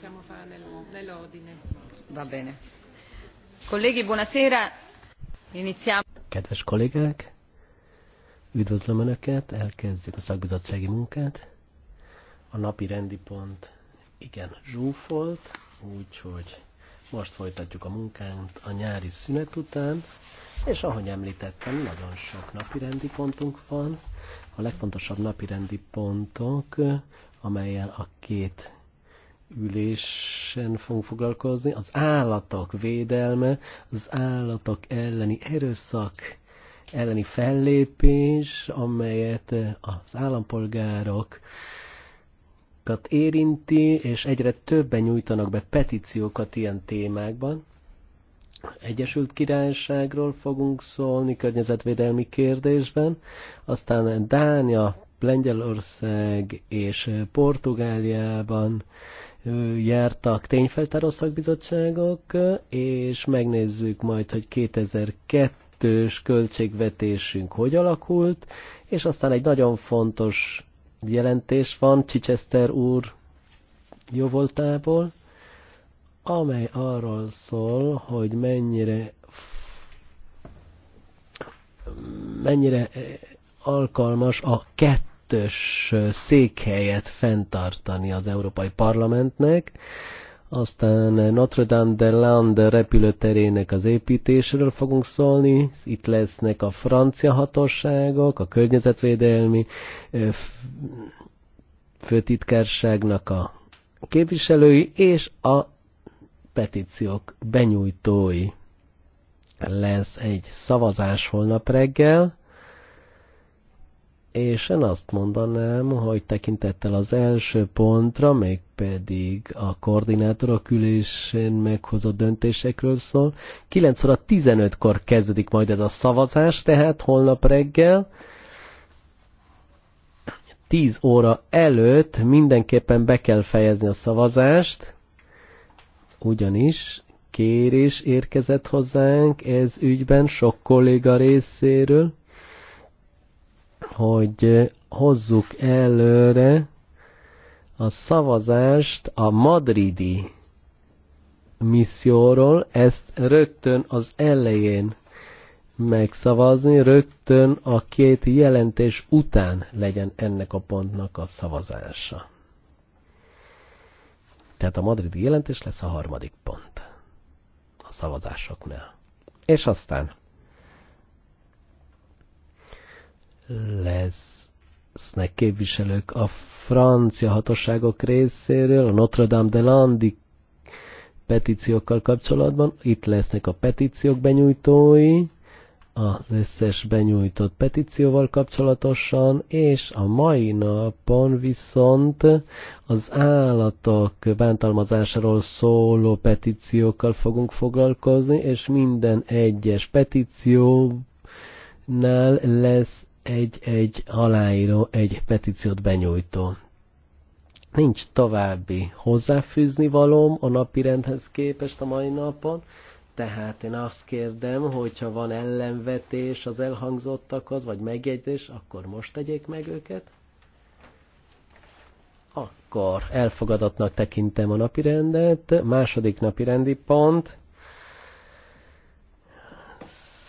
possiamo fare nel, nell'ordine. Va bene. buonasera. Iniziamo. Kedves kollégák, üdvözlöm Önöket, elkezdjük a szakbizottsági munkát. A napi rendi pont igen zsúfolt, úgyhogy most folytatjuk a munkánkat a nyári szünet után, és ahogy említettem, nagyon sok napi rendi pontunk van. A legfontosabb napi rendi pontok, amelyel a két ülésen fogunk foglalkozni, az állatok védelme, az állatok elleni erőszak, elleni fellépés, amelyet az állampolgárok érinti, és egyre többen nyújtanak be petíciókat ilyen témákban. Egyesült Királyságról fogunk szólni környezetvédelmi kérdésben, aztán Dánia, Lengyelország és Portugáliában jártak tényfeltáró szakbizottságok, és megnézzük majd, hogy 2002-ös költségvetésünk hogy alakult, és aztán egy nagyon fontos jelentés van Csicseszter úr jóvoltából, amely arról szól, hogy mennyire mennyire alkalmas a kettő kettős székhelyet fenntartani az Európai Parlamentnek, aztán Notre Dame de Land repülőterének az építéséről fogunk szólni, itt lesznek a francia hatóságok, a környezetvédelmi főtitkárságnak a képviselői és a petíciók benyújtói. Lesz egy szavazás holnap reggel, és én azt mondanám, hogy tekintettel az első pontra, még pedig a koordinátorok ülésén meghozott döntésekről szól. 9 óra 15-kor kezdődik majd ez a szavazás, tehát holnap reggel. 10 óra előtt mindenképpen be kell fejezni a szavazást, ugyanis kérés érkezett hozzánk ez ügyben sok kolléga részéről hogy hozzuk előre a szavazást a madridi misszióról, ezt rögtön az elején megszavazni, rögtön a két jelentés után legyen ennek a pontnak a szavazása. Tehát a madridi jelentés lesz a harmadik pont a szavazásoknál. És aztán lesznek képviselők a francia hatóságok részéről, a Notre Dame de Landi petíciókkal kapcsolatban. Itt lesznek a petíciók benyújtói, az összes benyújtott petícióval kapcsolatosan, és a mai napon viszont az állatok bántalmazásáról szóló petíciókkal fogunk foglalkozni, és minden egyes petíciónál lesz egy-egy aláíró, egy petíciót benyújtó. Nincs további hozzáfűzni valóm a napirendhez képest a mai napon, tehát én azt kérdem, hogyha van ellenvetés az elhangzottakhoz, vagy megjegyzés, akkor most tegyék meg őket. Akkor elfogadatnak tekintem a napirendet. Második napirendi pont.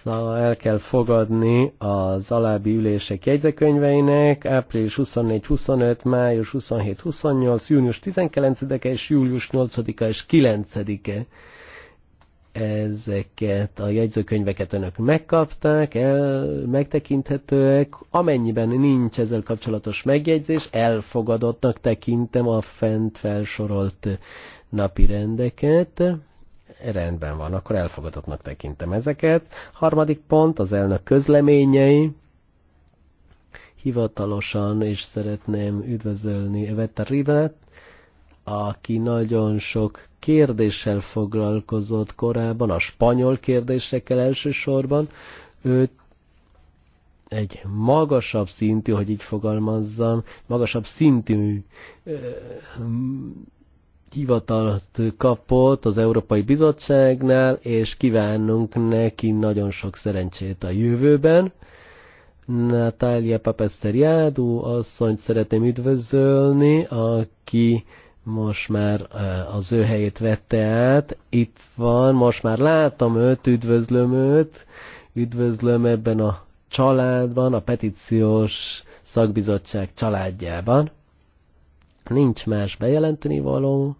Szóval el kell fogadni az alábbi ülések jegyzekönyveinek, április 24-25, május 27-28, június 19-e és július 8-a és 9-e. Ezeket a jegyzőkönyveket önök megkapták, el, megtekinthetőek. Amennyiben nincs ezzel kapcsolatos megjegyzés, elfogadottnak tekintem a fent felsorolt napi rendeket. Rendben van, akkor elfogadottnak tekintem ezeket. Harmadik pont, az elnök közleményei. Hivatalosan is szeretném üdvözölni Evetta Rivet, aki nagyon sok kérdéssel foglalkozott korábban, a spanyol kérdésekkel elsősorban. Őt egy magasabb szintű, hogy így fogalmazzam, magasabb szintű ö, hivatalt kapott az Európai Bizottságnál, és kívánunk neki nagyon sok szerencsét a jövőben. Natália Papeszteriádú asszonyt szeretném üdvözölni, aki most már az ő helyét vette át. Itt van, most már látom őt, üdvözlöm őt, üdvözlöm ebben a családban, a petíciós szakbizottság családjában. Nincs más bejelenteni való,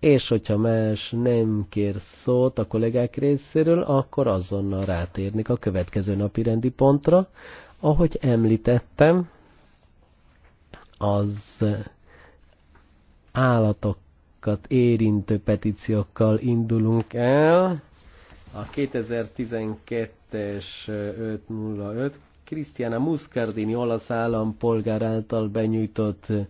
és hogyha más nem kér szót a kollégák részéről, akkor azonnal rátérnék a következő napi rendi pontra. Ahogy említettem, az állatokat érintő petíciókkal indulunk el. A 2012-es 505 Krisztiána Muscardini olasz állampolgár által benyújtott eh,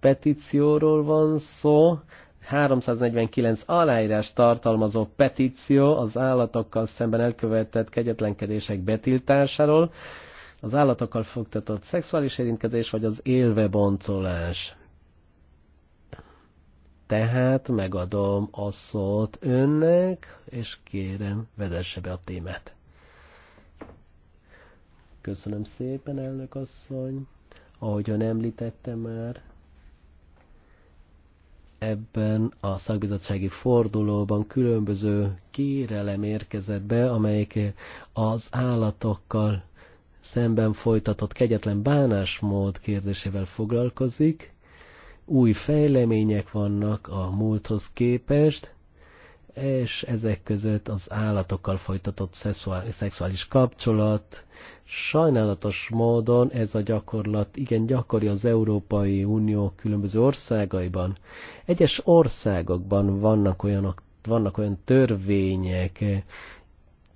petícióról van szó. 349 aláírás tartalmazó petíció az állatokkal szemben elkövetett kegyetlenkedések betiltásáról, az állatokkal fogtatott szexuális érintkezés vagy az élve boncolás. Tehát megadom a szót önnek, és kérem, vedesse be a témát. Köszönöm szépen, elnök asszony. Ahogyan említette már, ebben a szakbizottsági fordulóban különböző kérelem érkezett be, amelyik az állatokkal szemben folytatott kegyetlen bánásmód kérdésével foglalkozik. Új fejlemények vannak a múlthoz képest, és ezek között az állatokkal folytatott szexuális kapcsolat, Sajnálatos módon ez a gyakorlat igen gyakori az Európai Unió különböző országaiban. Egyes országokban vannak, olyanok, vannak olyan törvények,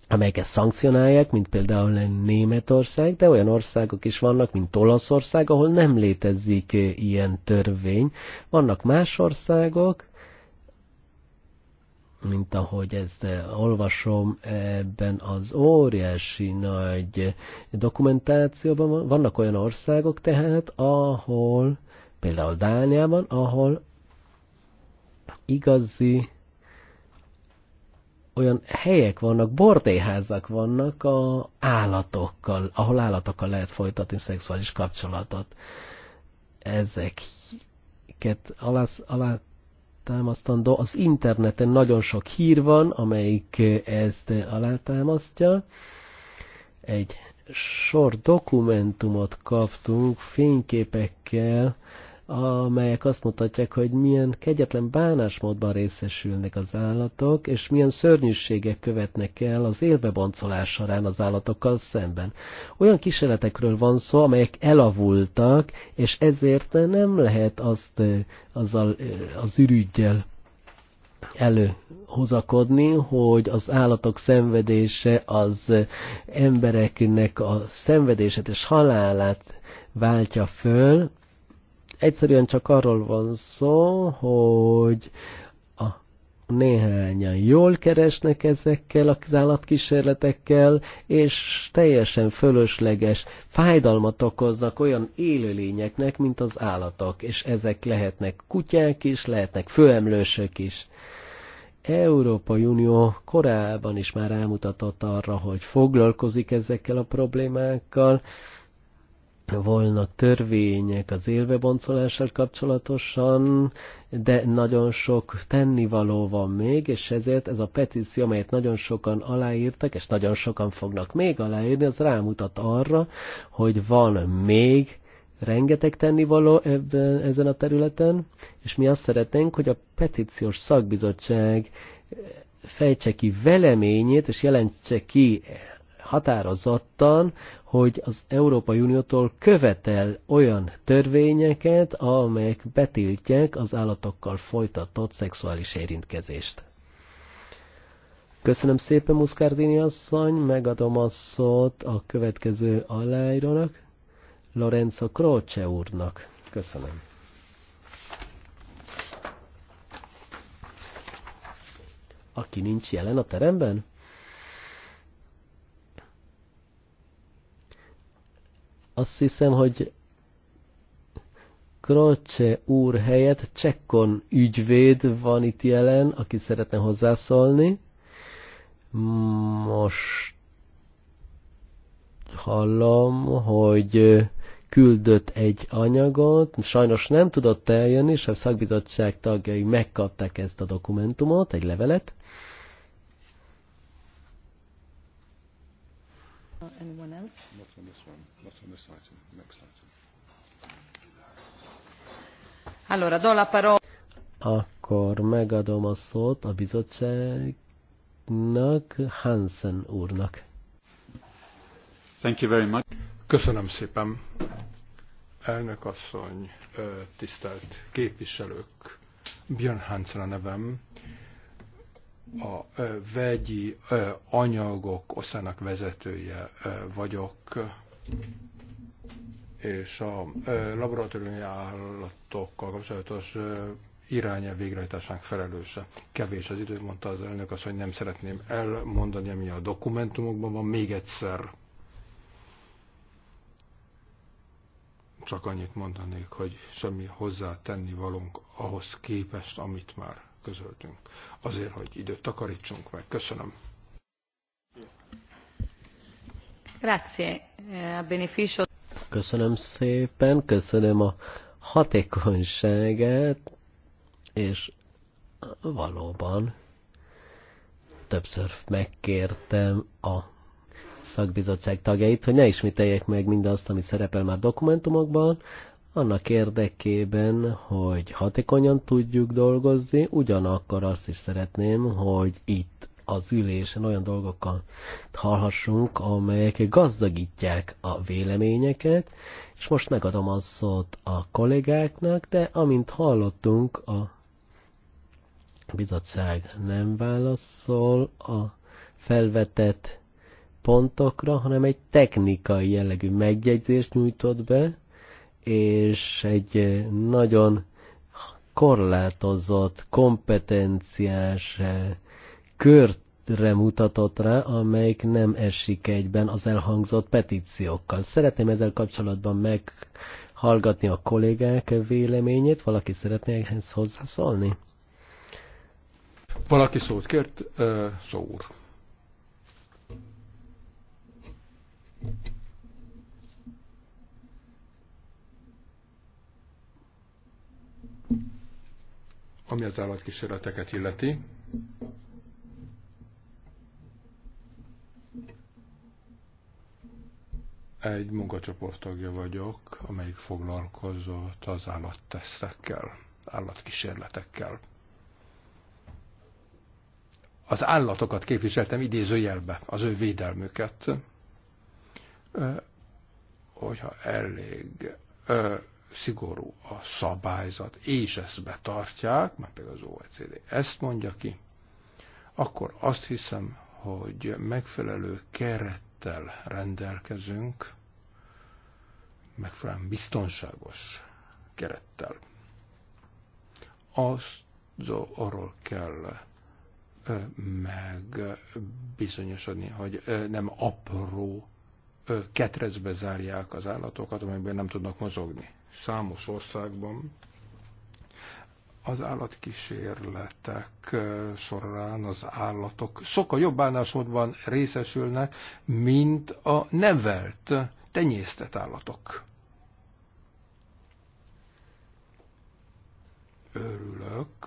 amelyeket szankcionálják, mint például Németország, de olyan országok is vannak, mint Olaszország, ahol nem létezik ilyen törvény. Vannak más országok, mint ahogy ezt eh, olvasom ebben az óriási nagy dokumentációban, vannak olyan országok tehát, ahol például Dániában, ahol igazi olyan helyek vannak, bordéházak vannak a állatokkal, ahol állatokkal lehet folytatni szexuális kapcsolatot. Ezeket alá, alá alátámasztandó. Az interneten nagyon sok hír van, amelyik ezt alátámasztja. Egy sor dokumentumot kaptunk fényképekkel, amelyek azt mutatják, hogy milyen kegyetlen bánásmódban részesülnek az állatok, és milyen szörnyűségek követnek el az boncolás során az állatokkal szemben. Olyan kísérletekről van szó, amelyek elavultak, és ezért nem lehet azt azzal, az ürügyjel előhozakodni, hogy az állatok szenvedése az embereknek a szenvedését és halálát váltja föl, Egyszerűen csak arról van szó, hogy a néhányan jól keresnek ezekkel az állatkísérletekkel, és teljesen fölösleges fájdalmat okoznak olyan élőlényeknek, mint az állatok, és ezek lehetnek kutyák is, lehetnek főemlősök is. Európai Unió korábban is már rámutatott arra, hogy foglalkozik ezekkel a problémákkal, volna törvények az élveboncolással kapcsolatosan, de nagyon sok tennivaló van még, és ezért ez a petíció, amelyet nagyon sokan aláírtak, és nagyon sokan fognak még aláírni, az rámutat arra, hogy van még rengeteg tennivaló ebben, ezen a területen, és mi azt szeretnénk, hogy a petíciós szakbizottság fejtse ki veleményét, és jelentse ki határozottan, hogy az Európai Uniótól követel olyan törvényeket, amelyek betiltják az állatokkal folytatott szexuális érintkezést. Köszönöm szépen, Muszkárdini asszony, megadom a szót a következő aláírónak, Lorenzo Croce úrnak. Köszönöm. Aki nincs jelen a teremben? Azt hiszem, hogy Krocse úr helyett Csekkon ügyvéd van itt jelen, aki szeretne hozzászólni. Most hallom, hogy küldött egy anyagot, sajnos nem tudott eljönni, és a szakbizottság tagjai megkapták ezt a dokumentumot, egy levelet. Anyone else? Allora, do la parola. Akkor megadom a szót a bizottságnak, Hansen úrnak. Thank you very much. Köszönöm szépen. Elnök asszony, tisztelt képviselők, Björn Hansen a nevem, a vegyi anyagok oszának vezetője vagyok és a laboratóriumi állatokkal kapcsolatos irányel végrehajtásának felelőse. Kevés az idő, mondta az elnök azt, hogy nem szeretném elmondani, ami a dokumentumokban van, még egyszer. Csak annyit mondanék, hogy semmi hozzá tenni valunk ahhoz képest, amit már közöltünk. Azért, hogy időt takarítsunk meg. Köszönöm. Grazie. Eh, a beneficio... Köszönöm szépen, köszönöm a hatékonyságát, és valóban többször megkértem a szakbizottság tagjait, hogy ne ismételjek meg mindazt, ami szerepel már dokumentumokban, annak érdekében, hogy hatékonyan tudjuk dolgozni, ugyanakkor azt is szeretném, hogy itt az ülésen olyan dolgokkal hallhassunk, amelyek gazdagítják a véleményeket, és most megadom a szót a kollégáknak, de amint hallottunk, a bizottság nem válaszol a felvetett pontokra, hanem egy technikai jellegű megjegyzést nyújtott be, és egy nagyon korlátozott, kompetenciás eh, kört mutatott rá, amelyik nem esik egyben az elhangzott petíciókkal. Szeretném ezzel kapcsolatban meghallgatni a kollégák véleményét. Valaki szeretné ehhez hozzászólni? Valaki szót kért, szór. Ami az állatkísérleteket illeti, Egy munkacsoport tagja vagyok, amelyik foglalkozott az állattesztekkel, állatkísérletekkel. Az állatokat képviseltem idézőjelbe, az ő védelmüket. Hogyha elég szigorú a szabályzat, és ezt betartják, mert például az OECD ezt mondja ki, akkor azt hiszem, hogy megfelelő keret kerettel rendelkezünk, megfelelően biztonságos kerettel. Azt arról kell meg bizonyosodni, hogy nem apró ketrecbe zárják az állatokat, amelyben nem tudnak mozogni. Számos országban az állatkísérletek eh, során az állatok sokkal jobb bánásmódban részesülnek, mint a nevelt, tenyésztett állatok. Örülök,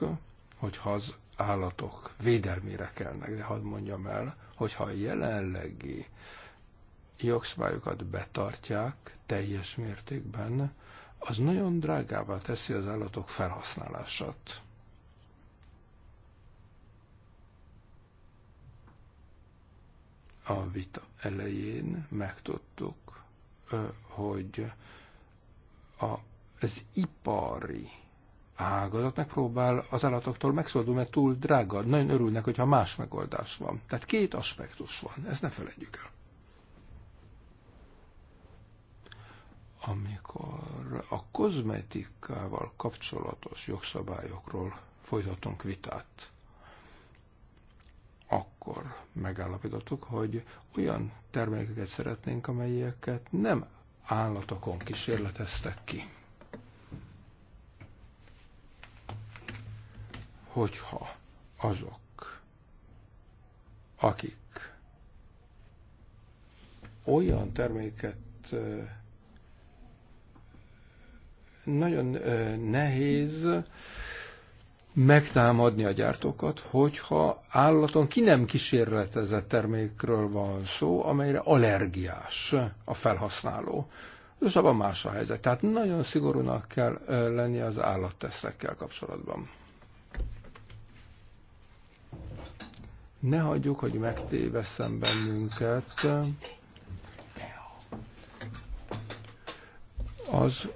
hogyha az állatok védelmére kelnek, de hadd mondjam el, hogyha a jelenlegi jogszabályokat betartják teljes mértékben, az nagyon drágává teszi az állatok felhasználását. A vita elején megtudtuk, hogy az ipari ágazat megpróbál az állatoktól megszabadulni, mert túl drága. Nagyon örülnek, hogyha más megoldás van. Tehát két aspektus van, ezt ne felejtjük el. amikor a kozmetikával kapcsolatos jogszabályokról folytatunk vitát, akkor megállapítottuk, hogy olyan termékeket szeretnénk, amelyeket nem állatokon kísérleteztek ki. Hogyha azok, akik olyan terméket eh, nagyon nehéz megtámadni a gyártókat, hogyha állaton ki nem kísérletezett termékről van szó, amelyre allergiás a felhasználó. És abban más a helyzet. Tehát nagyon szigorúnak kell lenni az állattesztekkel kapcsolatban. Ne hagyjuk, hogy megtévesszen bennünket az,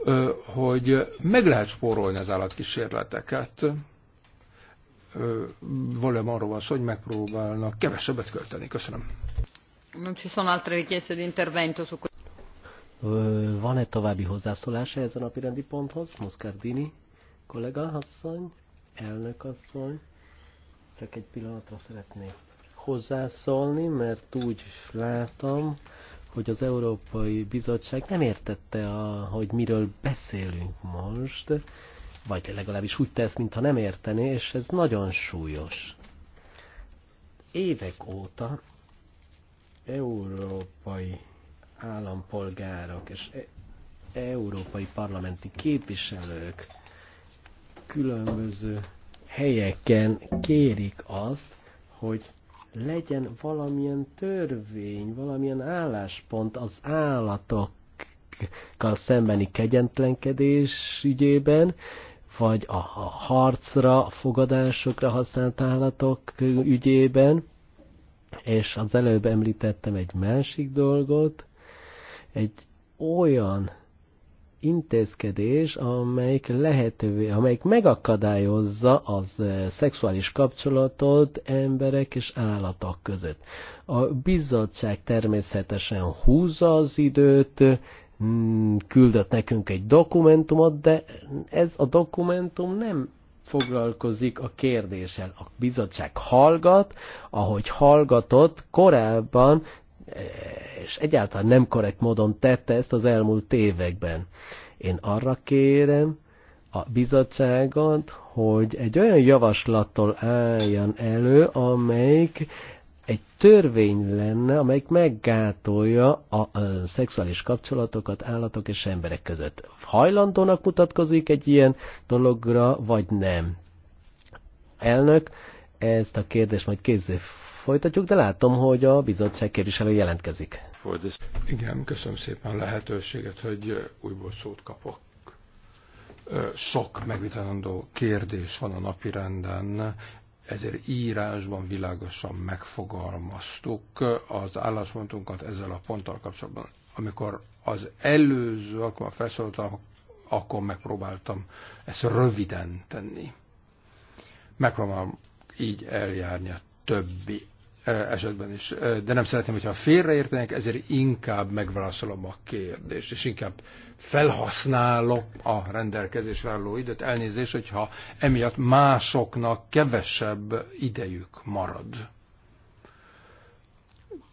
hogy meg lehet spórolni az állatkísérleteket. Volem arról van szó, hogy megpróbálnak kevesebbet költeni. Köszönöm. Non ci sono altre richieste di intervento su Van-e további hozzászólás ehhez a napirendi ponthoz? Moscardini, kollega asszony, elnök asszony. Csak egy pillanatra szeretnék hozzászólni, mert úgy látom, hogy az Európai Bizottság nem értette, a, hogy miről beszélünk most, vagy legalábbis úgy tesz, mintha nem értené, és ez nagyon súlyos. Évek óta európai állampolgárok és e európai parlamenti képviselők különböző helyeken kérik azt, hogy legyen valamilyen törvény, valamilyen álláspont az állatokkal szembeni kegyentlenkedés ügyében, vagy a harcra, a fogadásokra használt állatok ügyében, és az előbb említettem egy másik dolgot, egy olyan intézkedés, amelyik lehetővé, amelyik megakadályozza az eh, szexuális kapcsolatot emberek és állatok között. A bizottság természetesen húzza az időt, mm, küldött nekünk egy dokumentumot, de ez a dokumentum nem foglalkozik a kérdéssel. A bizottság hallgat, ahogy hallgatott korábban és egyáltalán nem korrekt módon tette ezt az elmúlt években. Én arra kérem a bizottságot, hogy egy olyan javaslattól álljan elő, amelyik egy törvény lenne, amelyik meggátolja a, a szexuális kapcsolatokat állatok és emberek között. Hajlandónak mutatkozik egy ilyen dologra, vagy nem? Elnök, ezt a kérdést majd kézzé folytatjuk, de látom, hogy a bizottság képviselő jelentkezik. Igen, köszönöm szépen a lehetőséget, hogy újból szót kapok. Sok megvitalandó kérdés van a napi renden, ezért írásban világosan megfogalmaztuk az álláspontunkat ezzel a ponttal kapcsolatban. Amikor az előző alkalommal felszóltam, akkor megpróbáltam ezt röviden tenni. Megpróbálom így eljárni a többi E, esetben is. E, de nem szeretném, hogyha félreértenek, ezért inkább megválaszolom a kérdést, és inkább felhasználok a rendelkezésre álló időt. Elnézést, hogyha emiatt másoknak kevesebb idejük marad.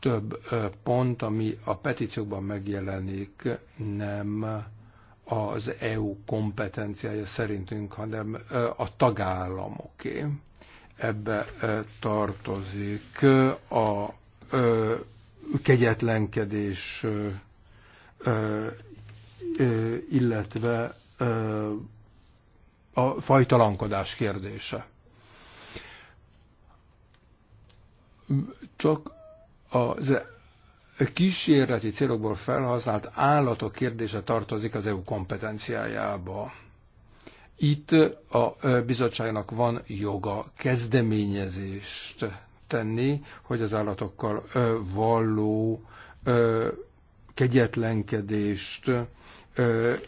Több e, pont, ami a petíciókban megjelenik, nem az EU kompetenciája szerintünk, hanem a tagállamoké. Okay ebbe tartozik a kegyetlenkedés, illetve a fajtalankodás kérdése. Csak az kísérleti célokból felhasznált állatok kérdése tartozik az EU kompetenciájába itt a bizottságnak van joga kezdeményezést tenni, hogy az állatokkal való kegyetlenkedést,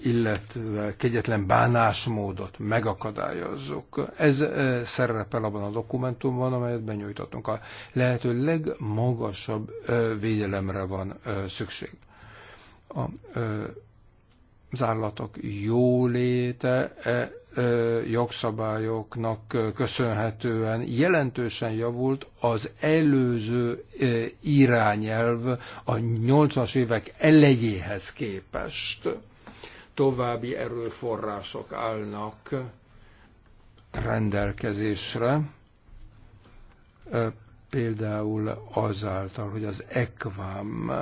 illetve kegyetlen bánásmódot megakadályozzuk. Ez szerepel abban a dokumentumban, amelyet benyújtottunk. A lehető legmagasabb védelemre van szükség. A az állatok jóléte e, e, jogszabályoknak köszönhetően jelentősen javult az előző e, irányelv a 80-as évek elejéhez képest. További erőforrások állnak rendelkezésre, e, például azáltal, hogy az EQUAM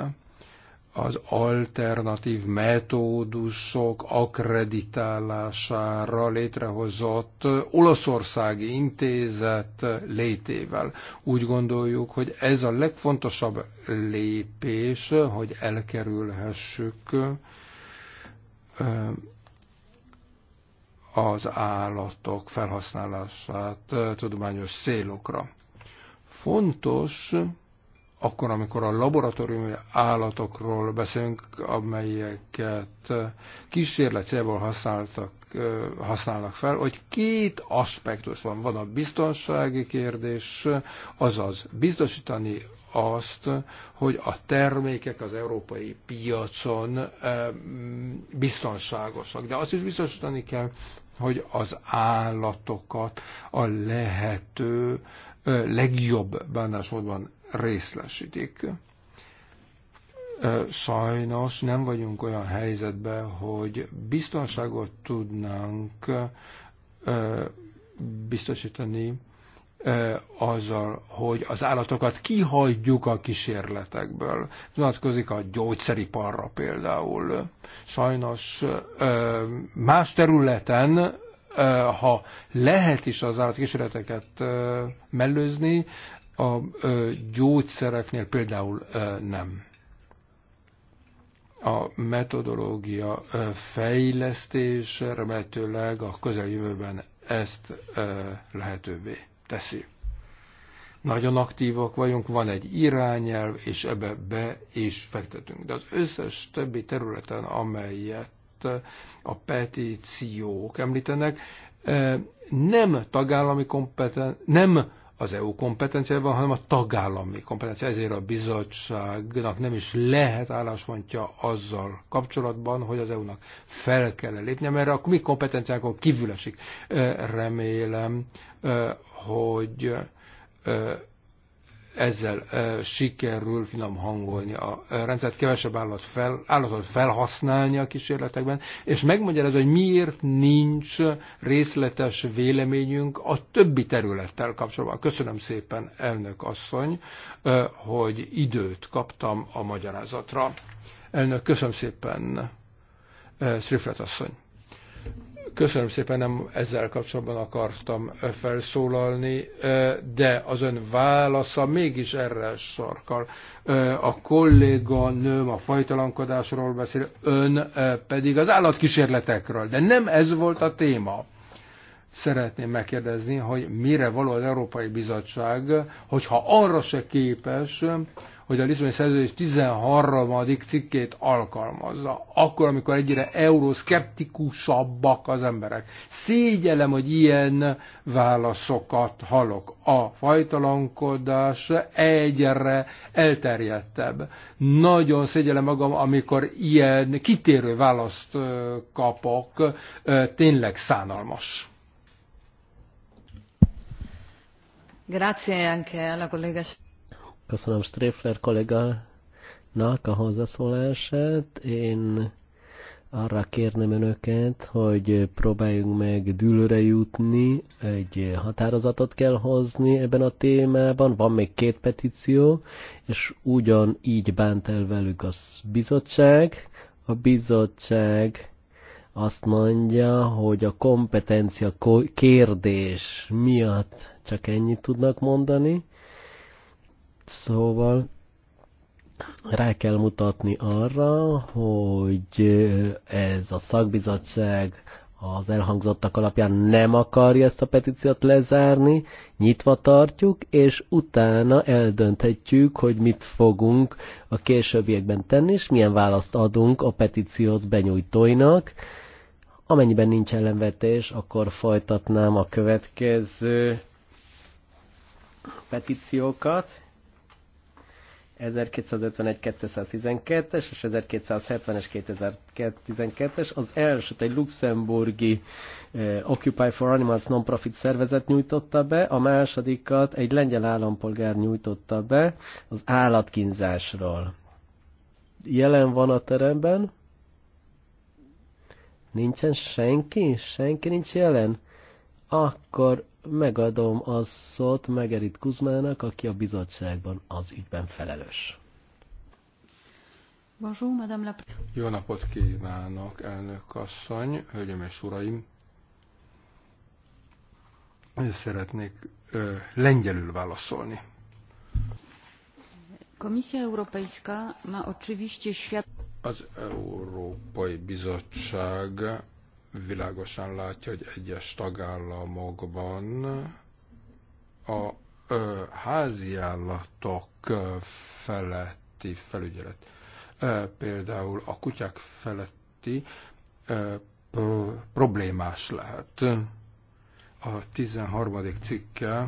az alternatív metódusok akkreditálására létrehozott Olaszországi Intézet létével. Úgy gondoljuk, hogy ez a legfontosabb lépés, hogy elkerülhessük eh, az állatok felhasználását eh, tudományos célokra. Fontos, akkor, amikor a laboratóriumi állatokról beszélünk, amelyeket célból használtak, használnak fel, hogy két aspektus van. Van a biztonsági kérdés, azaz biztosítani azt, hogy a termékek az európai piacon biztonságosak. De azt is biztosítani kell, hogy az állatokat a lehető legjobb bánásmódban részlesítik. Sajnos nem vagyunk olyan helyzetben, hogy biztonságot tudnánk biztosítani azzal, hogy az állatokat kihagyjuk a kísérletekből. Vonatkozik a gyógyszeriparra például. Sajnos más területen, ha lehet is az állatkísérleteket mellőzni, a gyógyszereknél például nem. A metodológia fejlesztés remetőleg a közeljövőben ezt lehetővé teszi. Nagyon aktívak vagyunk, van egy irányelv, és ebbe be is fektetünk. De az összes többi területen, amelyet a petíciók említenek, nem tagállami kompeten, nem az EU kompetenciában, hanem a tagállami kompetencia. Ezért a bizottságnak nem is lehet álláspontja azzal kapcsolatban, hogy az EU-nak fel kell -e lépnie, mert akkor mi kompetenciákon kívül esik. Remélem, hogy ezzel sikerül finom hangolni a rendszert, kevesebb állat fel, állatot felhasználni a kísérletekben, és megmagyarázza, hogy miért nincs részletes véleményünk a többi területtel kapcsolatban. Köszönöm szépen, elnök asszony, hogy időt kaptam a magyarázatra. Elnök, köszönöm szépen, Szrifret asszony. Köszönöm szépen, nem ezzel kapcsolatban akartam felszólalni, de az ön válasza mégis erre sarkal. A kolléga nőm a fajtalankodásról beszél, ön pedig az állatkísérletekről, de nem ez volt a téma. Szeretném megkérdezni, hogy mire való az Európai Bizottság, hogyha arra se képes, hogy a Lisszaboni Szerződés 13. cikkét alkalmazza. Akkor, amikor egyre euroszkeptikusabbak az emberek. Szégyellem, hogy ilyen válaszokat hallok. A fajtalankodás egyre elterjedtebb. Nagyon szégyellem magam, amikor ilyen kitérő választ kapok. Tényleg szánalmas. Grazie anche alla collega Köszönöm Stréfler kollégának a hozzászólását. Én arra kérném önöket, hogy próbáljunk meg dűlőre jutni, egy határozatot kell hozni ebben a témában, van még két petíció, és ugyan így bánt el velük a bizottság. A bizottság azt mondja, hogy a kompetencia kérdés miatt csak ennyit tudnak mondani, Szóval rá kell mutatni arra, hogy ez a szakbizottság az elhangzottak alapján nem akarja ezt a petíciót lezárni, nyitva tartjuk, és utána eldönthetjük, hogy mit fogunk a későbbiekben tenni, és milyen választ adunk a petíciót benyújtóinak. Amennyiben nincs ellenvetés, akkor folytatnám a következő petíciókat. 1251-212-es és 1270-es 2012-es. Az elsőt egy luxemburgi eh, Occupy for Animals non-profit szervezet nyújtotta be, a másodikat egy lengyel állampolgár nyújtotta be az állatkínzásról. Jelen van a teremben? Nincsen senki? Senki nincs jelen? Akkor megadom a szót Megerit Kuzmának, aki a bizottságban az ügyben felelős. Bonjour, Madame la... Jó napot kívánok, elnök asszony, hölgyeim és uraim! Szeretnék ö, lengyelül válaszolni. Komisja Európaiska ma oczywiście świat... Az Európai Bizottság világosan látja, hogy egyes tagállamokban a ö, háziállatok feletti felügyelet, ö, például a kutyák feletti ö, problémás lehet. A 13. cikke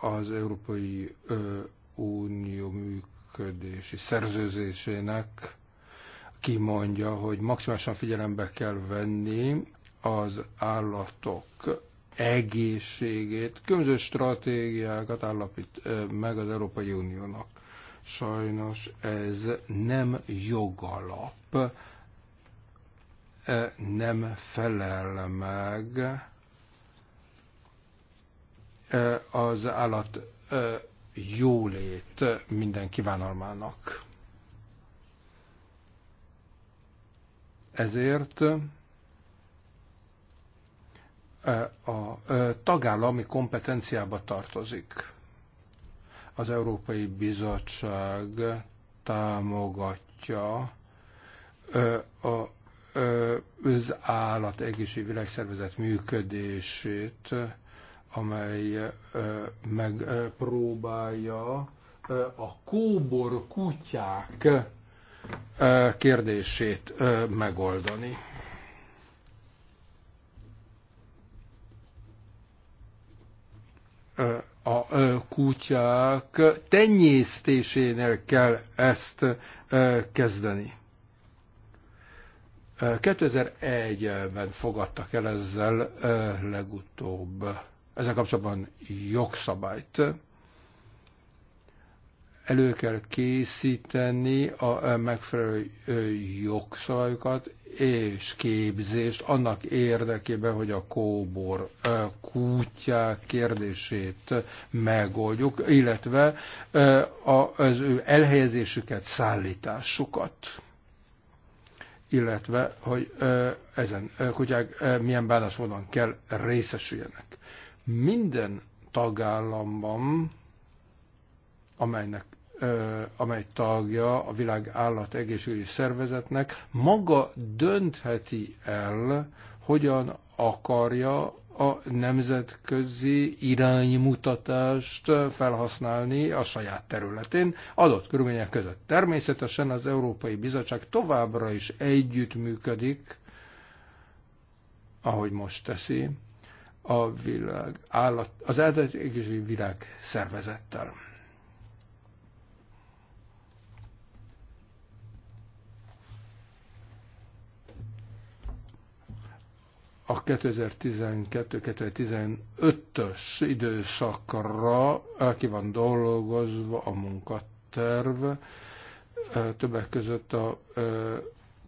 az Európai ö, Unió működési szerződésének kimondja, hogy maximálisan figyelembe kell venni az állatok egészségét, különböző stratégiákat állapít meg az Európai Uniónak. Sajnos ez nem jogalap, nem felel meg az állat jólét minden kívánalmának. Ezért e, a e, tagállami kompetenciába tartozik. Az Európai Bizottság támogatja e, az állat egészségügyi világszervezet működését, amely megpróbálja a kóbor kutyák kérdését megoldani. A kutyák tenyésztésénél kell ezt kezdeni. 2001-ben fogadtak el ezzel legutóbb ezzel kapcsolatban jogszabályt elő kell készíteni a megfelelő jogszabályokat és képzést annak érdekében, hogy a kóbor kutyák kérdését megoldjuk, illetve az ő elhelyezésüket, szállításukat illetve hogy ezen kutyák milyen bánásmódon kell részesüljenek. Minden tagállamban amelynek amely tagja a világ állat egészségügyi szervezetnek, maga döntheti el, hogyan akarja a nemzetközi iránymutatást felhasználni a saját területén, adott körülmények között. Természetesen az Európai Bizottság továbbra is együttműködik, ahogy most teszi, a világ állat, az állat egészségügyi világ szervezettel. a 2012-2015-ös időszakra ki van dolgozva a munkaterv, e, többek között a e,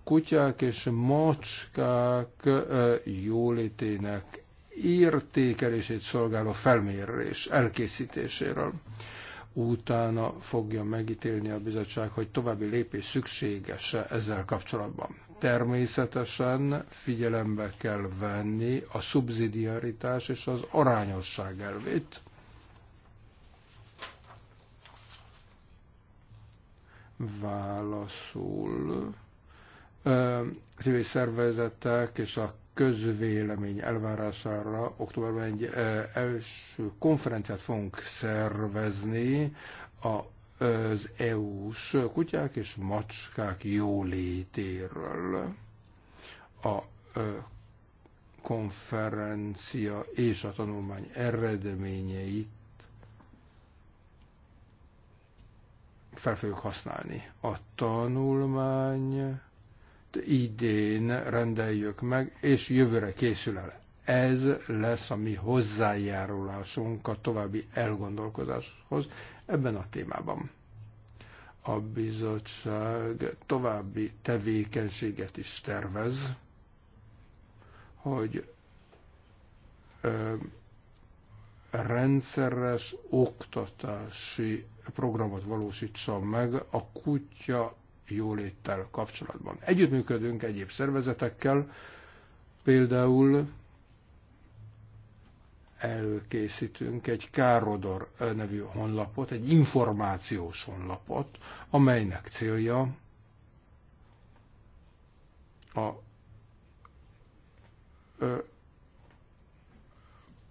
kutyák és macskák e, jólétének értékelését szolgáló felmérés elkészítéséről. Utána fogja megítélni a bizottság, hogy további lépés szükséges -e ezzel kapcsolatban Természetesen figyelembe kell venni a szubszidiaritás és az arányosság elvét. Válaszul civil szervezetek és a közvélemény elvárására októberben egy első konferenciát fogunk szervezni a az EU-s kutyák és macskák jólétéről. A konferencia és a tanulmány eredményeit fel fogjuk használni. A tanulmány idén rendeljük meg, és jövőre készül el ez lesz a mi hozzájárulásunk a további elgondolkozáshoz ebben a témában. A bizottság további tevékenységet is tervez, hogy ö, rendszeres oktatási programot valósítson meg a kutya jóléttel kapcsolatban. Együttműködünk egyéb szervezetekkel, például előkészítünk egy Károdor nevű honlapot, egy információs honlapot, amelynek célja a ö,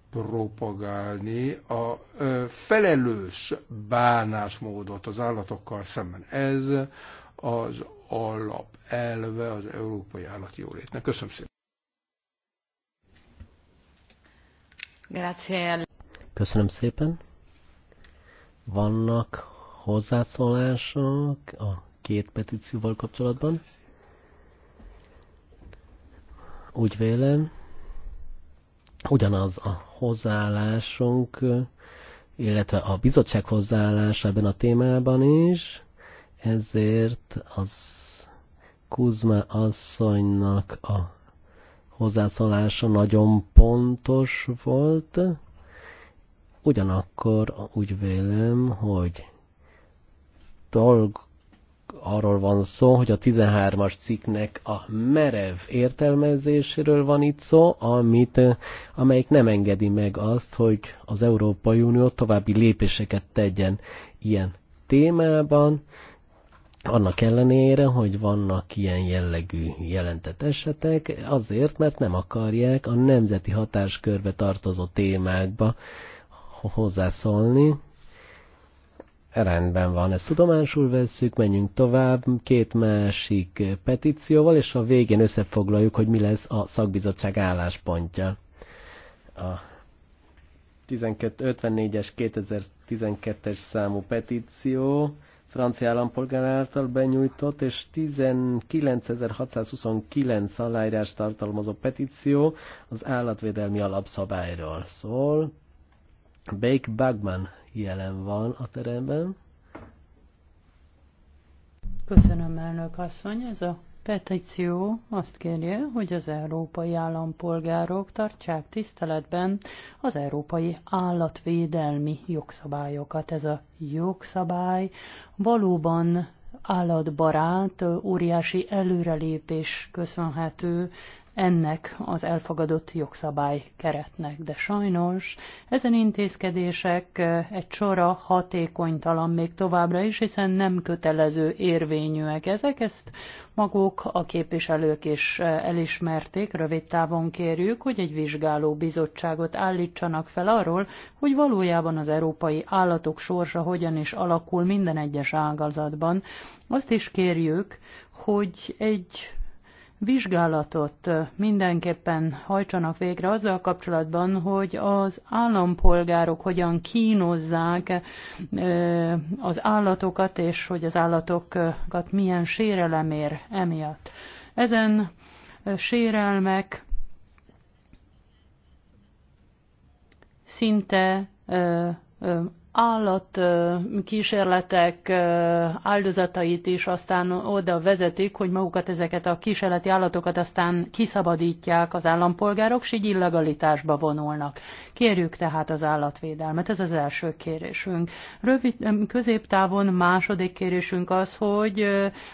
propagálni a ö, felelős bánásmódot az állatokkal szemben. Ez az alapelve az európai jólétnek. Köszönöm szépen! Köszönöm szépen. Vannak hozzászólások a két petícióval kapcsolatban? Úgy vélem, ugyanaz a hozzáállásunk, illetve a bizottság hozzáállása ebben a témában is, ezért az Kuzma asszonynak a hozzászólása nagyon pontos volt. Ugyanakkor úgy vélem, hogy dolg arról van szó, hogy a 13-as cikknek a merev értelmezéséről van itt szó, amit, eh, amelyik nem engedi meg azt, hogy az Európai Unió további lépéseket tegyen ilyen témában, annak ellenére, hogy vannak ilyen jellegű jelentett esetek, azért, mert nem akarják a nemzeti hatáskörbe tartozó témákba hozzászólni. Rendben van, ezt tudomásul vesszük, menjünk tovább két másik petícióval, és a végén összefoglaljuk, hogy mi lesz a szakbizottság álláspontja. A 1254-es 2012-es számú petíció francia állampolgár által benyújtott és 19.629 aláírás tartalmazó petíció az állatvédelmi alapszabályról szól. Bake Bagman jelen van a teremben. Köszönöm, elnök asszony. Ez a petíció azt kérje, hogy az európai állampolgárok tartsák tiszteletben az európai állatvédelmi jogszabályokat. Ez a jogszabály valóban állatbarát, óriási előrelépés köszönhető ennek az elfogadott jogszabály keretnek. De sajnos ezen intézkedések eh, egy sora hatékonytalan még továbbra is, hiszen nem kötelező érvényűek ezek. Ezt maguk a képviselők is eh, elismerték. Rövid távon kérjük, hogy egy vizsgáló bizottságot állítsanak fel arról, hogy valójában az európai állatok sorsa hogyan is alakul minden egyes ágazatban. Azt is kérjük, hogy egy vizsgálatot mindenképpen hajtsanak végre azzal kapcsolatban, hogy az állampolgárok hogyan kínozzák az állatokat, és hogy az állatokat milyen sérelem ér emiatt. Ezen sérelmek szinte állat kísérletek áldozatait is aztán oda vezetik, hogy magukat ezeket a kísérleti állatokat aztán kiszabadítják az állampolgárok, és így illegalitásba vonulnak. Kérjük tehát az állatvédelmet, ez az első kérésünk. Rövid, középtávon második kérésünk az, hogy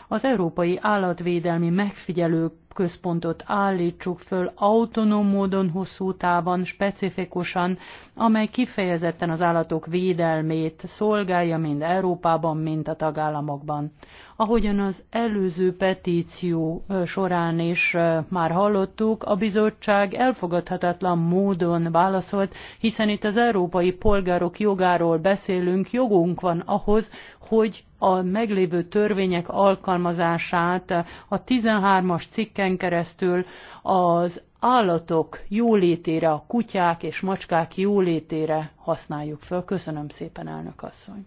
az európai állatvédelmi megfigyelők központot állítsuk föl autonóm módon, hosszú távon, specifikusan, amely kifejezetten az állatok védelmét szolgálja mind Európában, mind a tagállamokban. Ahogyan az előző petíció során is már hallottuk, a bizottság elfogadhatatlan módon válaszolt, hiszen itt az európai polgárok jogáról beszélünk, jogunk van ahhoz, hogy a meglévő törvények alkalmazását a 13-as cikken keresztül az állatok jólétére, a kutyák és macskák jólétére használjuk föl. Köszönöm szépen, elnök asszony!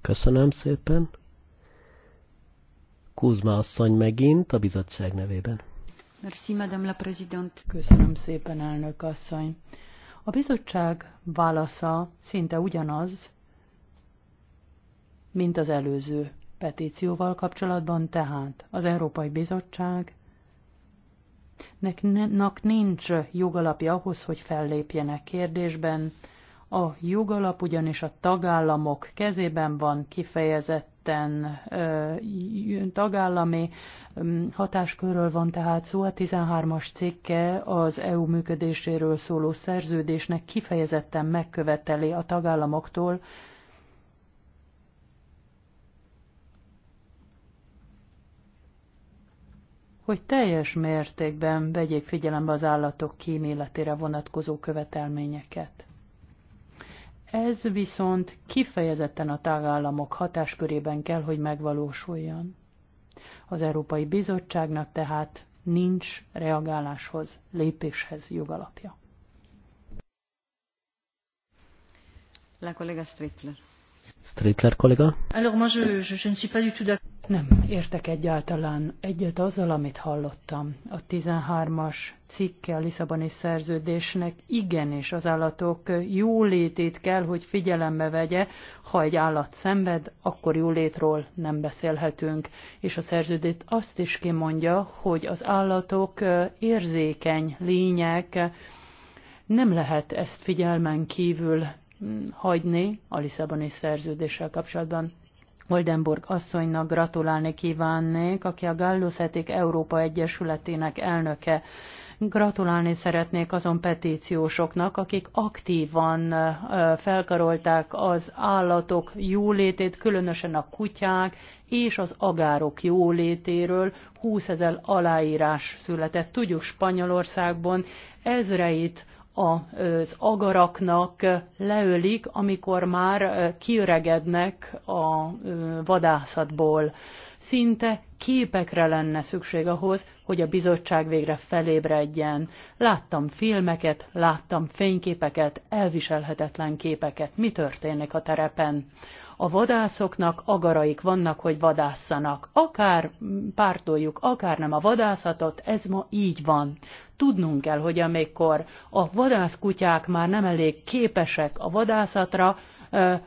Köszönöm szépen. Kuzma asszony megint a bizottság nevében. Merci, Madame la Présidente. Köszönöm szépen, elnök asszony. A bizottság válasza szinte ugyanaz, mint az előző petícióval kapcsolatban, tehát az Európai Bizottság nek nincs jogalapja ahhoz, hogy fellépjenek kérdésben, a jogalap ugyanis a tagállamok kezében van kifejezetten tagállami hatáskörről van tehát szó. A 13-as cikke az EU működéséről szóló szerződésnek kifejezetten megköveteli a tagállamoktól, hogy teljes mértékben vegyék figyelembe az állatok kíméletére vonatkozó követelményeket. Ez viszont kifejezetten a tagállamok hatáskörében kell, hogy megvalósuljon. Az Európai Bizottságnak tehát nincs reagáláshoz, lépéshez jogalapja. La collega Strittler. Strittler kollega. Alors moi je, je, je ne suis pas du tout d'accord. Nem értek egyáltalán egyet azzal, amit hallottam. A 13-as cikke a Lisszaboni szerződésnek igenis az állatok jólétét kell, hogy figyelembe vegye, ha egy állat szenved, akkor jólétről nem beszélhetünk. És a szerződét azt is kimondja, hogy az állatok érzékeny lények, nem lehet ezt figyelmen kívül hagyni a Lisszaboni szerződéssel kapcsolatban. Moldenburg asszonynak gratulálni kívánnék, aki a Gallusetik Európa Egyesületének elnöke. Gratulálni szeretnék azon petíciósoknak, akik aktívan felkarolták az állatok jólétét, különösen a kutyák és az agárok jólétéről 20 ezer aláírás született. Tudjuk Spanyolországban ezreit az agaraknak leölik, amikor már kiöregednek a vadászatból. Szinte képekre lenne szükség ahhoz, hogy a bizottság végre felébredjen. Láttam filmeket, láttam fényképeket, elviselhetetlen képeket. Mi történik a terepen? A vadászoknak agaraik vannak, hogy vadásszanak. Akár pártoljuk, akár nem a vadászatot, ez ma így van. Tudnunk kell, hogy amikor a vadászkutyák már nem elég képesek a vadászatra,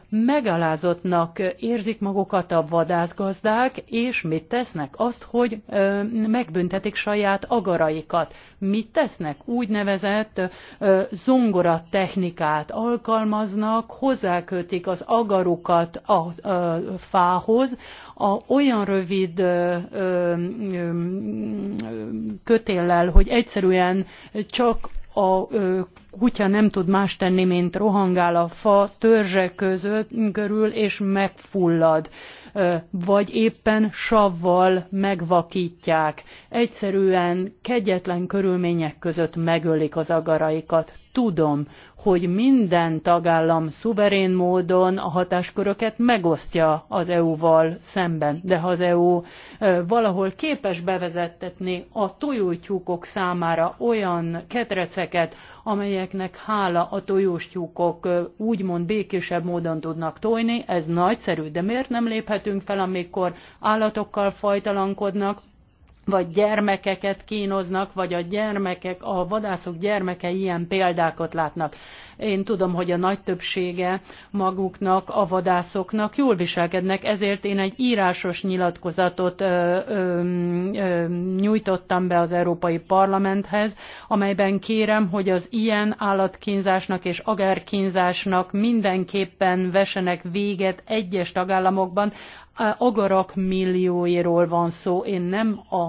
megalázottnak érzik magukat a vadászgazdák, és mit tesznek? Azt, hogy megbüntetik saját agaraikat. Mit tesznek? Úgynevezett zongora technikát alkalmaznak, hozzákötik az agarukat a fához, a olyan rövid kötéllel, hogy egyszerűen csak a kutya nem tud más tenni, mint rohangál a fa törzse között, körül, és megfullad vagy éppen savval megvakítják. Egyszerűen kegyetlen körülmények között megölik az agaraikat. Tudom, hogy minden tagállam szuverén módon a hatásköröket megosztja az EU-val szemben, de ha az EU valahol képes bevezettetni a tojótyúkok számára olyan ketreceket, amelyek amelyeknek hála a tojóstyúkok úgymond békésebb módon tudnak tojni, ez nagyszerű, de miért nem léphetünk fel, amikor állatokkal fajtalankodnak, vagy gyermekeket kínoznak, vagy a gyermekek, a vadászok gyermekei ilyen példákat látnak. Én tudom, hogy a nagy többsége maguknak, a vadászoknak jól viselkednek, ezért én egy írásos nyilatkozatot ö, ö, ö, nyújtottam be az Európai Parlamenthez, amelyben kérem, hogy az ilyen állatkínzásnak és agárkínzásnak mindenképpen vesenek véget egyes tagállamokban, agarak millióiról van szó, én nem a,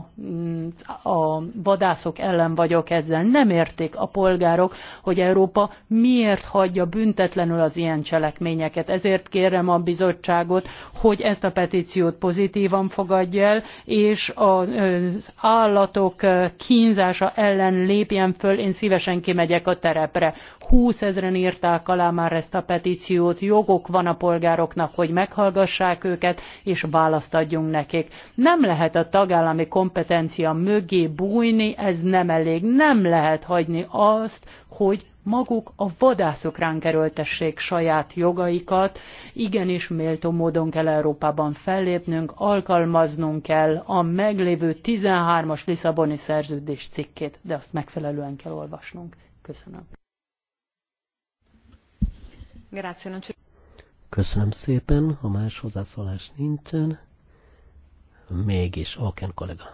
a vadászok ellen vagyok ezzel. Nem érték a polgárok, hogy Európa mi miért hagyja büntetlenül az ilyen cselekményeket. Ezért kérem a bizottságot, hogy ezt a petíciót pozitívan fogadja el, és az állatok kínzása ellen lépjen föl, én szívesen kimegyek a terepre. 20 ezeren írták alá már ezt a petíciót, jogok van a polgároknak, hogy meghallgassák őket, és választ adjunk nekik. Nem lehet a tagállami kompetencia mögé bújni, ez nem elég. Nem lehet hagyni azt, hogy maguk a vadászok ránk erőltessék saját jogaikat, igenis méltó módon kell Európában fellépnünk, alkalmaznunk kell a meglévő 13-as Lisszaboni szerződés cikkét, de azt megfelelően kell olvasnunk. Köszönöm. Köszönöm szépen, ha más hozzászólás nincsen. Mégis, Oken kollega.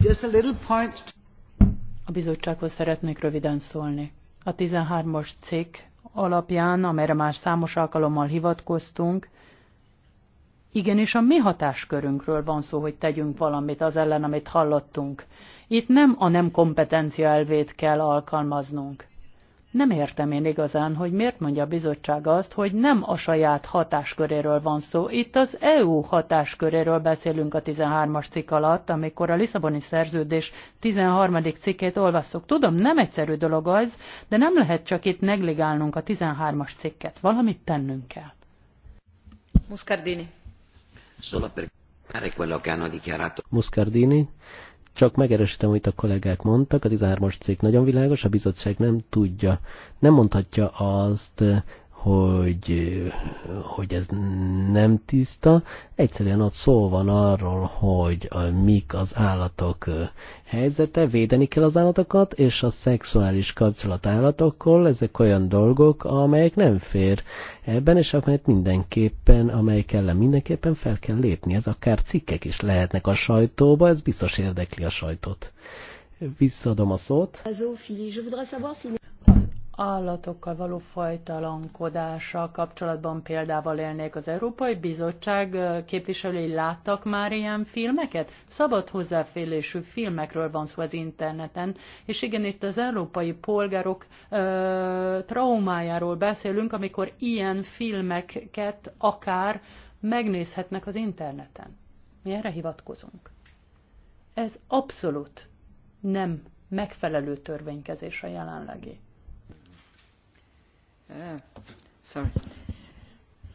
Just a little point. A bizottsághoz szeretnék röviden szólni. A 13-as cikk alapján, amelyre már számos alkalommal hivatkoztunk, igenis a mi hatáskörünkről van szó, hogy tegyünk valamit az ellen, amit hallottunk. Itt nem a nem kompetencia elvét kell alkalmaznunk. Nem értem én igazán, hogy miért mondja a bizottság azt, hogy nem a saját hatásköréről van szó. Itt az EU hatásköréről beszélünk a 13-as cikk alatt, amikor a Lisszaboni szerződés 13. cikkét olvasszuk. Tudom, nem egyszerű dolog az, de nem lehet csak itt negligálnunk a 13-as cikket. Valamit tennünk kell. Muscardini. Muscardini csak megerősítem, amit a kollégák mondtak, a 13-as cég nagyon világos, a bizottság nem tudja, nem mondhatja azt hogy, hogy ez nem tiszta. Egyszerűen ott szó van arról, hogy a, mik az állatok helyzete, védeni kell az állatokat, és a szexuális kapcsolat állatokkal, ezek olyan dolgok, amelyek nem fér ebben, és amelyet mindenképpen, amelyek ellen mindenképpen fel kell lépni. Ez akár cikkek is lehetnek a sajtóba, ez biztos érdekli a sajtót. Visszadom a szót. Az állatokkal való fajtalankodása kapcsolatban példával élnék. Az Európai Bizottság képviselői láttak már ilyen filmeket? Szabad hozzáférésű filmekről van szó az interneten, és igen, itt az európai polgárok ö, traumájáról beszélünk, amikor ilyen filmeket akár megnézhetnek az interneten. Mi erre hivatkozunk. Ez abszolút nem megfelelő törvénykezés a jelenlegi. Uh, sorry.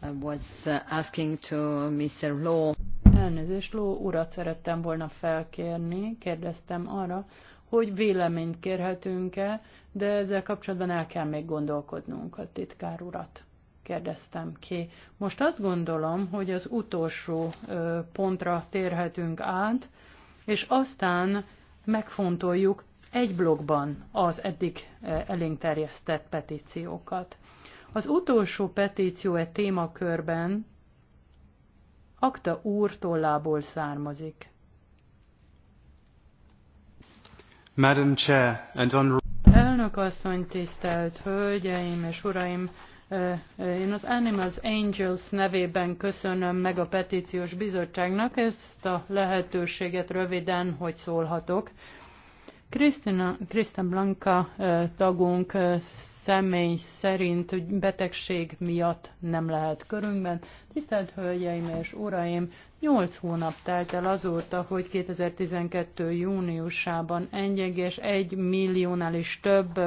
I was uh, asking to Mr. Law. Elnézést, Ló urat szerettem volna felkérni, kérdeztem arra, hogy véleményt kérhetünk-e, de ezzel kapcsolatban el kell még gondolkodnunk a titkár urat. Kérdeztem ki. Most azt gondolom, hogy az utolsó pontra térhetünk át, és aztán megfontoljuk egy blogban az eddig elénk terjesztett petíciókat. Az utolsó petíció e témakörben Akta úr tollából származik. Madam Chair and Elnök asszony, tisztelt hölgyeim és uraim! Én az Animals Angels nevében köszönöm meg a petíciós bizottságnak ezt a lehetőséget röviden, hogy szólhatok. Krisztina, Krisztán Blanka tagunk személy szerint hogy betegség miatt nem lehet körünkben. Tisztelt Hölgyeim és Uraim, 8 hónap telt el azóta, hogy 2012. júniusában 1,1 milliónál is több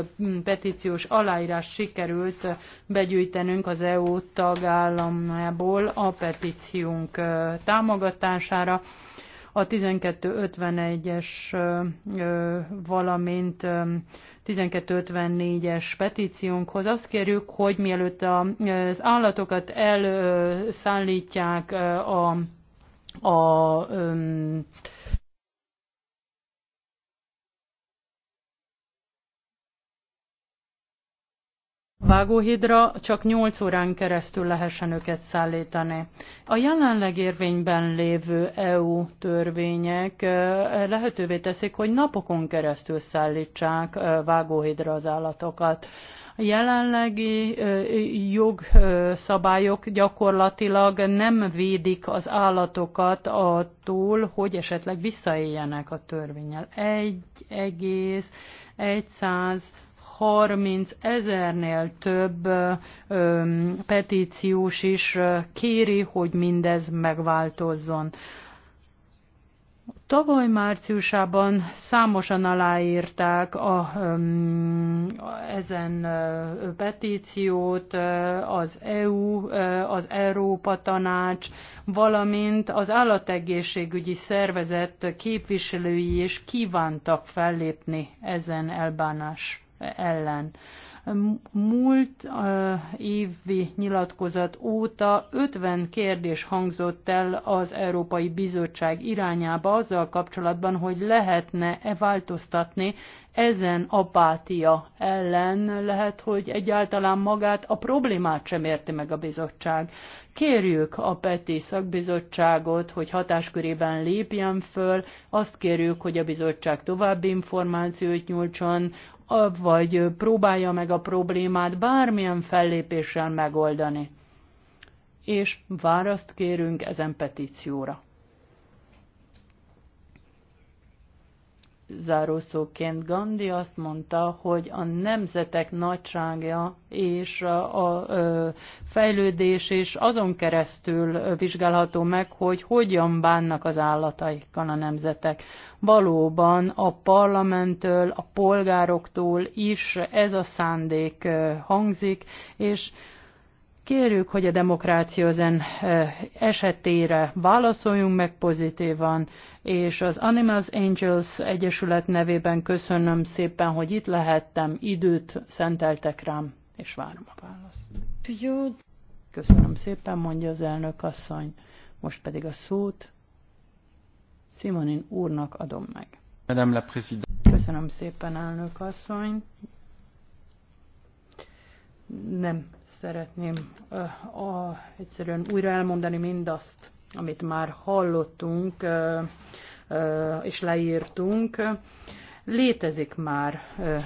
petíciós aláírás sikerült begyűjtenünk az EU tagállamából a petíciónk támogatására a 1251-es, valamint 1254-es petíciónkhoz. Azt kérjük, hogy mielőtt az állatokat elszállítják a, a vágóhidra csak 8 órán keresztül lehessen őket szállítani. A jelenleg érvényben lévő EU törvények lehetővé teszik, hogy napokon keresztül szállítsák vágóhidra az állatokat. A jelenlegi jogszabályok gyakorlatilag nem védik az állatokat attól, hogy esetleg visszaéljenek a törvényel. Egy egész 100 30 ezernél több petíciós is kéri, hogy mindez megváltozzon. Tavaly márciusában számosan aláírták a, ezen petíciót az EU, az Európa Tanács, valamint az állategészségügyi szervezet képviselői is kívántak fellépni ezen elbánás ellen. Múlt évi nyilatkozat óta 50 kérdés hangzott el az Európai Bizottság irányába azzal kapcsolatban, hogy lehetne-e változtatni ezen apátia ellen lehet, hogy egyáltalán magát a problémát sem érti meg a bizottság. Kérjük a PETI szakbizottságot, hogy hatáskörében lépjen föl, azt kérjük, hogy a bizottság további információt nyújtson vagy próbálja meg a problémát bármilyen fellépéssel megoldani. És választ kérünk ezen petícióra. zárószóként Gandhi azt mondta, hogy a nemzetek nagysága és a fejlődés is azon keresztül vizsgálható meg, hogy hogyan bánnak az állataikkal a nemzetek. Valóban a parlamenttől, a polgároktól is ez a szándék hangzik, és Kérjük, hogy a demokrácia ezen esetére válaszoljunk meg pozitívan, és az Animals Angels Egyesület nevében köszönöm szépen, hogy itt lehettem, időt szenteltek rám, és várom a választ. Köszönöm szépen, mondja az elnök asszony. Most pedig a szót Simonin úrnak adom meg. Madame la Présidente. Köszönöm szépen, elnök asszony. Nem szeretném uh, a, egyszerűen újra elmondani mindazt, amit már hallottunk uh, uh, és leírtunk. Létezik már uh,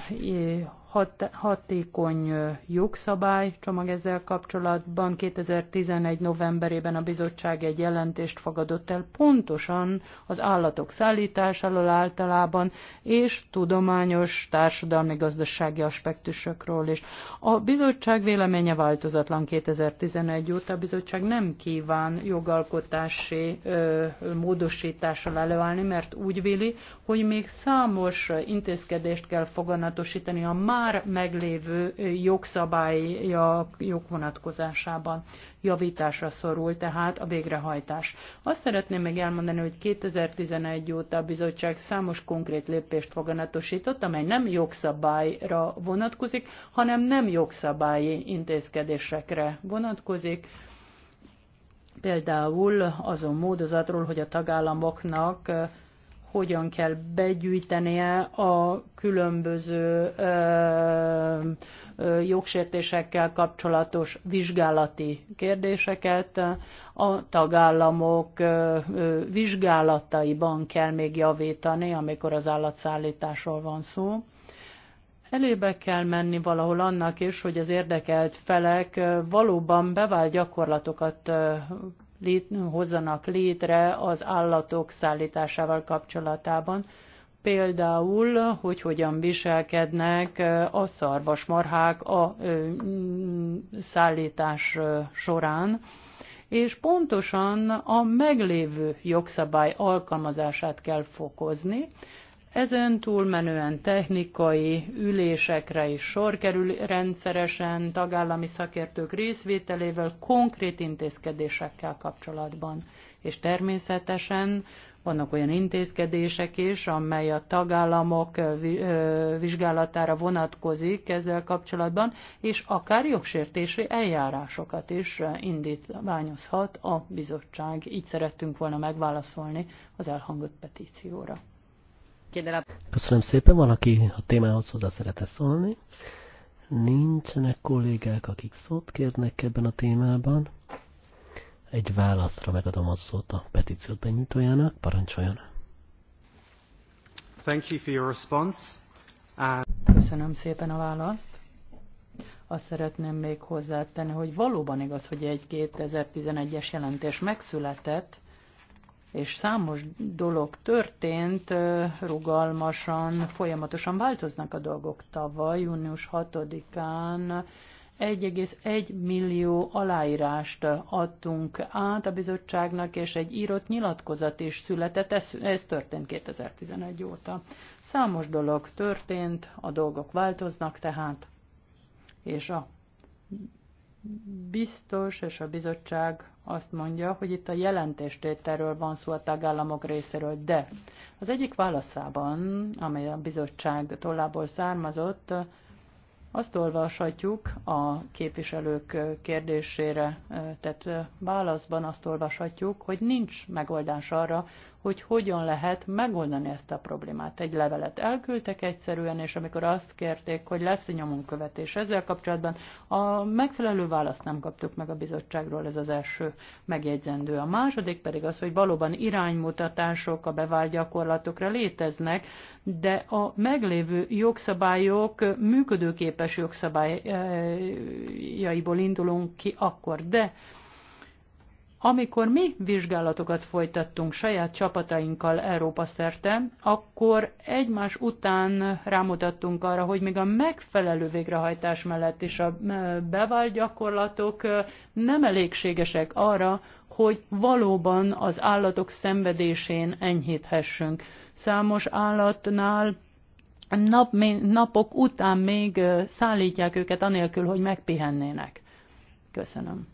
hat, hatékony jogszabály csomag ezzel kapcsolatban. 2011. novemberében a bizottság egy jelentést fogadott el pontosan az állatok szállításáról általában, és tudományos társadalmi-gazdasági aspektusokról is. A bizottság véleménye változatlan 2011 óta. A bizottság nem kíván jogalkotási ö, módosítással előállni, mert úgy véli, hogy még számos intézkedést kell foganatosítani a má már meglévő jogszabálya jogvonatkozásában javításra szorul tehát a végrehajtás. Azt szeretném még elmondani, hogy 2011 óta a bizottság számos konkrét lépést foganatosított, amely nem jogszabályra vonatkozik, hanem nem jogszabályi intézkedésekre vonatkozik, például azon módozatról, hogy a tagállamoknak hogyan kell begyűjtenie a különböző ö, ö, jogsértésekkel kapcsolatos vizsgálati kérdéseket. A tagállamok ö, ö, vizsgálataiban kell még javítani, amikor az állatszállításról van szó. Elébe kell menni valahol annak is, hogy az érdekelt felek valóban bevált gyakorlatokat lét, hozzanak létre az állatok szállításával kapcsolatában. Például, hogy hogyan viselkednek a szarvasmarhák a mm, szállítás során, és pontosan a meglévő jogszabály alkalmazását kell fokozni, ezen túlmenően technikai ülésekre is sor kerül rendszeresen tagállami szakértők részvételével konkrét intézkedésekkel kapcsolatban. És természetesen vannak olyan intézkedések is, amely a tagállamok vizsgálatára vonatkozik ezzel kapcsolatban, és akár jogsértési eljárásokat is indítványozhat a bizottság. Így szerettünk volna megválaszolni az elhangott petícióra. Köszönöm szépen, van, aki a témához hozzá szeretne szólni. Nincsenek kollégák, akik szót kérnek ebben a témában. Egy válaszra megadom a szót a petíciót benyújtójának, parancsoljon. Thank you for your response. And... Uh, Köszönöm szépen a választ. Azt szeretném még hozzátenni, hogy valóban igaz, hogy egy 2011-es jelentés megszületett, és számos dolog történt, rugalmasan, folyamatosan változnak a dolgok. Tavaly, június 6-án 1,1 millió aláírást adtunk át a bizottságnak, és egy írott nyilatkozat is született. Ez, ez történt 2011 óta. Számos dolog történt, a dolgok változnak tehát, és a biztos és a bizottság azt mondja, hogy itt a jelentéstételről van szó a tagállamok részéről, de az egyik válaszában, amely a bizottság tollából származott, azt olvashatjuk a képviselők kérdésére eh, tett eh, válaszban, azt olvashatjuk, hogy nincs megoldás arra, hogy hogyan lehet megoldani ezt a problémát. Egy levelet elküldtek egyszerűen, és amikor azt kérték, hogy lesz e nyomonkövetés ezzel kapcsolatban, a megfelelő választ nem kaptuk meg a bizottságról, ez az első megjegyzendő. A második pedig az, hogy valóban iránymutatások a bevált gyakorlatokra léteznek, de a meglévő jogszabályok működőképes jogszabályaiból indulunk ki akkor, de amikor mi vizsgálatokat folytattunk saját csapatainkkal Európa szerte, akkor egymás után rámutattunk arra, hogy még a megfelelő végrehajtás mellett is a bevált gyakorlatok nem elégségesek arra, hogy valóban az állatok szenvedésén enyhíthessünk. Számos állatnál nap, napok után még szállítják őket anélkül, hogy megpihennének. Köszönöm.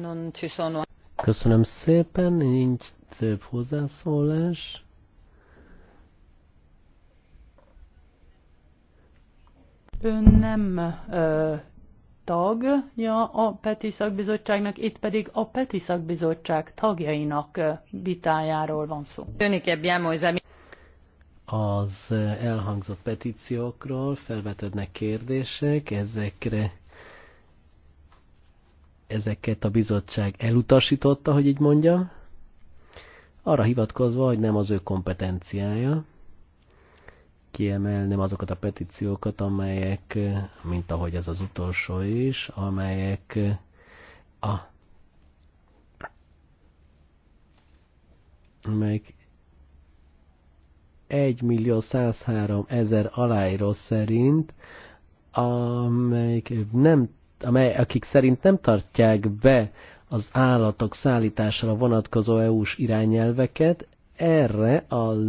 Non ci sono Köszönöm szépen, nincs több hozzászólás. Ön nem ö, tagja a PETI szakbizottságnak, itt pedig a PETI szakbizottság tagjainak vitájáról van szó. Az elhangzott petíciókról felvetődnek kérdések, ezekre ezeket a bizottság elutasította, hogy így mondja, arra hivatkozva, hogy nem az ő kompetenciája. Kiemelném azokat a petíciókat, amelyek, mint ahogy ez az utolsó is, amelyek a amelyek 1 millió 103 ezer aláíró szerint, amelyik nem amely, akik szerint nem tartják be az állatok szállításra vonatkozó EU-s irányelveket, erre az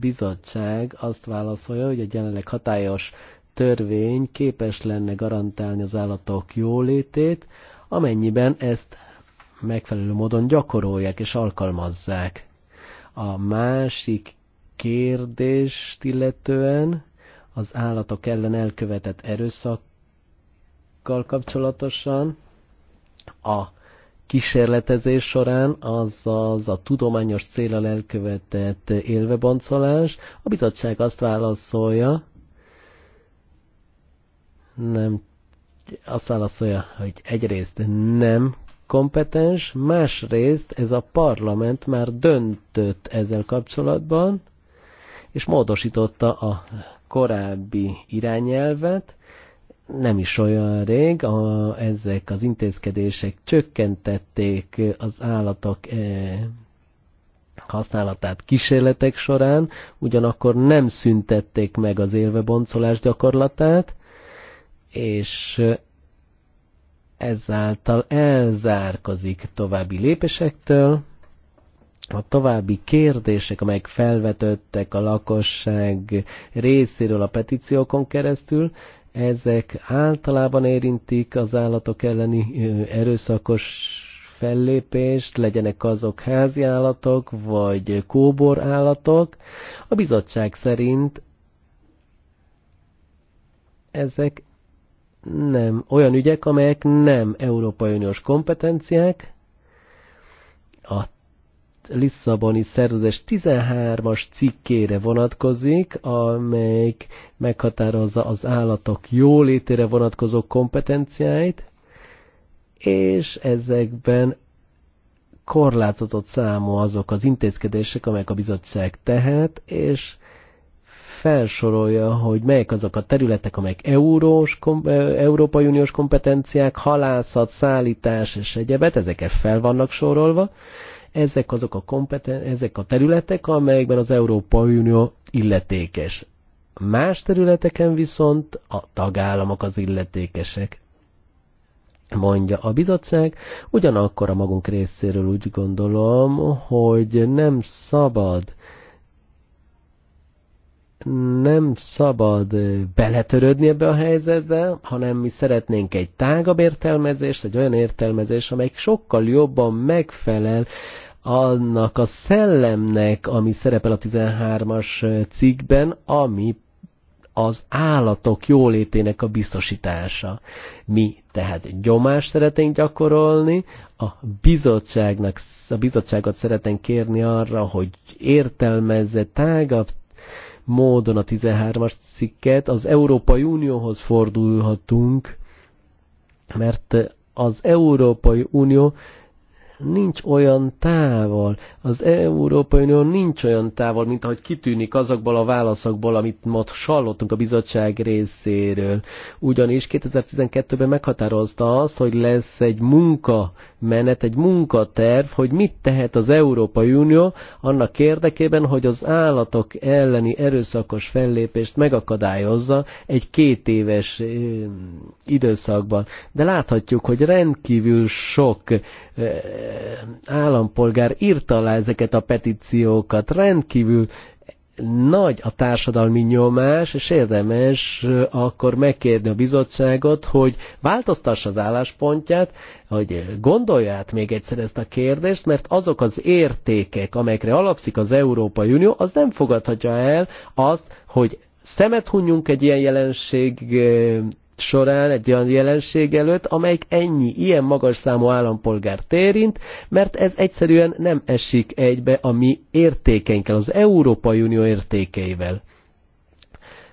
bizottság azt válaszolja, hogy a jelenleg hatályos törvény képes lenne garantálni az állatok jólétét, amennyiben ezt megfelelő módon gyakorolják és alkalmazzák. A másik kérdést illetően az állatok ellen elkövetett erőszak kutatásokkal kapcsolatosan a kísérletezés során, azaz a tudományos célral elkövetett élveboncolás, a bizottság azt válaszolja, nem, azt válaszolja, hogy egyrészt nem kompetens, másrészt ez a parlament már döntött ezzel kapcsolatban, és módosította a korábbi irányelvet, nem is olyan rég, a, ezek az intézkedések csökkentették az állatok e, használatát kísérletek során, ugyanakkor nem szüntették meg az élveboncolás gyakorlatát, és eh, ezáltal elzárkozik további lépésektől. A további kérdések, amelyek felvetődtek a lakosság részéről a petíciókon keresztül, ezek általában érintik az állatok elleni erőszakos fellépést, legyenek azok házi állatok, vagy kóbor állatok. A bizottság szerint ezek nem olyan ügyek, amelyek nem Európai Uniós kompetenciák, a Lisszaboni szerződés 13-as cikkére vonatkozik, amelyik meghatározza az állatok jólétére vonatkozó kompetenciáit, és ezekben korlátozott számú azok az intézkedések, amelyek a bizottság tehet, és felsorolja, hogy melyek azok a területek, amelyek eurós, kom, Európai Uniós kompetenciák, halászat, szállítás és egyebet, ezeket fel vannak sorolva, ezek azok a kompeten, ezek a területek, amelyekben az Európai Unió illetékes. Más területeken viszont a tagállamok az illetékesek mondja a bizottság, ugyanakkor a magunk részéről úgy gondolom, hogy nem szabad nem szabad beletörődni ebbe a helyzetbe, hanem mi szeretnénk egy tágabb értelmezést, egy olyan értelmezést, amely sokkal jobban megfelel annak a szellemnek, ami szerepel a 13-as cikkben, ami az állatok jólétének a biztosítása. Mi tehát gyomást szeretnénk gyakorolni, a bizottságnak, a bizottságot szeretnénk kérni arra, hogy értelmezze tágabb módon a 13-as cikket, az Európai Unióhoz fordulhatunk, mert az Európai Unió nincs olyan távol, az Európai Unió nincs olyan távol, mint ahogy kitűnik azokból a válaszokból, amit ma sallottunk a bizottság részéről. Ugyanis 2012-ben meghatározta azt, hogy lesz egy munkamenet, egy munkaterv, hogy mit tehet az Európai Unió annak érdekében, hogy az állatok elleni erőszakos fellépést megakadályozza egy két éves időszakban. De láthatjuk, hogy rendkívül sok állampolgár írta alá ezeket a petíciókat. Rendkívül nagy a társadalmi nyomás, és érdemes akkor megkérni a bizottságot, hogy változtassa az álláspontját, hogy gondolja át még egyszer ezt a kérdést, mert azok az értékek, amelyekre alapszik az Európai Unió, az nem fogadhatja el azt, hogy szemet hunyunk egy ilyen jelenség során egy olyan jelenség előtt, amelyik ennyi, ilyen magas számú állampolgárt érint, mert ez egyszerűen nem esik egybe a mi értékeinkkel, az Európai Unió értékeivel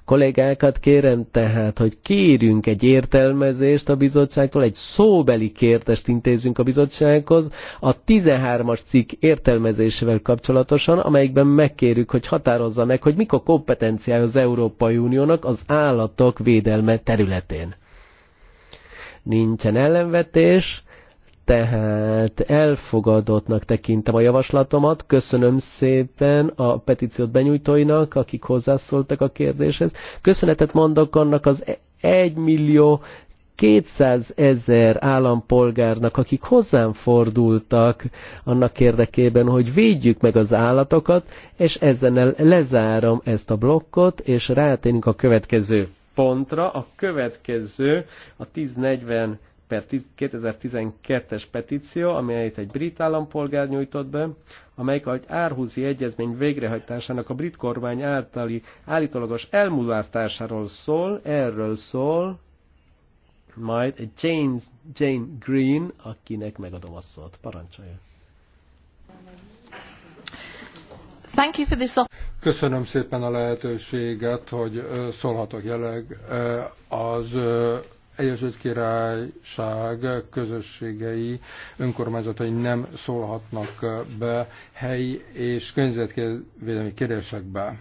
kollégákat kérem tehát, hogy kérjünk egy értelmezést a bizottságtól, egy szóbeli kértest intézünk a bizottsághoz a 13-as cikk értelmezésével kapcsolatosan, amelyikben megkérjük, hogy határozza meg, hogy mik a kompetenciája az Európai Uniónak az állatok védelme területén. Nincsen ellenvetés, tehát elfogadottnak tekintem a javaslatomat. Köszönöm szépen a petíciót benyújtóinak, akik hozzászóltak a kérdéshez. Köszönetet mondok annak az 1 millió 200 ezer állampolgárnak, akik hozzám fordultak annak érdekében, hogy védjük meg az állatokat, és ezzel lezárom ezt a blokkot, és rátérünk a következő pontra. A következő a 1040 per 2012-es petíció, amelyet egy brit állampolgár nyújtott be, amelyik egy árhúzi egyezmény végrehajtásának a brit kormány általi állítólagos elmulasztásáról szól, erről szól, majd Jane, Jane Green, akinek megadom a szót. Parancsolja. Thank you for this Köszönöm szépen a lehetőséget, hogy szólhatok jelenleg az Egyesült Királyság közösségei, önkormányzatai nem szólhatnak be helyi és környezetvédelmi kérdésekbe.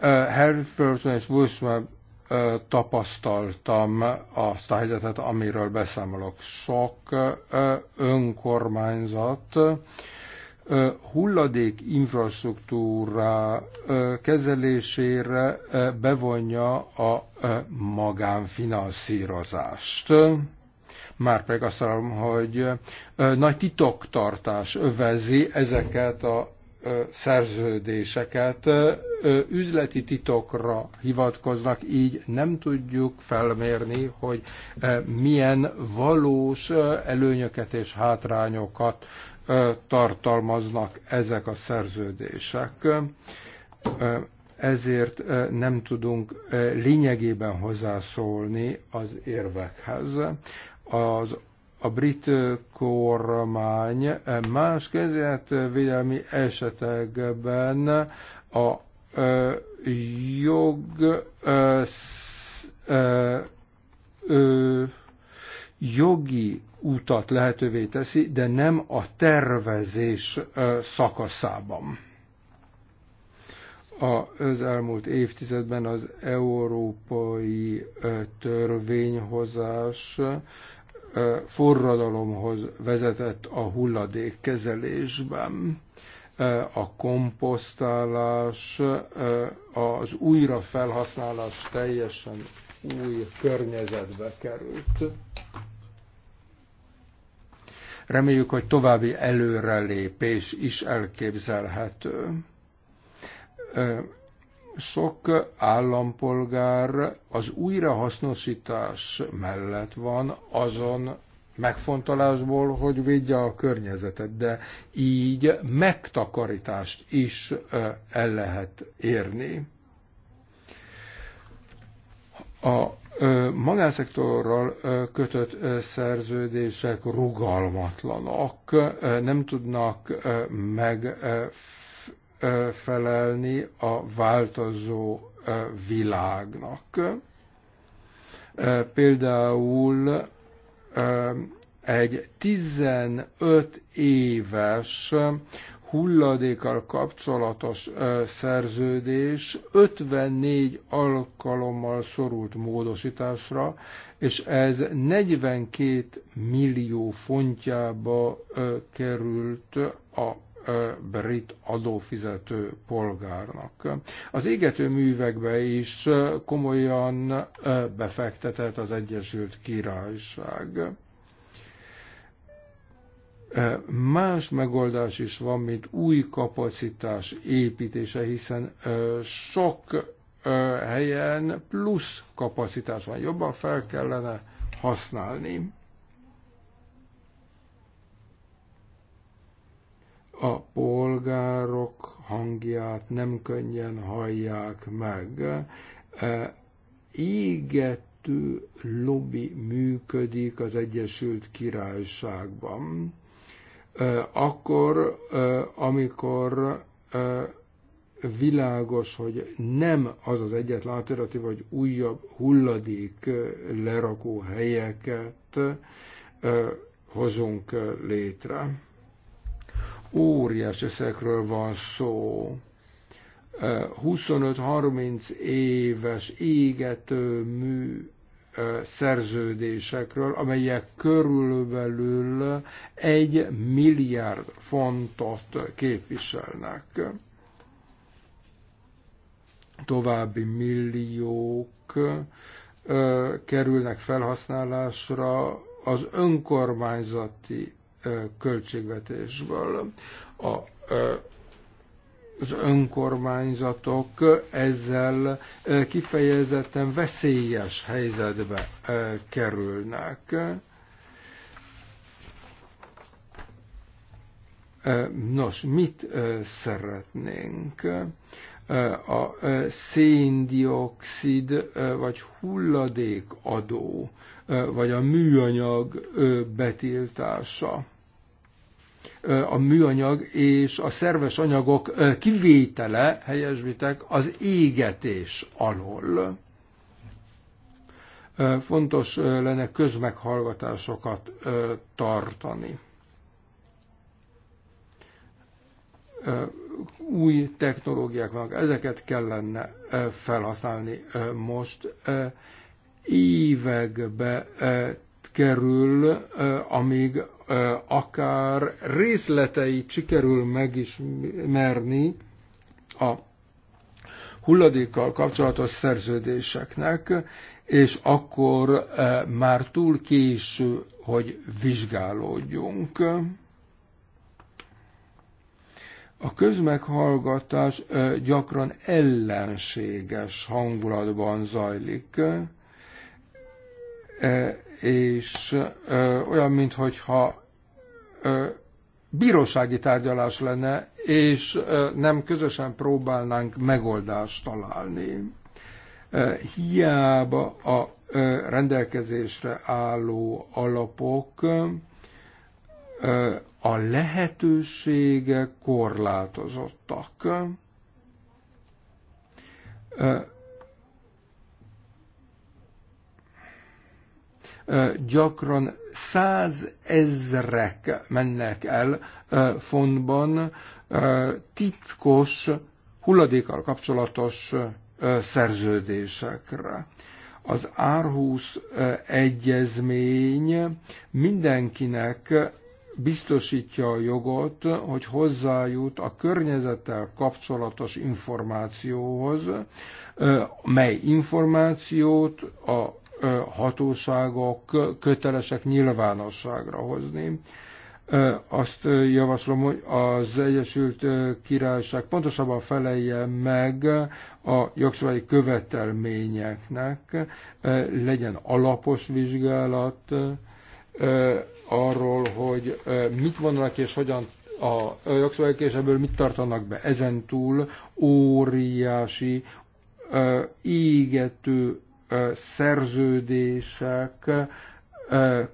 Herfordson és Wilson tapasztaltam azt a helyzetet, amiről beszámolok. Sok önkormányzat hulladék infrastruktúra kezelésére bevonja a magánfinanszírozást. Már pedig azt mondom, hogy nagy titoktartás övezi ezeket a szerződéseket üzleti titokra hivatkoznak, így nem tudjuk felmérni, hogy milyen valós előnyöket és hátrányokat tartalmaznak ezek a szerződések, ezért eh, nem tudunk eh, lényegében hozzászólni az érvekhez. Az a brit eh, kormány más védelmi esetekben a ö, jog ö, ö, jogi utat lehetővé teszi, de nem a tervezés szakaszában. Az elmúlt évtizedben az európai törvényhozás forradalomhoz vezetett a hulladékkezelésben. A komposztálás, az újrafelhasználás teljesen új környezetbe került Reméljük, hogy további előrelépés is elképzelhető. Sok állampolgár az újrahasznosítás mellett van azon megfontolásból, hogy védje a környezetet, de így megtakarítást is el lehet érni. A magánszektorral kötött szerződések rugalmatlanak, nem tudnak megfelelni a változó világnak. Például egy 15 éves hulladékkal kapcsolatos szerződés 54 alkalommal szorult módosításra, és ez 42 millió fontjába került a brit adófizető polgárnak. Az égető művekbe is komolyan befektetett az Egyesült Királyság Más megoldás is van, mint új kapacitás építése, hiszen sok helyen plusz kapacitás van, jobban fel kellene használni. a polgárok hangját nem könnyen hallják meg. Égető lobby működik az Egyesült Királyságban akkor, amikor világos, hogy nem az az egyetlen alternatív, hogy újabb hulladék lerakó helyeket hozunk létre. Óriás eszekről van szó. 25-30 éves égető mű szerződésekről, amelyek körülbelül egy milliárd fontot képviselnek. További milliók kerülnek felhasználásra az önkormányzati költségvetésből. A az önkormányzatok ezzel kifejezetten veszélyes helyzetbe kerülnek. Nos, mit szeretnénk? A széndiokszid vagy hulladékadó, vagy a műanyag betiltása a műanyag és a szerves anyagok kivétele, helyesbitek, az égetés alól. Fontos lenne közmeghallgatásokat tartani. Új technológiák vannak, ezeket kellene felhasználni most. Évekbe kerül, amíg akár részleteit sikerül megismerni a hulladékkal kapcsolatos szerződéseknek, és akkor már túl késő, hogy vizsgálódjunk. A közmeghallgatás gyakran ellenséges hangulatban zajlik és ö, olyan, mintha bírósági tárgyalás lenne, és ö, nem közösen próbálnánk megoldást találni. Ö, hiába a ö, rendelkezésre álló alapok, ö, a lehetőségek korlátozottak. Ö, gyakran százezrek mennek el fontban titkos hulladékkal kapcsolatos szerződésekre. Az Árhúsz egyezmény mindenkinek biztosítja a jogot, hogy hozzájut a környezettel kapcsolatos információhoz, mely információt a hatóságok kötelesek nyilvánosságra hozni. Azt javaslom, hogy az Egyesült Királyság pontosabban felelje meg a jogszabályi követelményeknek, legyen alapos vizsgálat arról, hogy mit vannak és hogyan a jogszabályok, és ebből mit tartanak be. Ezen túl óriási, égető szerződések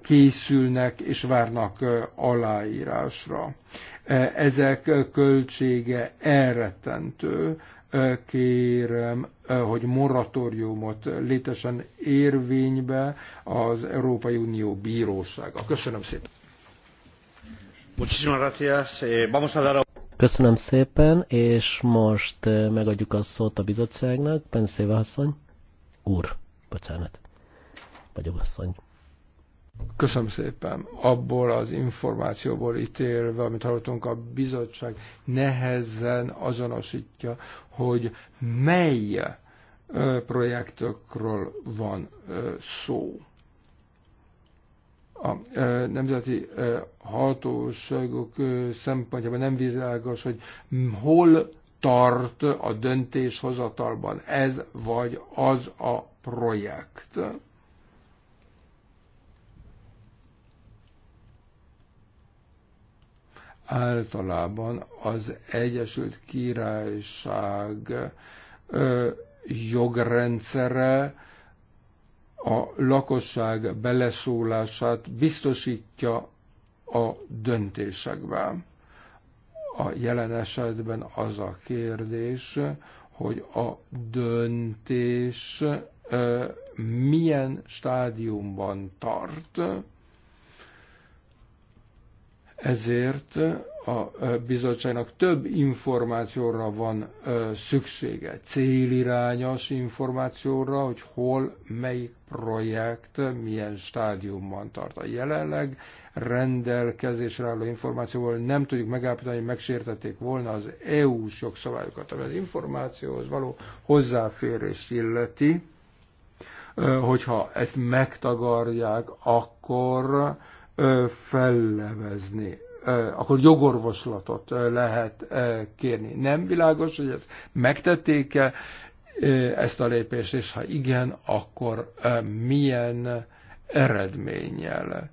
készülnek és várnak aláírásra. Ezek költsége elrettentő. Kérem, hogy moratóriumot létesen érvénybe az Európai Unió bírósága. Köszönöm szépen. Eh, Köszönöm szépen, és most eh, megadjuk a szót a bizottságnak. Penszéva asszony, úr bocsánat, vagy asszony. Köszönöm szépen. Abból az információból ítélve, amit hallottunk, a bizottság nehezen azonosítja, hogy mely projektokról van szó. A nemzeti hatóságok szempontjában nem világos, hogy hol tart a döntéshozatalban ez vagy az a projekt. Általában az Egyesült Királyság jogrendszere a lakosság beleszólását biztosítja a döntésekben a jelen esetben az a kérdés, hogy a döntés milyen stádiumban tart, ezért a bizottságnak több információra van szüksége, célirányos információra, hogy hol, melyik projekt milyen stádiumban tart. A jelenleg rendelkezésre álló információval nem tudjuk megállapítani, hogy megsértették volna az EU-s jogszabályokat, ami az információhoz való hozzáférést illeti Hogyha ezt megtagarják, akkor fellevezni akkor jogorvoslatot lehet kérni. Nem világos, hogy ezt megtették-e ezt a lépést, és ha igen, akkor milyen eredménnyel.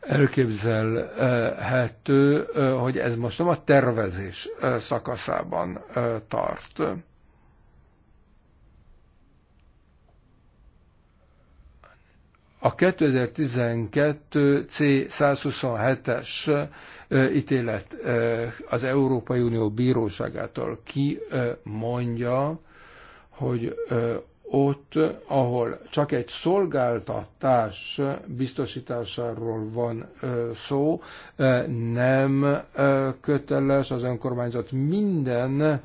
elképzelhető, hogy ez most nem a tervezés szakaszában tart. A 2012 C127-es ítélet az Európai Unió bíróságától ki mondja, hogy ott, ahol csak egy szolgáltatás biztosításáról van szó, nem köteles az önkormányzat minden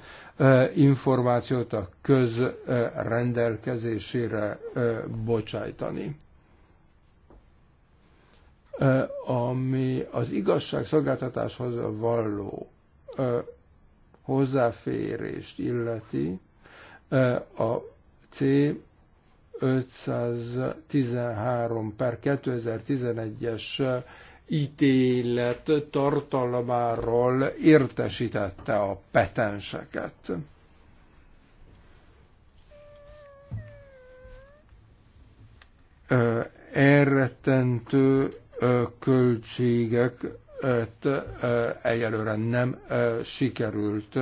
információt a közrendelkezésére bocsájtani ami az igazságszolgáltatáshoz való hozzáférést illeti, a C 513 per 2011-es ítélet tartalmáról értesítette a petenseket. Elrettentő költségek egyelőre nem sikerült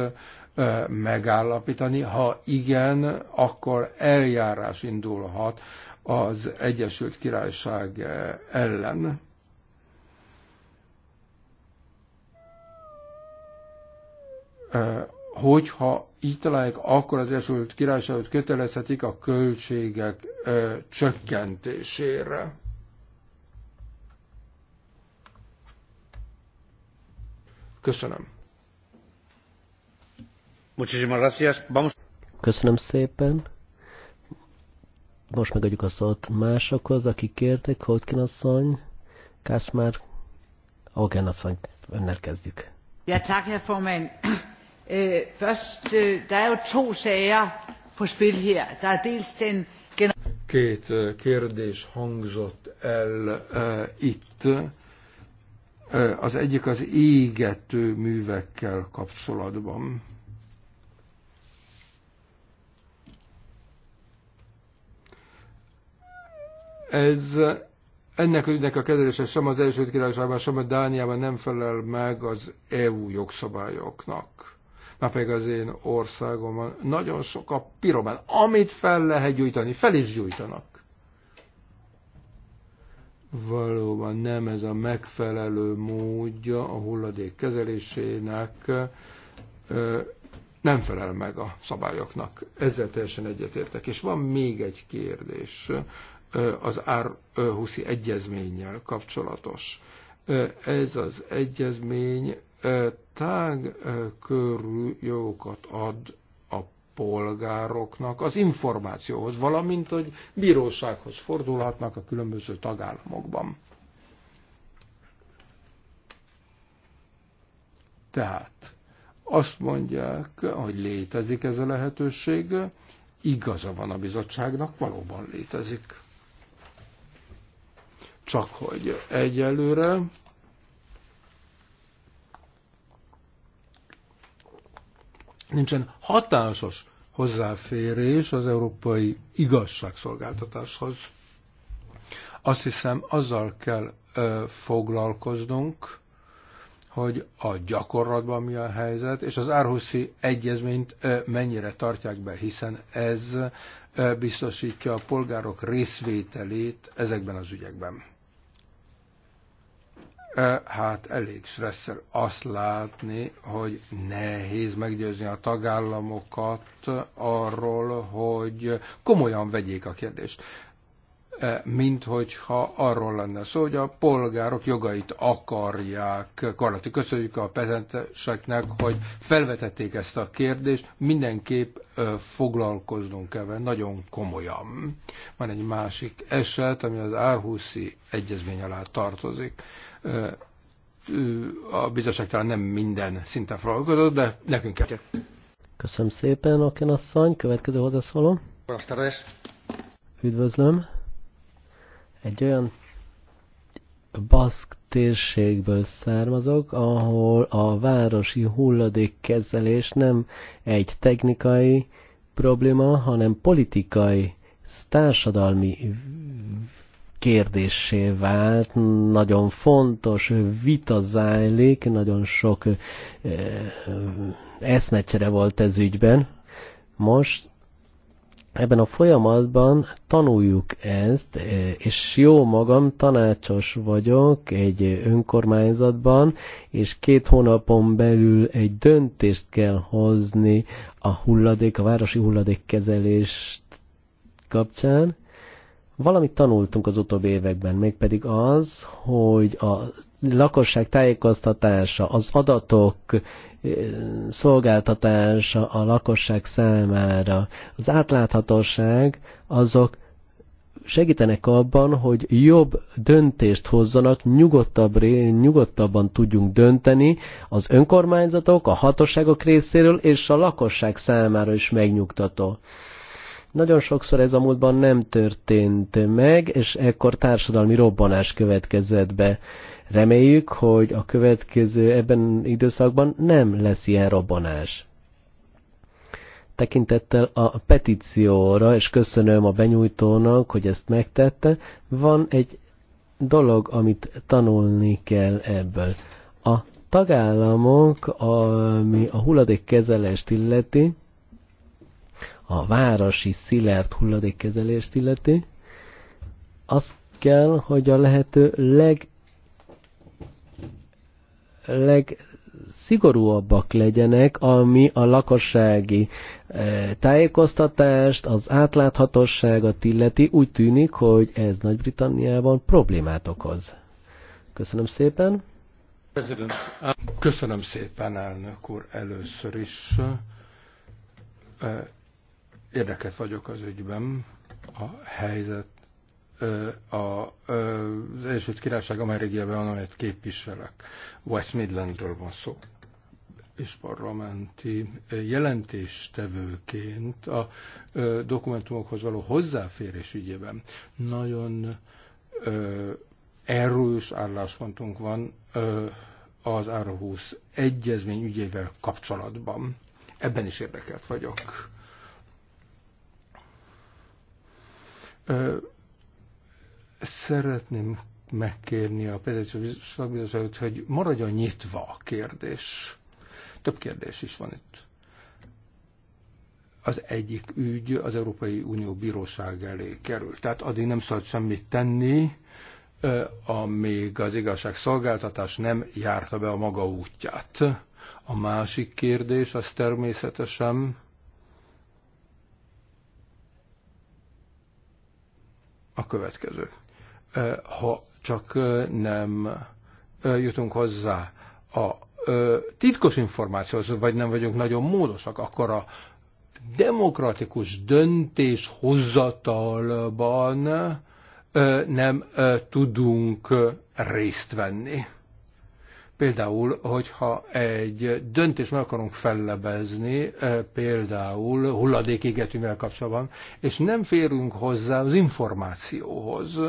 megállapítani? Ha igen, akkor eljárás indulhat az Egyesült Királyság ellen. Hogyha így találják, akkor az Egyesült Királyságot kötelezhetik a költségek csökkentésére. Köszönöm. Köszönöm szépen. Most megadjuk a szót másokhoz, akik kértek. Hotkin asszony, Kászmár, Augen asszony, önnel kezdjük. Ja, tak, herr formand. Øh, first, øh, der er jo to sager på spil her. Der er dels den Két øh, kérdés hangzott el uh, itt. Uh, az egyik az égető művekkel kapcsolatban Ez ennek ügynek a kezelése sem az első Királyságban, sem a Dániában nem felel meg az EU jogszabályoknak. Na pedig az én országomban nagyon sok a piromán. Amit fel lehet gyújtani, fel is gyújtanak. Valóban nem ez a megfelelő módja a hulladék kezelésének nem felel meg a szabályoknak. Ezzel teljesen egyetértek. És van még egy kérdés az R20 egyezménnyel kapcsolatos. Ez az egyezmény tág körű jogokat ad a polgároknak az információhoz, valamint, hogy bírósághoz fordulhatnak a különböző tagállamokban. Tehát azt mondják, hogy létezik ez a lehetőség, igaza van a bizottságnak, valóban létezik. Csak hogy egyelőre nincsen hatásos hozzáférés az európai igazságszolgáltatáshoz. Azt hiszem, azzal kell ö, foglalkoznunk, hogy a gyakorlatban mi a helyzet, és az Árhuszi egyezményt ö, mennyire tartják be, hiszen ez ö, biztosítja a polgárok részvételét ezekben az ügyekben. E, hát elég stresszer azt látni, hogy nehéz meggyőzni a tagállamokat arról, hogy komolyan vegyék a kérdést. E, mint hogyha arról lenne szó, hogy a polgárok jogait akarják korláti. Köszönjük a pezenteseknek, hogy felvetették ezt a kérdést, mindenképp e, foglalkoznunk kell vele, nagyon komolyan. Van egy másik eset, ami az Árhuszi egyezmény alá tartozik a bizottság talán nem minden szinten foglalkozott, de nekünk kell. Köszönöm szépen, Oken asszony. Következő hozzászóló. Üdvözlöm. Egy olyan baszk térségből származok, ahol a városi hulladékkezelés nem egy technikai probléma, hanem politikai, társadalmi kérdésé vált, nagyon fontos vita zájlik, nagyon sok eh, eszmecsere volt ez ügyben. Most ebben a folyamatban tanuljuk ezt, eh, és jó magam, tanácsos vagyok egy önkormányzatban, és két hónapon belül egy döntést kell hozni a hulladék, a városi hulladékkezelés kapcsán, Valamit tanultunk az utóbbi években, mégpedig az, hogy a lakosság tájékoztatása, az adatok szolgáltatása a lakosság számára, az átláthatóság, azok segítenek abban, hogy jobb döntést hozzanak, nyugodtabb, nyugodtabban tudjunk dönteni az önkormányzatok, a hatóságok részéről és a lakosság számára is megnyugtató. Nagyon sokszor ez a múltban nem történt meg, és ekkor társadalmi robbanás következett be. Reméljük, hogy a következő ebben időszakban nem lesz ilyen robbanás. Tekintettel a petícióra, és köszönöm a benyújtónak, hogy ezt megtette, van egy dolog, amit tanulni kell ebből. A tagállamok, ami a hulladékkezelést illeti, a városi szilárd hulladékkezelést illeti, azt kell, hogy a lehető leg legszigorúabbak legyenek, ami a lakossági eh, tájékoztatást, az átláthatóságot illeti. Úgy tűnik, hogy ez Nagy-Britanniában problémát okoz. Köszönöm szépen. Uh, Köszönöm szépen, elnök úr, először is eh, érdeket vagyok az ügyben. A helyzet a, az Egyesült Királyság Amerikában, amelyet képviselek. West Midlandről van szó és parlamenti jelentéstevőként a dokumentumokhoz való hozzáférés ügyében nagyon erős álláspontunk van az Ára 20 egyezmény ügyével kapcsolatban. Ebben is érdekelt vagyok. Szeretném megkérni a Pedagogikus hogy maradjon nyitva a kérdés. Több kérdés is van itt. Az egyik ügy az Európai Unió Bíróság elé került. Tehát addig nem szabad semmit tenni, amíg az igazságszolgáltatás nem járta be a maga útját. A másik kérdés az természetesen a következő. Ha csak nem jutunk hozzá a titkos információhoz, vagy nem vagyunk nagyon módosak, akkor a demokratikus döntéshozatalban nem tudunk részt venni. Például, hogyha egy döntés meg akarunk fellebezni, eh, például hulladékégetűvel kapcsolatban, és nem férünk hozzá az információhoz,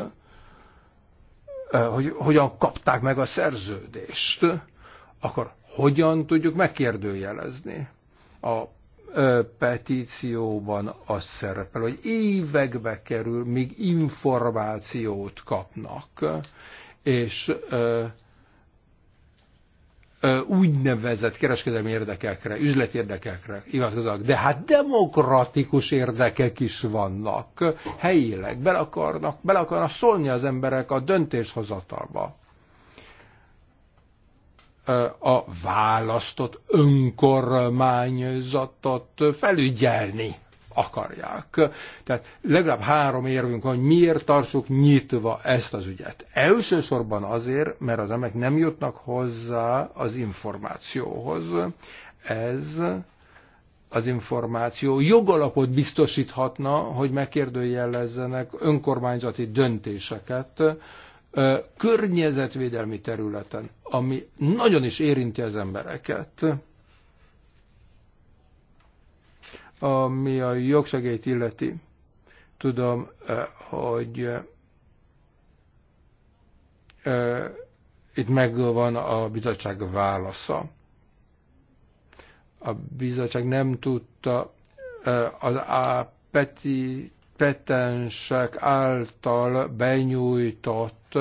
eh, hogy hogyan kapták meg a szerződést, akkor hogyan tudjuk megkérdőjelezni? A eh, petícióban az szerepel, hogy évekbe kerül, míg információt kapnak, és úgynevezett kereskedelmi érdekekre, üzleti érdekekre hivatkoznak, de hát demokratikus érdekek is vannak helyileg, bele akarnak, bele akarnak szólni az emberek a döntéshozatalba. A választott önkormányzatot felügyelni akarják. Tehát legalább három érvünk van, hogy miért tartsuk nyitva ezt az ügyet. Elsősorban azért, mert az emberek nem jutnak hozzá az információhoz. Ez az információ jogalapot biztosíthatna, hogy megkérdőjelezzenek önkormányzati döntéseket környezetvédelmi területen, ami nagyon is érinti az embereket. Ami a jogsegélyt illeti, tudom, eh, hogy eh, eh, itt megvan a bizottság válasza. A bizottság nem tudta az a peti, petensek által benyújtott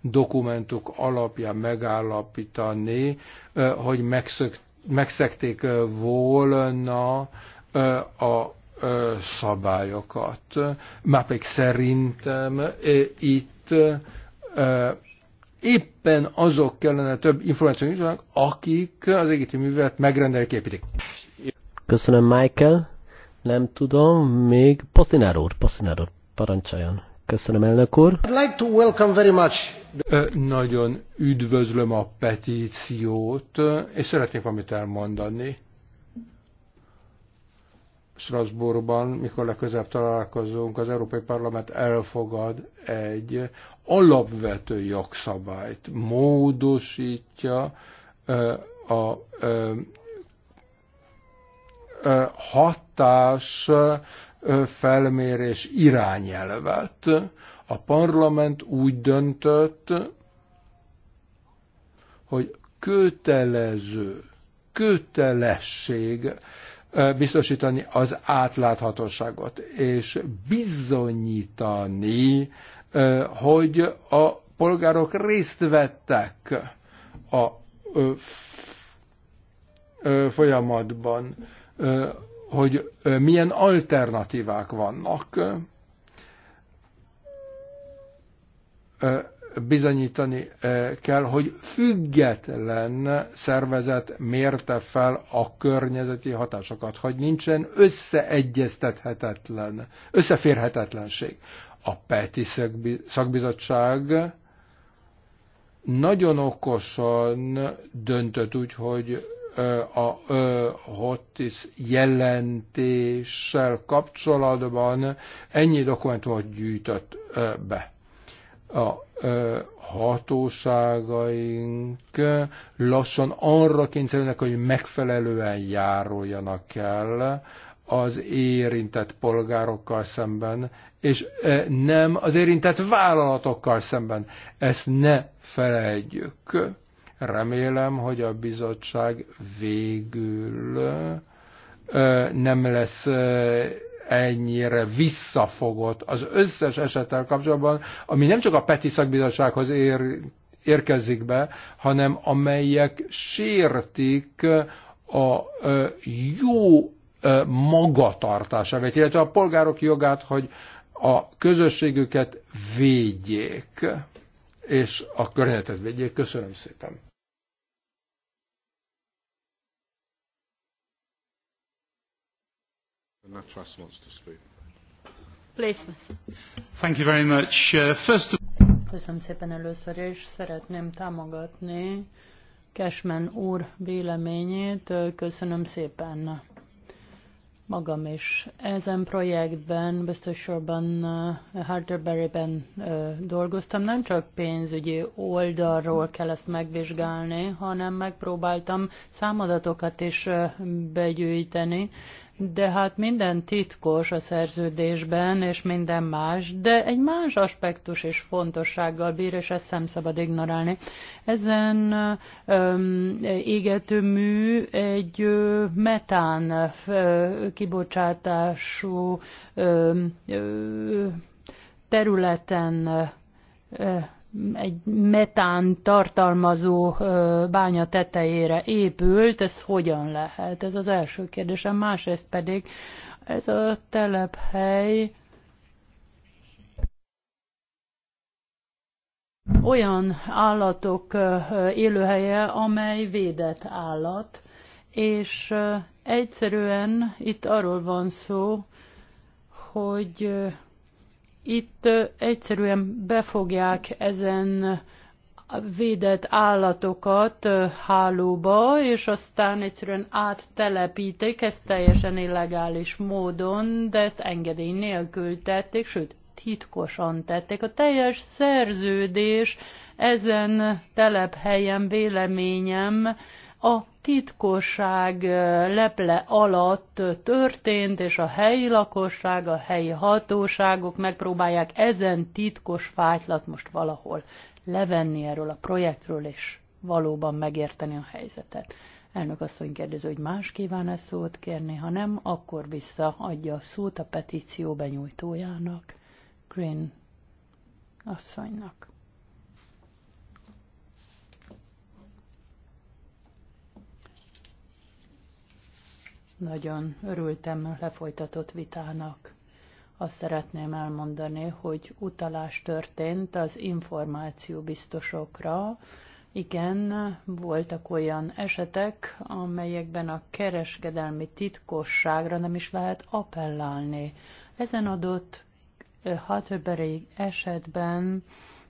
dokumentuk alapján megállapítani, hogy megszökt, megszekték volna a szabályokat. pedig szerintem itt éppen azok kellene több információ nyújtanak, akik az égéti művet megrendelik, építik. Köszönöm, Michael. Nem tudom, még Pasinár úr, Pasinár úr, parancsoljon. Köszönöm, elnök úr. Like to welcome very much. Nagyon üdvözlöm a petíciót, és szeretnék valamit elmondani. Strasbourgban, mikor legközelebb találkozunk, az Európai Parlament elfogad egy alapvető jogszabályt, módosítja a hatás felmérés irányelvet. A parlament úgy döntött, hogy kötelező, kötelesség biztosítani az átláthatóságot, és bizonyítani, hogy a polgárok részt vettek a folyamatban, hogy milyen alternatívák vannak bizonyítani eh, kell, hogy független szervezet mérte fel a környezeti hatásokat, hogy nincsen összeegyeztethetetlen, összeférhetetlenség. A PETI szakbizottság nagyon okosan döntött úgy, hogy eh, a eh, HOTIS jelentéssel kapcsolatban ennyi dokumentumot gyűjtött be a hatóságaink lassan arra kényszerülnek, hogy megfelelően járuljanak el az érintett polgárokkal szemben, és nem az érintett vállalatokkal szemben. Ezt ne felejtjük. Remélem, hogy a bizottság végül nem lesz ennyire visszafogott az összes esettel kapcsolatban, ami nem csak a PETI szakbizottsághoz ér, érkezik be, hanem amelyek sértik a jó magatartását, illetve a polgárok jogát, hogy a közösségüket védjék, és a környezetet védjék. Köszönöm szépen! Thank you very much. Uh, first of... Köszönöm szépen először, és szeretném támogatni Cashman úr véleményét. Köszönöm szépen magam is. Ezen projektben, biztosorban uh, harterberry ben uh, dolgoztam. Nem csak pénzügyi oldalról kell ezt megvizsgálni, hanem megpróbáltam számadatokat is begyűjteni, de hát minden titkos a szerződésben, és minden más, de egy más aspektus is fontossággal bír, és ezt nem szabad ignorálni. Ezen öm, égetőmű egy ö, metán ö, kibocsátású ö, ö, területen ö, egy metán tartalmazó bánya tetejére épült, ez hogyan lehet? Ez az első kérdésem. Másrészt pedig ez a telephely olyan állatok élőhelye, amely védett állat, és egyszerűen itt arról van szó, hogy itt egyszerűen befogják ezen védett állatokat hálóba, és aztán egyszerűen áttelepítik, ez teljesen illegális módon, de ezt engedély nélkül tették, sőt, titkosan tették. A teljes szerződés ezen telephelyen véleményem a titkosság leple alatt történt, és a helyi lakosság, a helyi hatóságok megpróbálják ezen titkos fájtlat most valahol levenni erről a projektről, és valóban megérteni a helyzetet. Elnök asszony kérdezi, hogy más kíván-e szót kérni, ha nem, akkor visszaadja a szót a petíció benyújtójának, Green asszonynak. Nagyon örültem lefolytatott vitának. Azt szeretném elmondani, hogy utalás történt az információ biztosokra. Igen, voltak olyan esetek, amelyekben a kereskedelmi titkosságra nem is lehet appellálni. Ezen adott hatöberi esetben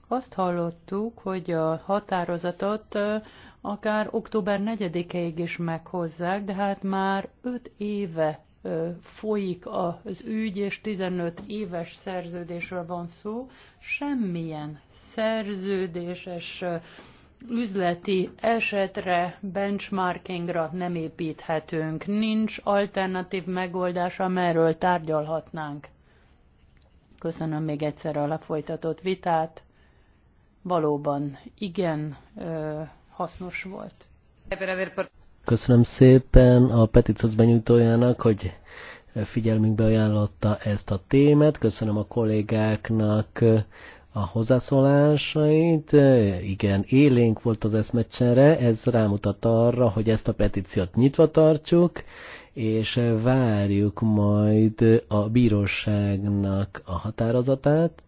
azt hallottuk, hogy a határozatot akár október 4-ig is meghozzák, de hát már 5 éve folyik az ügy, és 15 éves szerződésről van szó, semmilyen szerződéses üzleti esetre, benchmarkingra nem építhetünk. Nincs alternatív megoldás, amerről tárgyalhatnánk. Köszönöm még egyszer a lefolytatott vitát. Valóban igen, hasznos volt. Köszönöm szépen a peticot benyújtójának, hogy figyelmünkbe ajánlotta ezt a témát. Köszönöm a kollégáknak a hozzászólásait. Igen, élénk volt az eszmecsere, ez rámutat arra, hogy ezt a petíciót nyitva tartjuk, és várjuk majd a bíróságnak a határozatát,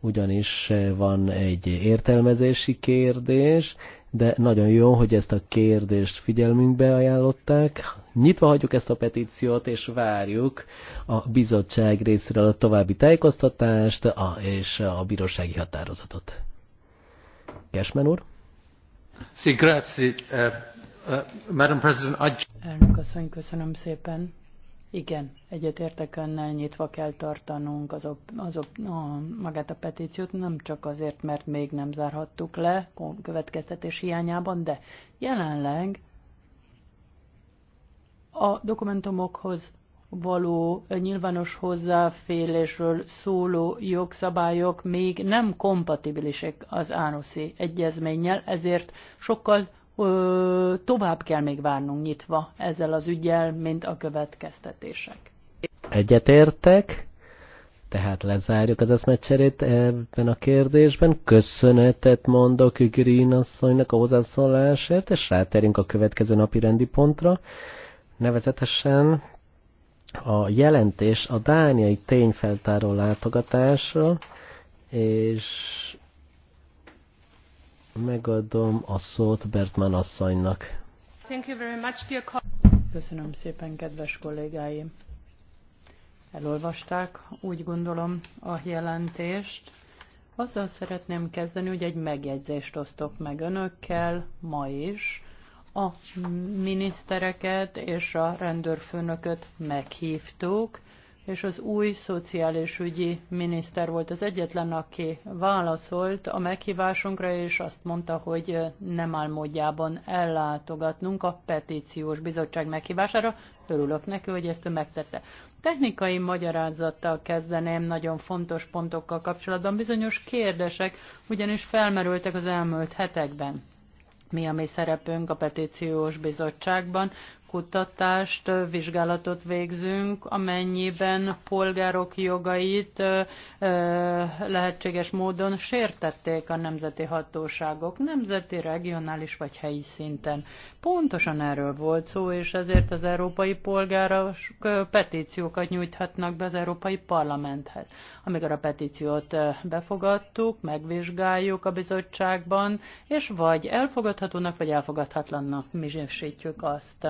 ugyanis van egy értelmezési kérdés, de nagyon jó, hogy ezt a kérdést figyelmünkbe ajánlották. Nyitva hagyjuk ezt a petíciót, és várjuk a bizottság részéről a további tájékoztatást a, és a bírósági határozatot. Kesmen úr? Sí, grazie. Uh, uh, Madam President, I... Elnök asszony, köszönöm szépen igen, egyetértek önnel, nyitva kell tartanunk azok, azok, a, magát a petíciót, nem csak azért, mert még nem zárhattuk le következtetés hiányában, de jelenleg a dokumentumokhoz való nyilvános hozzáférésről szóló jogszabályok még nem kompatibilisek az ánoszi egyezménnyel, ezért sokkal ö, tovább kell még várnunk nyitva ezzel az ügyel, mint a következtetések. Egyetértek, tehát lezárjuk az eszmecserét ebben a kérdésben. Köszönetet mondok Green asszonynak a hozzászólásért, és ráterünk a következő napi rendi pontra. Nevezetesen a jelentés a dániai tényfeltáró látogatásra, és Megadom a szót Bertman asszonynak. Thank you very much, dear Köszönöm szépen, kedves kollégáim. Elolvasták, úgy gondolom, a jelentést. Azzal szeretném kezdeni, hogy egy megjegyzést osztok meg önökkel ma is. A minisztereket és a rendőrfőnököt meghívtuk és az új szociális ügyi miniszter volt az egyetlen, aki válaszolt a meghívásunkra, és azt mondta, hogy nem áll módjában ellátogatnunk a petíciós bizottság meghívására. Örülök neki, hogy ezt ő megtette. Technikai magyarázattal kezdeném nagyon fontos pontokkal kapcsolatban. Bizonyos kérdések ugyanis felmerültek az elmúlt hetekben mi a mi szerepünk a petíciós bizottságban, kutatást, vizsgálatot végzünk, amennyiben polgárok jogait lehetséges módon sértették a nemzeti hatóságok, nemzeti, regionális vagy helyi szinten. Pontosan erről volt szó, és ezért az európai polgárok petíciókat nyújthatnak be az Európai Parlamenthez amikor a petíciót befogadtuk, megvizsgáljuk a bizottságban, és vagy elfogadhatónak, vagy elfogadhatlannak minősítjük azt.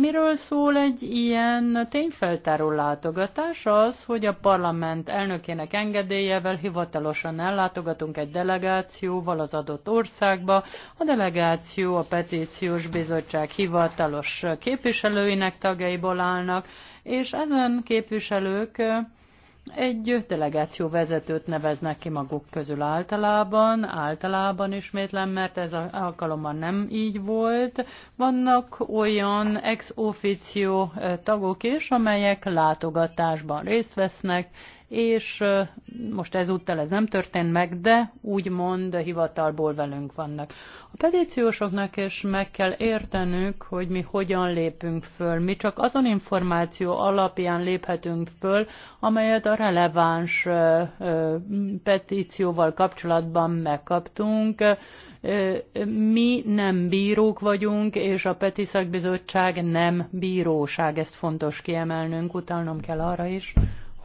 Miről szól egy ilyen tényfeltáró látogatás? Az, hogy a parlament elnökének engedélyevel hivatalosan ellátogatunk egy delegációval az adott országba. A delegáció a petíciós bizottság hivatalos képviselőinek tagjaiból állnak, és ezen képviselők egy delegáció vezetőt neveznek ki maguk közül általában, általában ismétlen, mert ez a alkalommal nem így volt. Vannak olyan ex officio eh, tagok is, amelyek látogatásban részt vesznek, és most ezúttal ez nem történt meg, de úgymond hivatalból velünk vannak. A petíciósoknak is meg kell értenünk, hogy mi hogyan lépünk föl. Mi csak azon információ alapján léphetünk föl, amelyet a releváns petícióval kapcsolatban megkaptunk. Mi nem bírók vagyunk, és a Peti Szakbizottság nem bíróság. Ezt fontos kiemelnünk, utalnom kell arra is,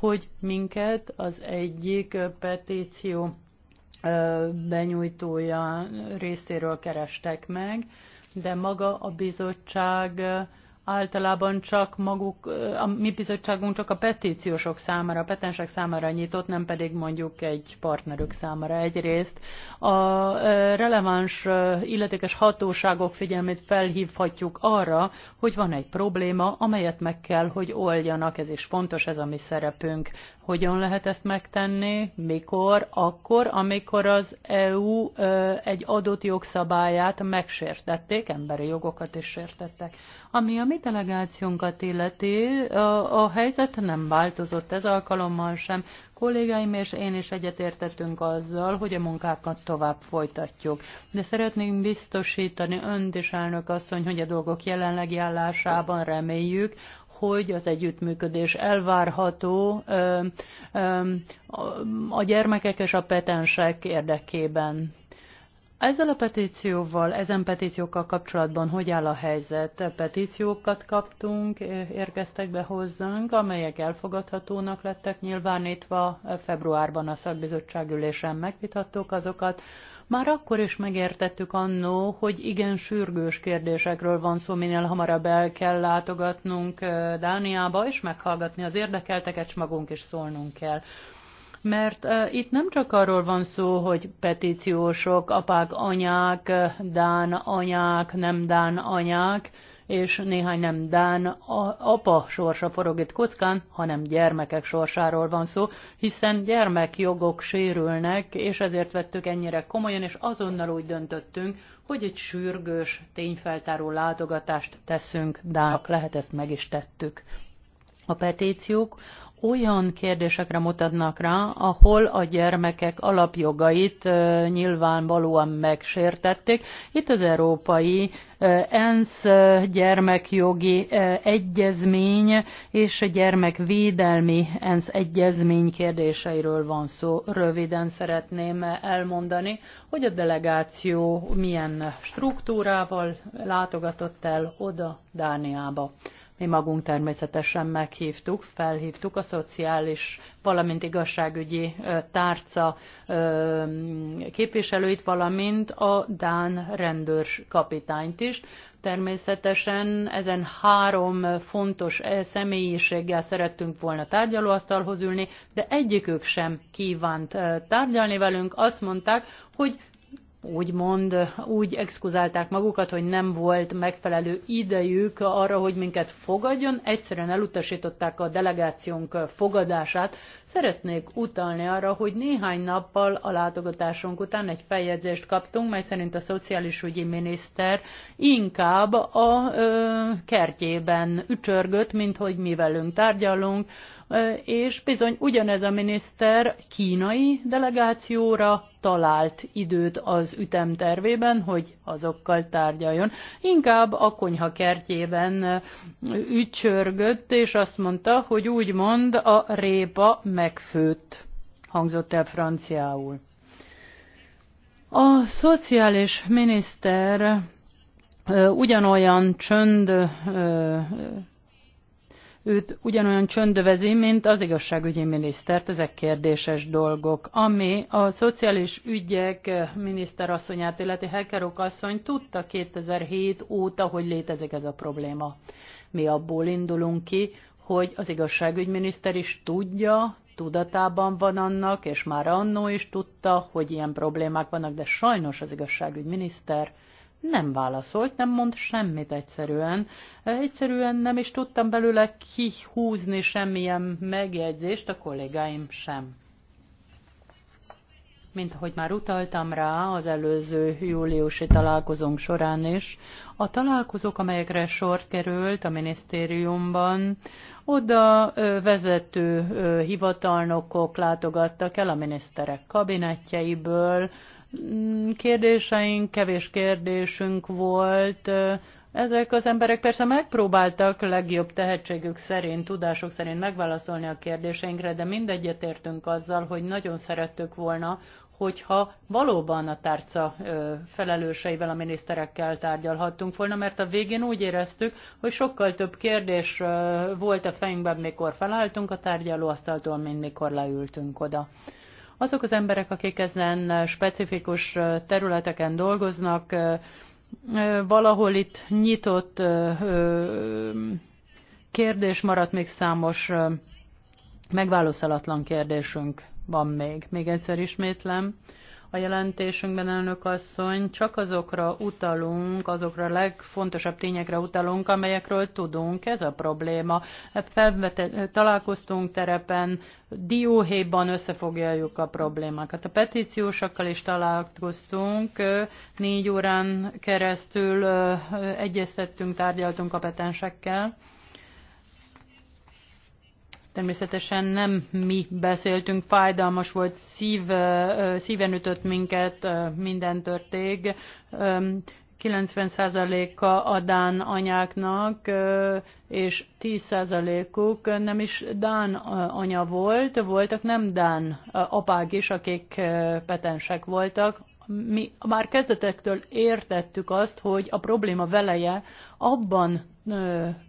hogy minket az egyik petíció benyújtója részéről kerestek meg, de maga a bizottság általában csak maguk, a mi bizottságunk csak a petíciósok számára, a petensek számára nyitott, nem pedig mondjuk egy partnerük számára egyrészt. A releváns illetékes hatóságok figyelmét felhívhatjuk arra, hogy van egy probléma, amelyet meg kell, hogy oldjanak, ez is fontos, ez a mi szerepünk. Hogyan lehet ezt megtenni, mikor, akkor, amikor az EU egy adott jogszabályát megsértették, emberi jogokat is sértettek. Ami a mi delegációnkat illeti, a, a helyzet nem változott ez alkalommal sem. Kollégáim és én is egyetértettünk azzal, hogy a munkákat tovább folytatjuk. De szeretném biztosítani önt és elnök asszony, hogy a dolgok jelenlegi állásában reméljük, hogy az együttműködés elvárható ö, ö, a gyermekek és a petensek érdekében ezzel a petícióval, ezen petíciókkal kapcsolatban hogy áll a helyzet? Petíciókat kaptunk, érkeztek be hozzánk, amelyek elfogadhatónak lettek nyilvánítva. Februárban a szakbizottság ülésen megvitattuk azokat. Már akkor is megértettük annó, hogy igen sürgős kérdésekről van szó, minél hamarabb el kell látogatnunk Dániába, és meghallgatni az érdekelteket, és magunk is szólnunk kell mert itt nem csak arról van szó, hogy petíciósok, apák, anyák, dán anyák, nem dán anyák, és néhány nem Dán apa sorsa forog itt kockán, hanem gyermekek sorsáról van szó, hiszen gyermekjogok sérülnek, és ezért vettük ennyire komolyan, és azonnal úgy döntöttünk, hogy egy sürgős tényfeltáró látogatást teszünk Dának. Lehet ezt meg is tettük. A petíciók olyan kérdésekre mutatnak rá, ahol a gyermekek alapjogait nyilvánvalóan megsértették. Itt az Európai ENSZ gyermekjogi egyezmény és gyermekvédelmi ENSZ egyezmény kérdéseiről van szó. Röviden szeretném elmondani, hogy a delegáció milyen struktúrával látogatott el oda Dániába. Mi magunk természetesen meghívtuk, felhívtuk a Szociális Valamint Igazságügyi Tárca képviselőit, valamint a Dán rendőrs kapitányt is. Természetesen ezen három fontos e, személyiséggel szerettünk volna tárgyalóasztalhoz ülni, de egyikük sem kívánt tárgyalni velünk. Azt mondták, hogy úgymond úgy exkuzálták magukat, hogy nem volt megfelelő idejük arra, hogy minket fogadjon, egyszerűen elutasították a delegációnk fogadását. Szeretnék utalni arra, hogy néhány nappal a látogatásunk után egy feljegyzést kaptunk, mely szerint a szociális ügyi miniszter inkább a ö, kertjében ücsörgött, mint hogy mi velünk tárgyalunk és bizony ugyanez a miniszter kínai delegációra talált időt az ütemtervében, hogy azokkal tárgyaljon. Inkább a konyha kertjében ücsörgött, és azt mondta, hogy úgymond a répa megfőtt, hangzott el franciául. A szociális miniszter ugyanolyan csönd Őt ugyanolyan csöndövezi, mint az igazságügyi minisztert, ezek kérdéses dolgok. Ami a szociális ügyek eh, miniszterasszonyát illeti Hekerok asszony tudta 2007 óta, hogy létezik ez a probléma. Mi abból indulunk ki, hogy az igazságügyminiszter is tudja, tudatában van annak, és már annó is tudta, hogy ilyen problémák vannak, de sajnos az igazságügyminiszter miniszter nem válaszolt, nem mond semmit egyszerűen. Egyszerűen nem is tudtam belőle kihúzni semmilyen megjegyzést, a kollégáim sem. Mint ahogy már utaltam rá az előző júliusi találkozónk során is, a találkozók, amelyekre sor került a minisztériumban, oda vezető hivatalnokok látogattak el a miniszterek kabinetjeiből, kérdéseink, kevés kérdésünk volt. Ezek az emberek persze megpróbáltak legjobb tehetségük szerint, tudásuk szerint megválaszolni a kérdéseinkre, de mindegyet értünk azzal, hogy nagyon szerettük volna, hogyha valóban a tárca felelőseivel, a miniszterekkel tárgyalhattunk volna, mert a végén úgy éreztük, hogy sokkal több kérdés volt a fejünkben, mikor felálltunk a tárgyalóasztaltól, mint mikor leültünk oda. Azok az emberek, akik ezen specifikus területeken dolgoznak, valahol itt nyitott kérdés maradt még számos megválaszolatlan kérdésünk van még. Még egyszer ismétlem, a jelentésünkben, elnök asszony, csak azokra utalunk, azokra a legfontosabb tényekre utalunk, amelyekről tudunk. Ez a probléma. Felvete, találkoztunk terepen, dióhéjban összefoglaljuk a problémákat. A petíciósakkal is találkoztunk, négy órán keresztül egyeztettünk, tárgyaltunk a petensekkel. Természetesen nem mi beszéltünk, fájdalmas volt, szív, szíven ütött minket, minden törték. 90%-a a Dán anyáknak, és 10%-uk nem is Dán anya volt, voltak nem Dán apák is, akik petensek voltak. Mi már kezdetektől értettük azt, hogy a probléma veleje abban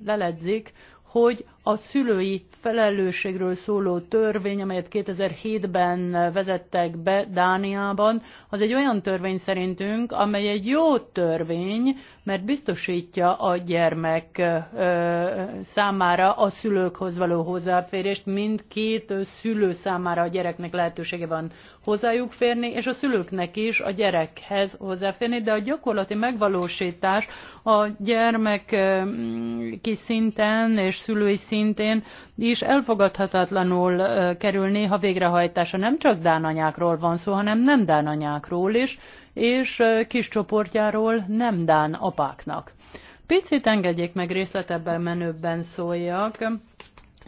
leledzik, hogy a szülői felelősségről szóló törvény, amelyet 2007-ben vezettek be Dániában, az egy olyan törvény szerintünk, amely egy jó törvény, mert biztosítja a gyermek számára a szülőkhoz való hozzáférést, mindkét szülő számára a gyereknek lehetősége van hozzájuk férni, és a szülőknek is a gyerekhez hozzáférni, de a gyakorlati megvalósítás a gyermek szinten és szülői szinten szintén is elfogadhatatlanul kerül ha végrehajtása nem csak dánanyákról van szó, hanem nem dánanyákról is, és kis csoportjáról nem dán apáknak. Picit engedjék meg részletebben menőbben szóljak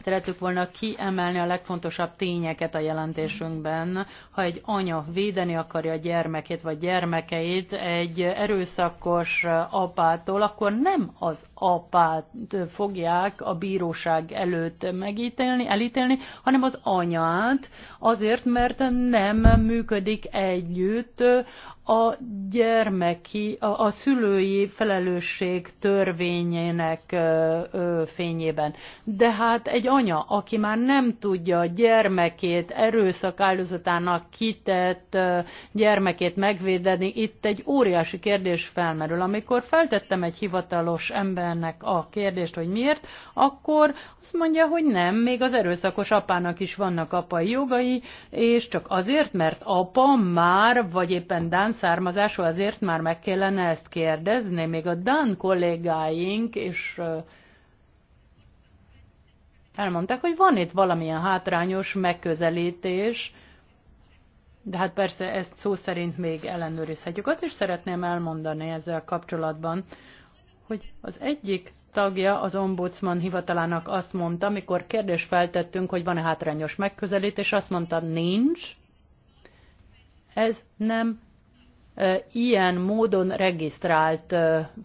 szerettük volna kiemelni a legfontosabb tényeket a jelentésünkben. Ha egy anya védeni akarja a gyermekét vagy gyermekeit egy erőszakos apától, akkor nem az apát fogják a bíróság előtt megítélni, elítélni, hanem az anyát, azért, mert nem működik együtt a gyermeki, a, a szülői felelősség törvényének ö, ö, fényében. De hát egy anya, aki már nem tudja a gyermekét erőszak áldozatának kitett ö, gyermekét megvédeni, itt egy óriási kérdés felmerül. Amikor feltettem egy hivatalos embernek a kérdést, hogy miért, akkor azt mondja, hogy nem, még az erőszakos apának is vannak apai jogai, és csak azért, mert apa már, vagy éppen Dán származású, azért már meg kellene ezt kérdezni, még a Dan kollégáink is elmondták, hogy van itt valamilyen hátrányos megközelítés, de hát persze ezt szó szerint még ellenőrizhetjük. Azt is szeretném elmondani ezzel kapcsolatban, hogy az egyik tagja az ombudsman hivatalának azt mondta, amikor kérdést feltettünk, hogy van-e hátrányos megközelítés, azt mondta, nincs, ez nem ilyen módon regisztrált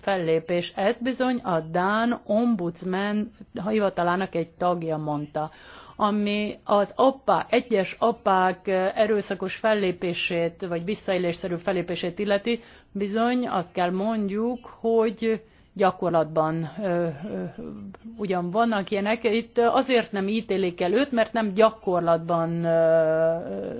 fellépés. Ezt bizony a Dán ombudsman hivatalának egy tagja mondta ami az apa, egyes apák erőszakos fellépését, vagy visszaélésszerű fellépését illeti, bizony azt kell mondjuk, hogy gyakorlatban ö, ö, ugyan vannak ilyenek, itt azért nem ítélik el őt, mert nem gyakorlatban ö,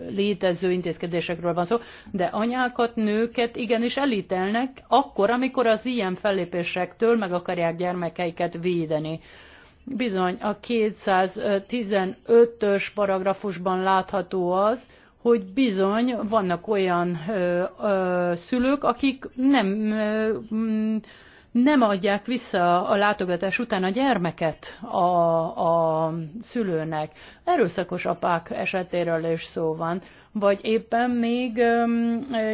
létező intézkedésekről van szó, de anyákat, nőket igenis elítelnek akkor, amikor az ilyen fellépésektől meg akarják gyermekeiket védeni. Bizony, a 215-ös paragrafusban látható az, hogy bizony vannak olyan ö, ö, szülők, akik nem ö, m, nem adják vissza a látogatás után a gyermeket a, a szülőnek. Erőszakos apák esetéről is szó van, vagy éppen még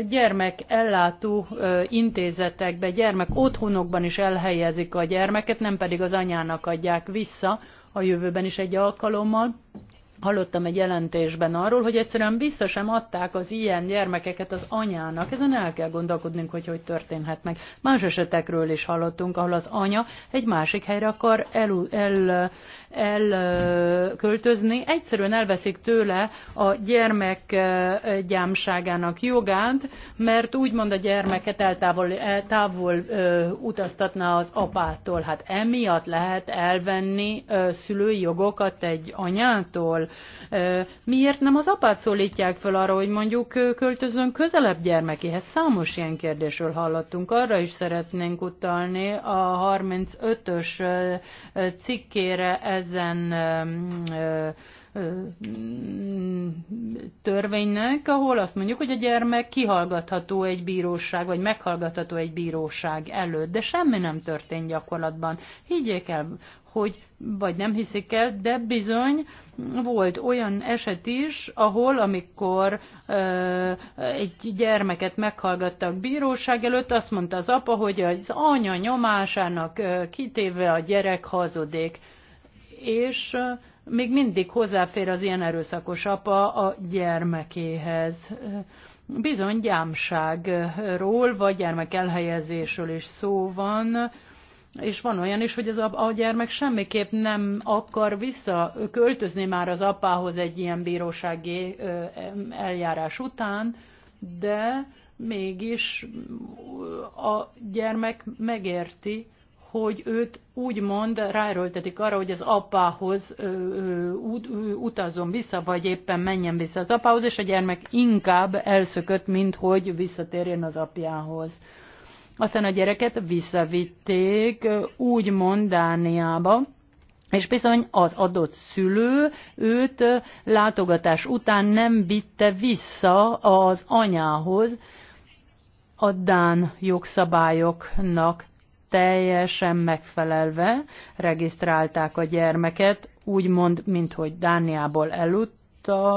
gyermek ellátó intézetekbe, gyermek otthonokban is elhelyezik a gyermeket, nem pedig az anyának adják vissza a jövőben is egy alkalommal hallottam egy jelentésben arról, hogy egyszerűen biztos sem adták az ilyen gyermekeket az anyának. Ezen el kell gondolkodnunk, hogy hogy történhet meg. Más esetekről is hallottunk, ahol az anya egy másik helyre akar elköltözni. el, el Egyszerűen elveszik tőle a gyermek gyámságának jogát, mert úgymond a gyermeket eltávol, eltávol utaztatná az apától. Hát emiatt lehet elvenni szülői jogokat egy anyától, Miért nem az apát szólítják föl arra, hogy mondjuk költözön közelebb gyermekéhez? Számos ilyen kérdésről hallottunk. Arra is szeretnénk utalni a 35-ös cikkére ezen törvénynek, ahol azt mondjuk, hogy a gyermek kihallgatható egy bíróság, vagy meghallgatható egy bíróság előtt, de semmi nem történt gyakorlatban. Higgyék el, hogy vagy nem hiszik el, de bizony volt olyan eset is, ahol amikor ö, egy gyermeket meghallgattak bíróság előtt, azt mondta az apa, hogy az anya nyomásának ö, kitéve a gyerek hazudik. És ö, még mindig hozzáfér az ilyen erőszakos apa a gyermekéhez. Bizony gyámságról vagy gyermekelhelyezésről is szó van és van olyan is, hogy az a, a gyermek semmiképp nem akar vissza, költözni már az apához egy ilyen bírósági eljárás után, de mégis a gyermek megérti, hogy őt úgymond ráerőltetik arra, hogy az apához ö, ö, utazom vissza, vagy éppen menjen vissza az apához, és a gyermek inkább elszökött, mint hogy visszatérjen az apjához. Aztán a gyereket visszavitték úgymond Dániába, és bizony az adott szülő őt látogatás után nem vitte vissza az anyához, a Dán jogszabályoknak teljesen megfelelve regisztrálták a gyermeket, úgymond, mint hogy Dániából elut,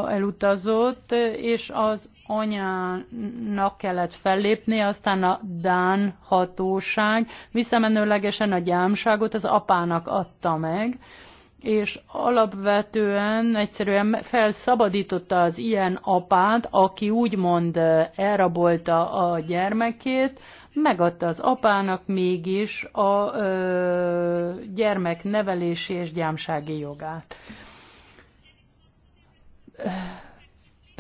elutazott, és az anyának kellett fellépni, aztán a Dán hatóság visszamenőlegesen a gyámságot az apának adta meg, és alapvetően egyszerűen felszabadította az ilyen apát, aki úgymond elrabolta a gyermekét, megadta az apának mégis a ö, gyermek nevelési és gyámsági jogát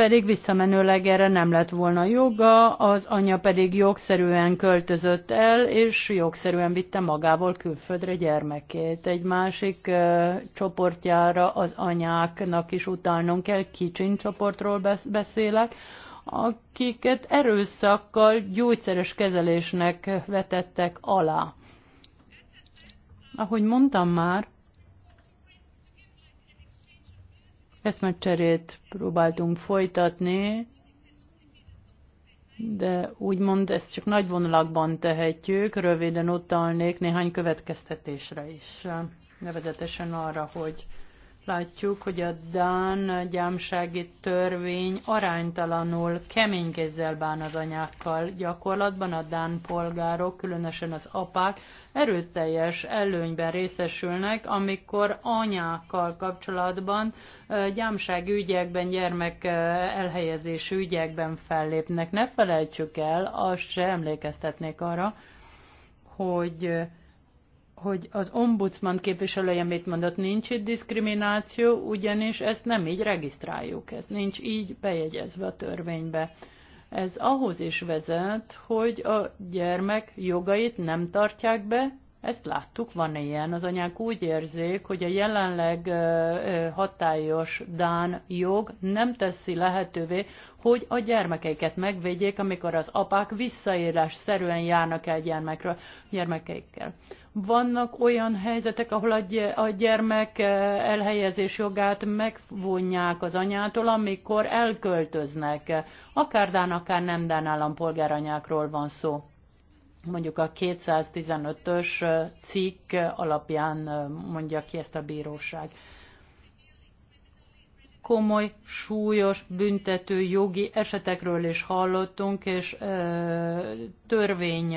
pedig visszamenőleg erre nem lett volna joga, az anya pedig jogszerűen költözött el, és jogszerűen vitte magával külföldre gyermekét. Egy másik ö, csoportjára az anyáknak is utálnunk kell, kicsin csoportról beszélek, akiket erőszakkal gyógyszeres kezelésnek vetettek alá. Ahogy mondtam már, eszmecserét próbáltunk folytatni, de úgymond ezt csak nagy vonalakban tehetjük, röviden utalnék néhány következtetésre is, nevezetesen arra, hogy látjuk, hogy a Dán gyámsági törvény aránytalanul kemény kézzel bán az anyákkal. Gyakorlatban a Dán polgárok, különösen az apák erőteljes előnyben részesülnek, amikor anyákkal kapcsolatban gyámsági ügyekben, gyermek elhelyezési ügyekben fellépnek. Ne felejtsük el, azt se emlékeztetnék arra, hogy hogy az ombudsman képviselője mit mondott, nincs itt diszkrimináció, ugyanis ezt nem így regisztráljuk, ez nincs így bejegyezve a törvénybe. Ez ahhoz is vezet, hogy a gyermek jogait nem tartják be, ezt láttuk, van ilyen. Az anyák úgy érzik, hogy a jelenleg hatályos Dán jog nem teszi lehetővé, hogy a gyermekeiket megvédjék, amikor az apák visszaélás szerűen járnak el gyermekről, gyermekeikkel. Vannak olyan helyzetek, ahol a gyermek eh, elhelyezés jogát megvonják az anyától, amikor elköltöznek. Akár Dán, akár nem Dán állampolgáranyákról van szó. Mondjuk a 215-ös eh, cikk alapján eh, mondja ki ezt a bíróság komoly, súlyos büntető jogi esetekről is hallottunk, és ö, törvény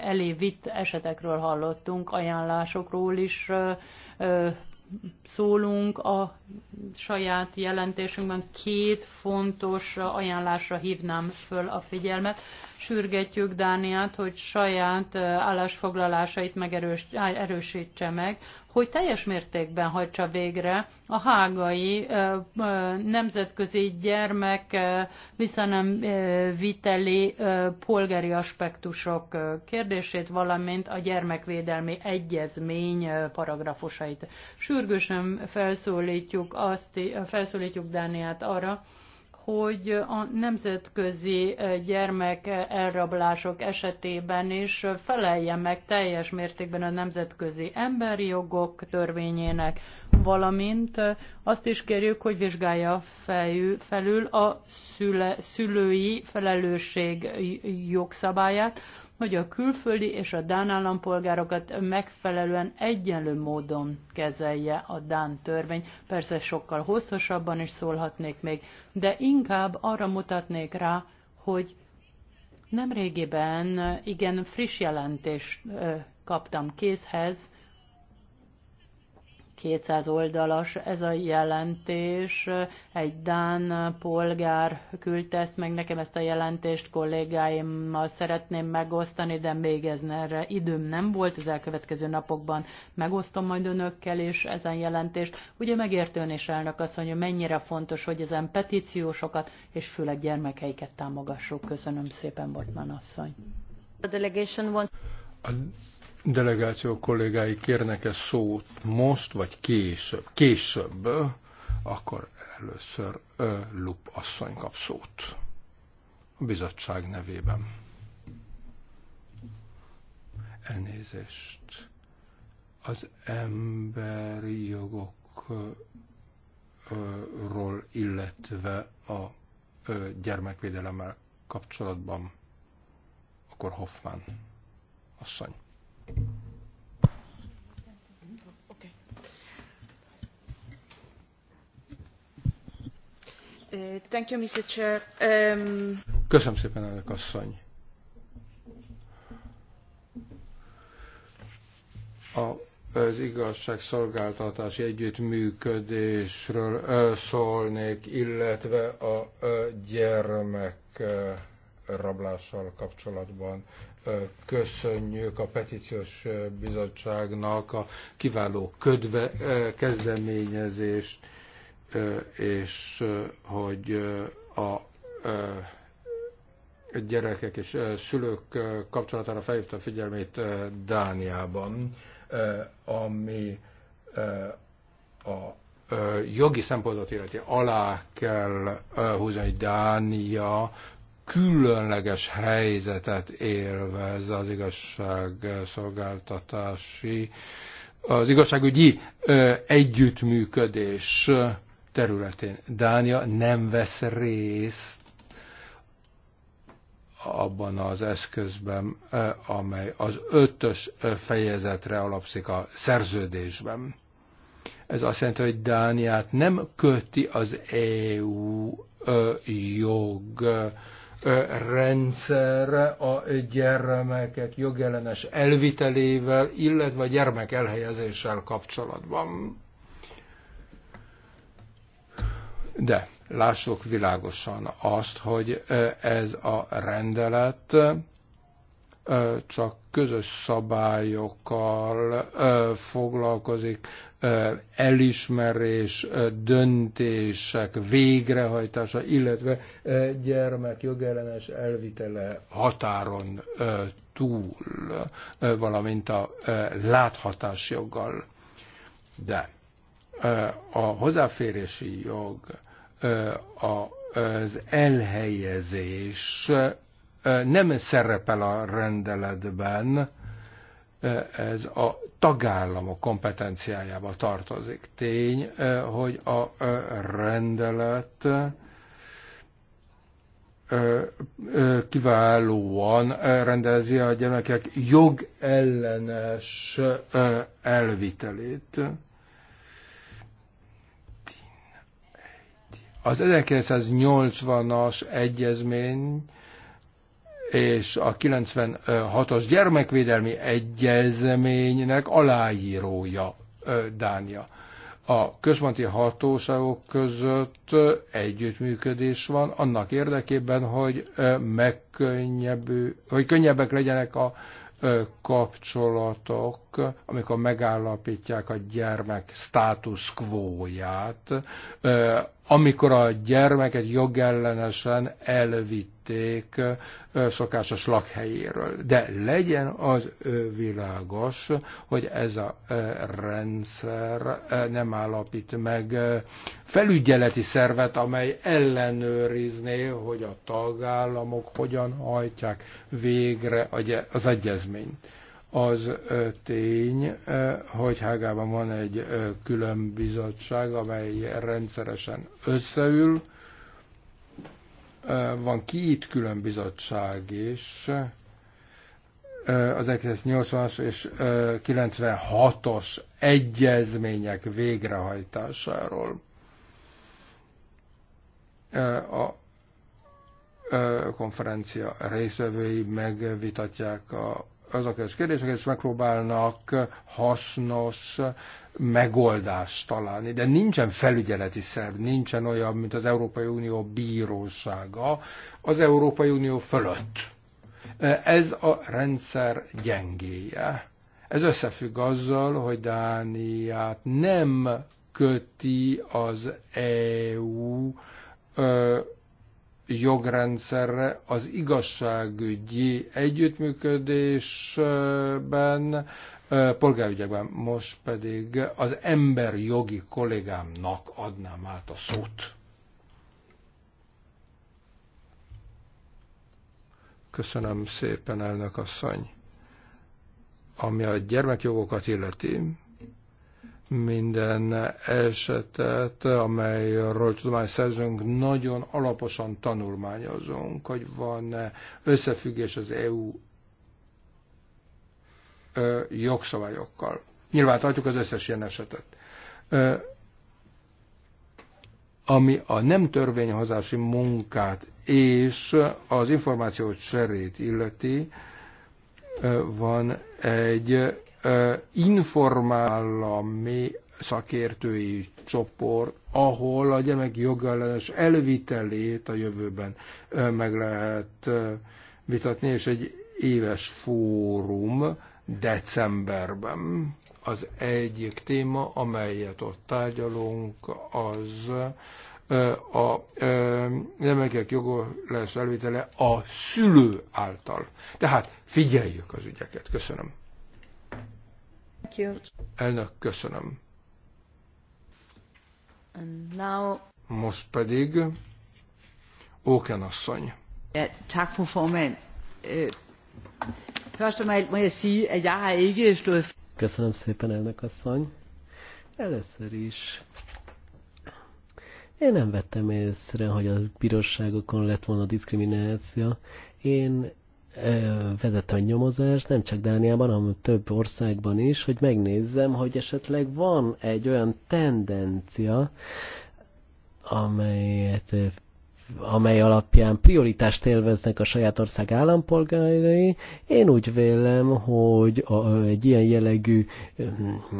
elé vitt esetekről hallottunk, ajánlásokról is ö, ö, szólunk a saját jelentésünkben. Két fontos ajánlásra hívnám föl a figyelmet sürgetjük Dániát, hogy saját állásfoglalásait megerősítse meg, hogy teljes mértékben hagyja végre a hágai nemzetközi gyermek viszonylag viteli polgári aspektusok kérdését, valamint a gyermekvédelmi egyezmény paragrafusait. Sürgősen felszólítjuk, azt, felszólítjuk Dániát arra, hogy a nemzetközi eh, gyermek elrablások esetében is felelje meg teljes mértékben a nemzetközi emberi jogok törvényének, valamint eh, azt is kérjük, hogy vizsgálja felül a szüle, szülői felelősség jogszabályát, hogy a külföldi és a dán állampolgárokat megfelelően egyenlő módon kezelje a dán törvény. Persze sokkal hosszasabban is szólhatnék még, de inkább arra mutatnék rá, hogy nemrégiben igen friss jelentést kaptam kézhez 200 oldalas ez a jelentés. Egy Dán polgár küldte ezt meg nekem ezt a jelentést, kollégáimmal szeretném megosztani, de még ez erre időm nem volt, az elkövetkező napokban megosztom majd önökkel is ezen jelentést. Ugye megértő ön is elnök az, hogy mennyire fontos, hogy ezen petíciósokat és főleg gyermekeiket támogassuk. Köszönöm szépen, Bortman asszony. A delegáció kollégái kérnek-e szót most, vagy később? Később, akkor először Lup asszony kap szót a bizottság nevében. Elnézést. Az emberi jogokról, illetve a gyermekvédelemmel kapcsolatban, akkor Hoffman asszony. Uh, thank you, Mr. Chair. Um... Köszönöm szépen, elnök asszony. A az igazságszolgáltatási együttműködésről szólnék, illetve a gyermek rablással kapcsolatban. Köszönjük a petíciós bizottságnak a kiváló ködve, kezdeményezést, és hogy a gyerekek és szülők kapcsolatára felhívta a figyelmét Dániában, ami a jogi szempontot illeti alá kell húzni, hogy Dánia különleges helyzetet élvez az igazságszolgáltatási, az igazságügyi együttműködés területén. Dánia nem vesz részt abban az eszközben, amely az ötös fejezetre alapszik a szerződésben. Ez azt jelenti, hogy Dániát nem köti az EU jog rendszer a gyermeket jogellenes elvitelével, illetve a gyermek elhelyezéssel kapcsolatban. De lássuk világosan azt, hogy ez a rendelet csak közös szabályokkal foglalkozik, elismerés, döntések végrehajtása, illetve gyermek jogellenes elvitele határon túl, valamint a láthatás joggal. De a hozzáférési jog, az elhelyezés nem szerepel a rendeletben, ez a tagállamok kompetenciájába tartozik. Tény, hogy a rendelet kiválóan rendezi a gyermekek jogellenes elvitelét. Az 1980-as egyezmény és a 96-os gyermekvédelmi egyezménynek aláírója Dánia. A központi hatóságok között együttműködés van annak érdekében, hogy, megkönnyebbő, hogy könnyebbek legyenek a kapcsolatok amikor megállapítják a gyermek status quo-ját, amikor a gyermeket jogellenesen elvitték szokásos lakhelyéről. De legyen az világos, hogy ez a rendszer nem állapít meg felügyeleti szervet, amely ellenőrizné, hogy a tagállamok hogyan hajtják végre az egyezményt az tény, hogy Hágában van egy külön bizottság, amely rendszeresen összeül. Van két külön bizottság is, az 1980-as és 96-os egyezmények végrehajtásáról. A konferencia részvevői megvitatják a azok a kérdések, és megpróbálnak hasznos megoldást találni. De nincsen felügyeleti szerv, nincsen olyan, mint az Európai Unió bírósága az Európai Unió fölött. Ez a rendszer gyengéje. Ez összefügg azzal, hogy Dániát nem köti az EU jogrendszerre az igazságügyi együttműködésben, polgárügyekben. Most pedig az emberjogi kollégámnak adnám át a szót. Köszönöm szépen, elnök asszony. Ami a gyermekjogokat illeti, minden esetet, amelyről tudomány szerzünk, nagyon alaposan tanulmányozunk, hogy van összefüggés az EU jogszabályokkal. Nyilván tartjuk az összes ilyen esetet. Ami a nem törvényhozási munkát és az információ cserét illeti, van egy mi szakértői csoport, ahol a gyermek jogellenes elvitelét a jövőben meg lehet vitatni, és egy éves fórum decemberben. Az egyik téma, amelyet ott tárgyalunk, az a gyermekek jogellenes elvitele a szülő által. Tehát figyeljük az ügyeket. Köszönöm you. Elnök, köszönöm. And now... Most pedig Óken asszony. tak, fru formand. Øh, først og alt må jeg sige, at jeg har ikke stået... Köszönöm szépen, elnök asszony. Először is én nem vettem észre, hogy a bíróságokon lett volna diszkrimináció. Én vezet a nyomozást, nem csak Dániában, hanem több országban is, hogy megnézzem, hogy esetleg van egy olyan tendencia, amelyet amely alapján prioritást élveznek a saját ország állampolgárai. Én úgy vélem, hogy a, egy ilyen jellegű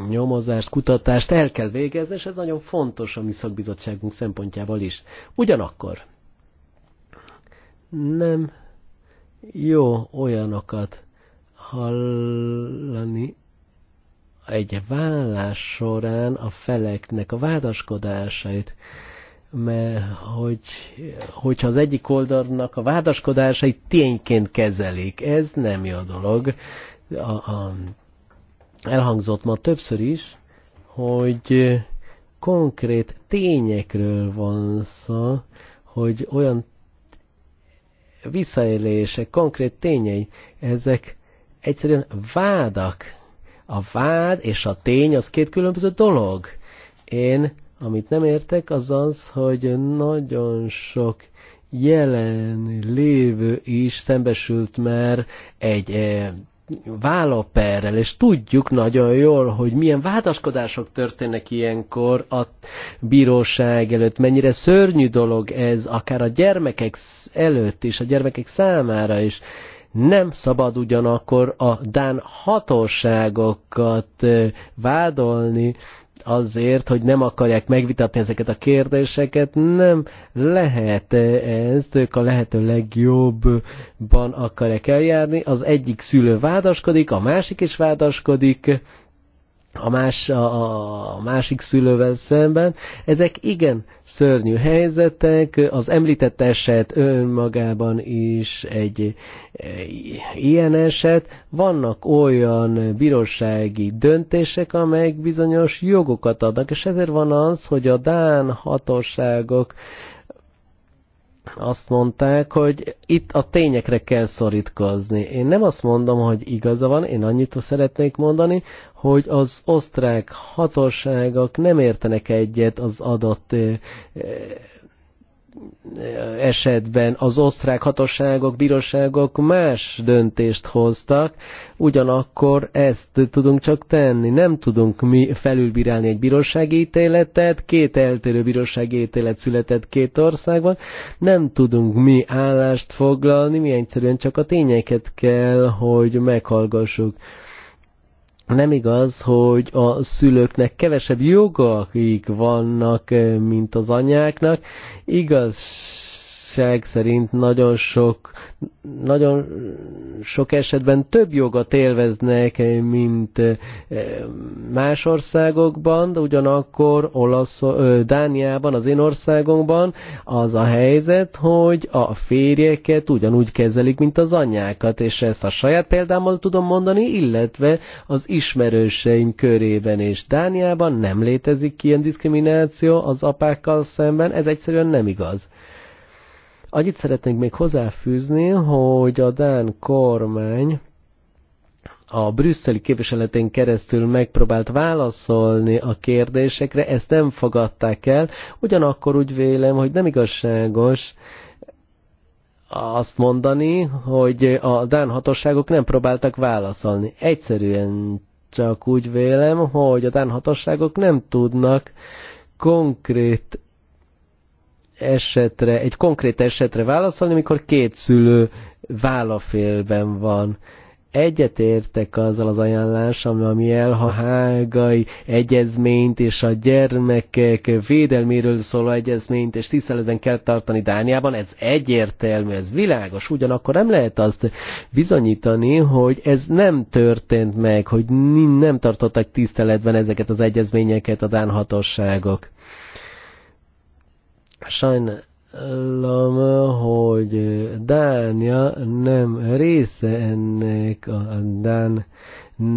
nyomozást, kutatást el kell végezni, és ez nagyon fontos a mi szakbizottságunk szempontjából is. Ugyanakkor nem jó olyanokat hallani egy vállás során a feleknek a vádaskodásait, mert hogy, hogyha az egyik oldalnak a vádaskodásait tényként kezelik, ez nem jó dolog. A, a, elhangzott ma többször is, hogy konkrét tényekről van szó, hogy olyan visszaélések, konkrét tényei, ezek egyszerűen vádak. A vád és a tény az két különböző dolog. Én, amit nem értek, az az, hogy nagyon sok jelen lévő is szembesült már egy eh, vállaperrel, és tudjuk nagyon jól, hogy milyen vádaskodások történnek ilyenkor a bíróság előtt, mennyire szörnyű dolog ez, akár a gyermekek előtt is, a gyermekek számára is. Nem szabad ugyanakkor a Dán hatóságokat vádolni azért, hogy nem akarják megvitatni ezeket a kérdéseket, nem lehet ezt, ők a lehető legjobban akarják eljárni. Az egyik szülő vádaskodik, a másik is vádaskodik, a, más, a másik szülővel szemben. Ezek igen szörnyű helyzetek, az említett eset önmagában is egy ilyen eset. Vannak olyan bírósági döntések, amelyek bizonyos jogokat adnak, és ezért van az, hogy a Dán hatóságok azt mondták, hogy itt a tényekre kell szorítkozni. Én nem azt mondom, hogy igaza van, én annyit szeretnék mondani, hogy az osztrák hatóságok nem értenek egyet az adott eh, esetben az osztrák hatóságok, bíróságok más döntést hoztak, ugyanakkor ezt tudunk csak tenni. Nem tudunk mi felülbírálni egy bírósági ítéletet, két eltérő bírósági ítélet született két országban, nem tudunk mi állást foglalni, mi egyszerűen csak a tényeket kell, hogy meghallgassuk nem igaz, hogy a szülőknek kevesebb jogaik vannak, eh, mint az anyáknak. Igaz, igazság szerint nagyon sok, nagyon sok esetben több jogot élveznek, eh, mint eh, más országokban, de ugyanakkor Olasz, Dániában, az én országomban az a helyzet, hogy a férjeket ugyanúgy kezelik, mint az anyákat, és ezt a saját példámmal tudom mondani, illetve az ismerőseim körében és Dániában nem létezik ilyen diszkrimináció az apákkal szemben, ez egyszerűen nem igaz. Annyit szeretnénk még hozzáfűzni, hogy a Dán kormány a brüsszeli képviseletén keresztül megpróbált válaszolni a kérdésekre, ezt nem fogadták el, ugyanakkor úgy vélem, hogy nem igazságos azt mondani, hogy a dán hatóságok nem próbáltak válaszolni. Egyszerűen csak úgy vélem, hogy a dán hatóságok nem tudnak konkrét esetre, egy konkrét esetre válaszolni, amikor két szülő vállafélben van. Egyetértek azzal az ajánlásom, ami elhahágai egyezményt és a gyermekek védelméről szóló egyezményt és tiszteletben kell tartani Dániában. Ez egyértelmű, ez világos. Ugyanakkor nem lehet azt bizonyítani, hogy ez nem történt meg, hogy nem tartottak tiszteletben ezeket az egyezményeket a Dán hatóságok Sajnálom, hogy Dánia nem része ennek a Dán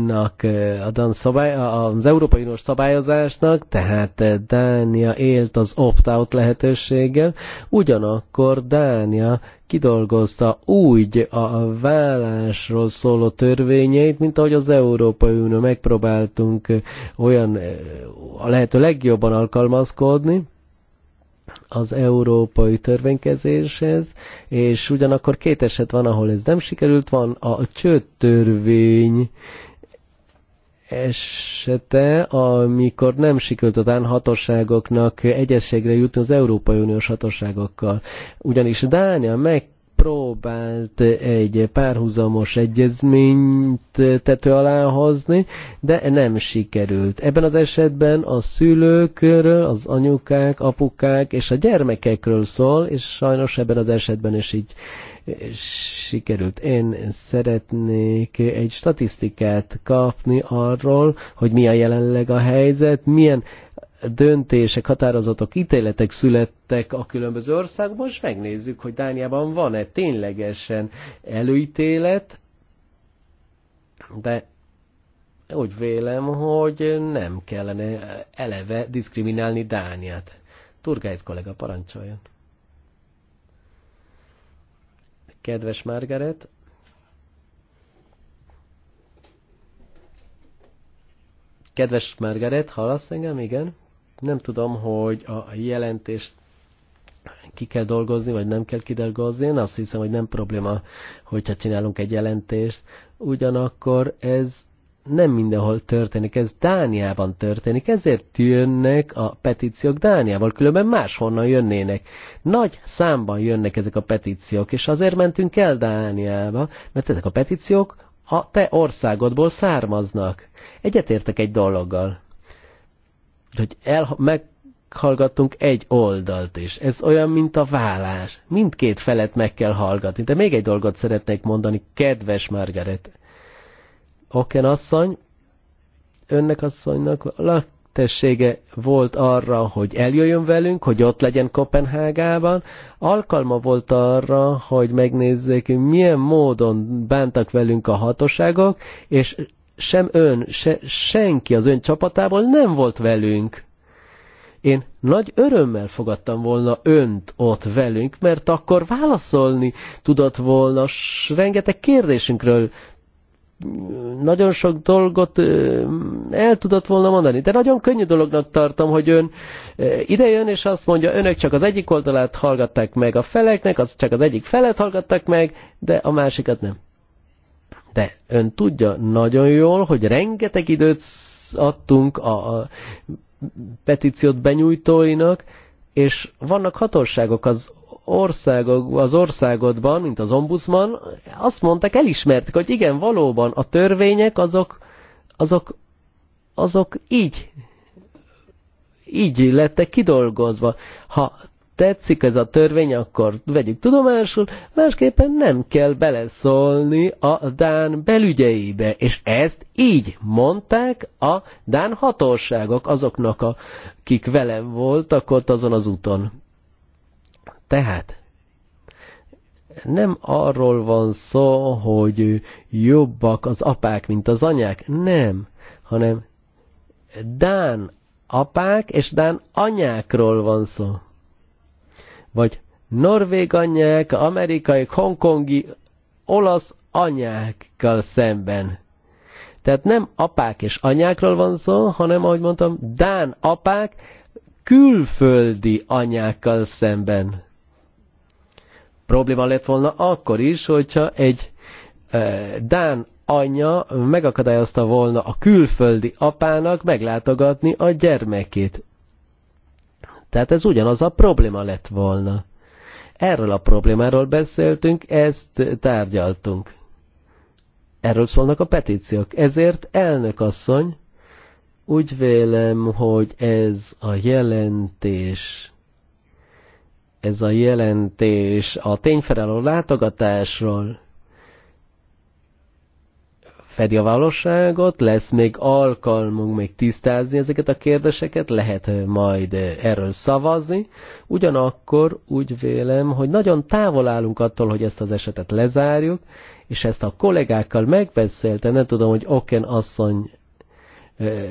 nak a Dan szabály, az Európai Uniós szabályozásnak, tehát Dánia élt az opt-out lehetőséggel, ugyanakkor Dánia kidolgozta úgy a vállásról szóló törvényeit, mint ahogy az Európai Unió megpróbáltunk olyan a lehető legjobban alkalmazkodni, az európai törvénykezéshez, és ugyanakkor két eset van, ahol ez nem sikerült, van a csőttörvény esete, amikor nem sikerült a Dán hatóságoknak egyességre jutni az Európai Uniós hatóságokkal. Ugyanis Dánia meg próbált egy párhuzamos egyezményt tető alá hozni, de nem sikerült. Ebben az esetben a szülőkről, az anyukák, apukák és a gyermekekről szól, és sajnos ebben az esetben is így eh, sikerült. Én szeretnék egy statisztikát kapni arról, hogy mi a jelenleg a helyzet, milyen döntések, határozatok, ítéletek születtek a különböző országban, Most megnézzük, hogy Dániában van-e ténylegesen előítélet, de úgy vélem, hogy nem kellene eleve diszkriminálni Dániát. Turgáiz kollega, parancsoljon. Kedves Margaret, Kedves Margaret, hallasz engem? Igen. Nem tudom, hogy a jelentést ki kell dolgozni, vagy nem kell kidolgozni. Én azt hiszem, hogy nem probléma, hogyha csinálunk egy jelentést. Ugyanakkor ez nem mindenhol történik, ez Dániában történik, ezért jönnek a petíciók Dániával, különben máshonnan jönnének. Nagy számban jönnek ezek a petíciók, és azért mentünk el Dániába, mert ezek a petíciók a te országodból származnak. Egyetértek egy dologgal hogy el, meghallgattunk egy oldalt is. Ez olyan, mint a vállás. Mindkét felet meg kell hallgatni. De még egy dolgot szeretnék mondani, kedves Margaret. Oken asszony, önnek asszonynak laktessége volt arra, hogy eljöjjön velünk, hogy ott legyen Kopenhágában. Alkalma volt arra, hogy megnézzék, milyen módon bántak velünk a hatóságok, és sem ön, se, senki az ön csapatából nem volt velünk. Én nagy örömmel fogadtam volna önt ott velünk, mert akkor válaszolni tudott volna s rengeteg kérdésünkről. Nagyon sok dolgot el tudott volna mondani, de nagyon könnyű dolognak tartom, hogy ön idejön és azt mondja, önök csak az egyik oldalát hallgatták meg a feleknek, az csak az egyik felet hallgatták meg, de a másikat nem. De ön tudja nagyon jól, hogy rengeteg időt adtunk a petíciót benyújtóinak, és vannak hatóságok az országok, az országodban, mint az ombudsman, azt mondták, elismertek, hogy igen, valóban a törvények azok, azok, azok így, így lettek kidolgozva. Ha tetszik ez a törvény, akkor vegyük tudomásul, másképpen nem kell beleszólni a Dán belügyeibe. És ezt így mondták a Dán hatóságok azoknak, akik velem voltak ott azon az úton. Tehát nem arról van szó, hogy jobbak az apák, mint az anyák, nem, hanem Dán apák és Dán anyákról van szó vagy norvég anyák, amerikai, hongkongi, olasz anyákkal szemben. Tehát nem apák és anyákról van szó, hanem, ahogy mondtam, dán apák külföldi anyákkal szemben. Probléma lett volna akkor is, hogyha egy e, dán anya megakadályozta volna a külföldi apának meglátogatni a gyermekét. Tehát ez ugyanaz a probléma lett volna. Erről a problémáról beszéltünk, ezt tárgyaltunk. Erről szólnak a petíciók. Ezért elnök asszony, úgy vélem, hogy ez a jelentés, ez a jelentés a tényfelelő látogatásról, fedi a valóságot, lesz még alkalmunk még tisztázni ezeket a kérdéseket, lehet majd erről szavazni. Ugyanakkor úgy vélem, hogy nagyon távol állunk attól, hogy ezt az esetet lezárjuk, és ezt a kollégákkal megbeszélte, nem tudom, hogy Oken asszony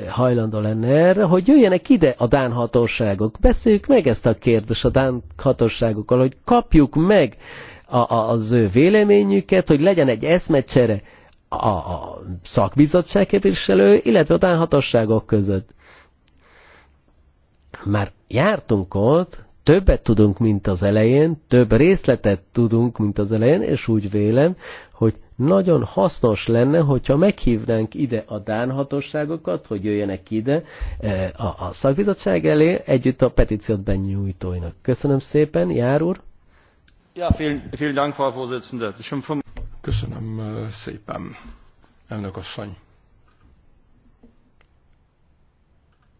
hajlandó lenne erre, hogy jöjjenek ide a Dán hatóságok. Beszéljük meg ezt a kérdést a Dán hatóságokkal, hogy kapjuk meg a, a, az ő véleményüket, hogy legyen egy eszmecsere a szakbizottság képviselő, illetve a hatosságok között. Már jártunk ott, többet tudunk, mint az elején, több részletet tudunk, mint az elején, és úgy vélem, hogy nagyon hasznos lenne, hogyha meghívnánk ide a Dán hatosságokat, hogy jöjjenek ide e, a, a szakbizottság elé, együtt a petíciót benyújtóinak. Köszönöm szépen, Jár úr! Ja, vielen, vielen Dank, Frau Vorsitzende. Schon vom Köszönöm szépen, elnök asszony.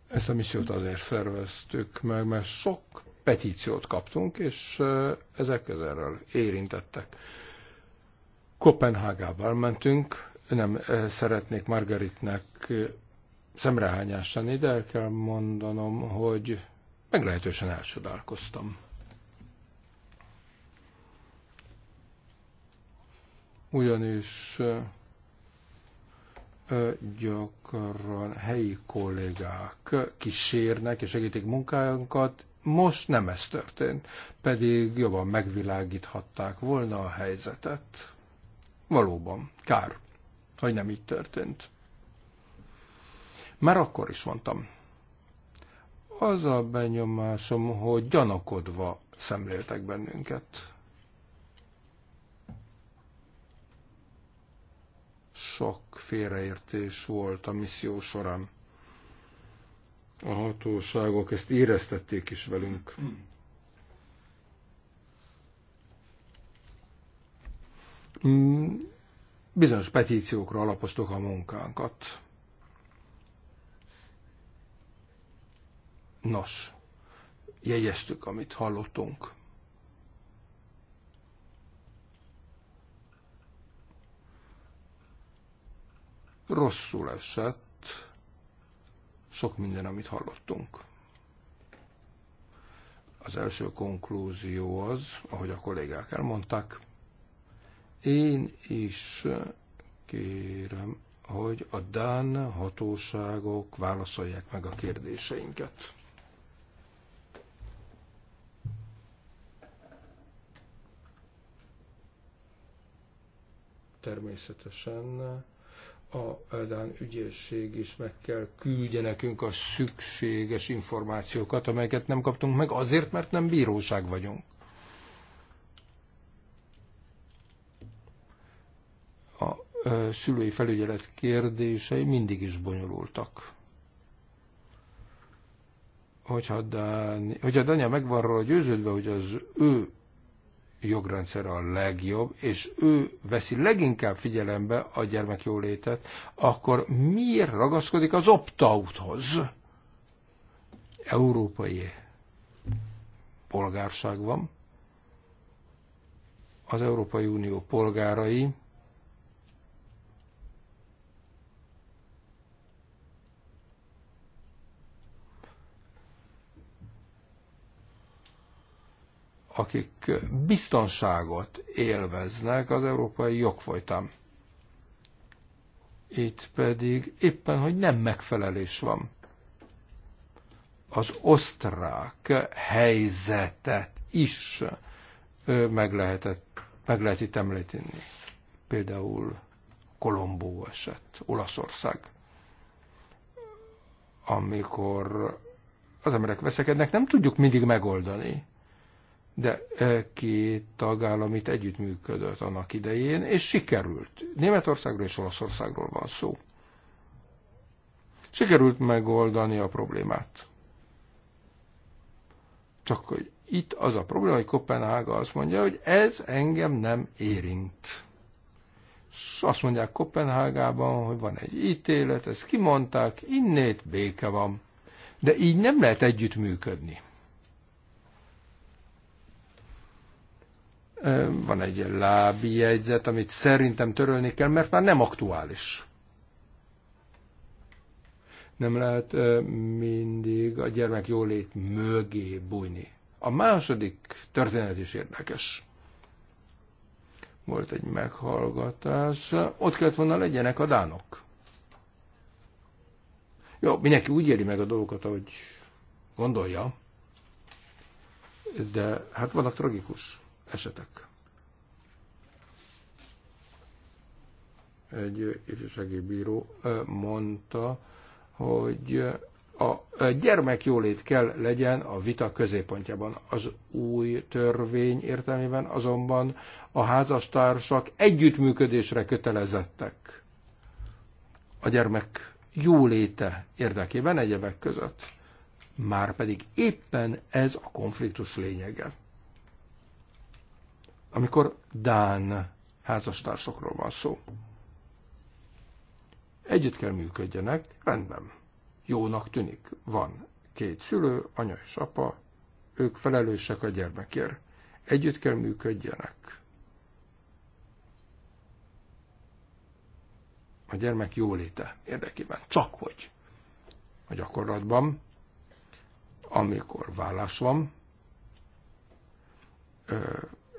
Ezt a missziót azért szerveztük meg, mert sok petíciót kaptunk, és ezek közelről érintettek. Kopenhágában mentünk, nem szeretnék Margaritnek szemrehányást tenni, de el kell mondanom, hogy meglehetősen elcsodálkoztam. ugyanis gyakran helyi kollégák kísérnek és segítik munkánkat, most nem ez történt, pedig jobban megvilágíthatták volna a helyzetet. Valóban, kár, hogy nem így történt. Már akkor is mondtam. Az a benyomásom, hogy gyanakodva szemléltek bennünket. sok félreértés volt a misszió során. A hatóságok ezt éreztették is velünk. Bizonyos petíciókra alapoztuk a munkánkat. Nos, jegyeztük, amit hallottunk. rosszul esett sok minden, amit hallottunk. Az első konklúzió az, ahogy a kollégák elmondták, én is kérem, hogy a Dán hatóságok válaszolják meg a kérdéseinket. Természetesen a Dán ügyészség is meg kell küldje nekünk a szükséges információkat, amelyeket nem kaptunk meg azért, mert nem bíróság vagyunk. A szülői felügyelet kérdései mindig is bonyolultak. Hogyha, Dán, hogyha Dánia megvan róla győződve, hogy az ő jogrendszer a legjobb, és ő veszi leginkább figyelembe a gyermek jólétet, akkor miért ragaszkodik az opt-outhoz? Európai polgárság van. Az Európai Unió polgárai akik biztonságot élveznek az európai jogfolytán. Itt pedig éppen, hogy nem megfelelés van. Az osztrák helyzetet is meg, lehetett, meg lehet itt említeni. Például Kolombó eset, Olaszország, amikor az emberek veszekednek, nem tudjuk mindig megoldani de e, két tagállam itt együttműködött annak idején, és sikerült. Németországról és Olaszországról van szó. Sikerült megoldani a problémát. Csak hogy itt az a probléma, hogy Kopenhága azt mondja, hogy ez engem nem érint. És azt mondják Kopenhágában, hogy van egy ítélet, ezt kimondták, innét béke van. De így nem lehet együttműködni. Van egy lábi jegyzet, amit szerintem törölni kell, mert már nem aktuális. Nem lehet mindig a gyermek jólét mögé bújni. A második történet is érdekes volt egy meghallgatás, ott kellett volna legyenek a dánok. Jó, mindenki úgy éli meg a dolgokat, ahogy gondolja, de hát vannak tragikus esetek. Egy ifjúsági bíró mondta, hogy a gyermek jólét kell legyen a vita középpontjában. Az új törvény értelmében azonban a házastársak együttműködésre kötelezettek a gyermek jóléte érdekében egyebek között. Már pedig éppen ez a konfliktus lényege amikor Dán házastársokról van szó. Együtt kell működjenek, rendben. Jónak tűnik. Van két szülő, anya és apa, ők felelősek a gyermekért. Együtt kell működjenek. A gyermek jóléte érdekében. Csak hogy a gyakorlatban, amikor vállás van,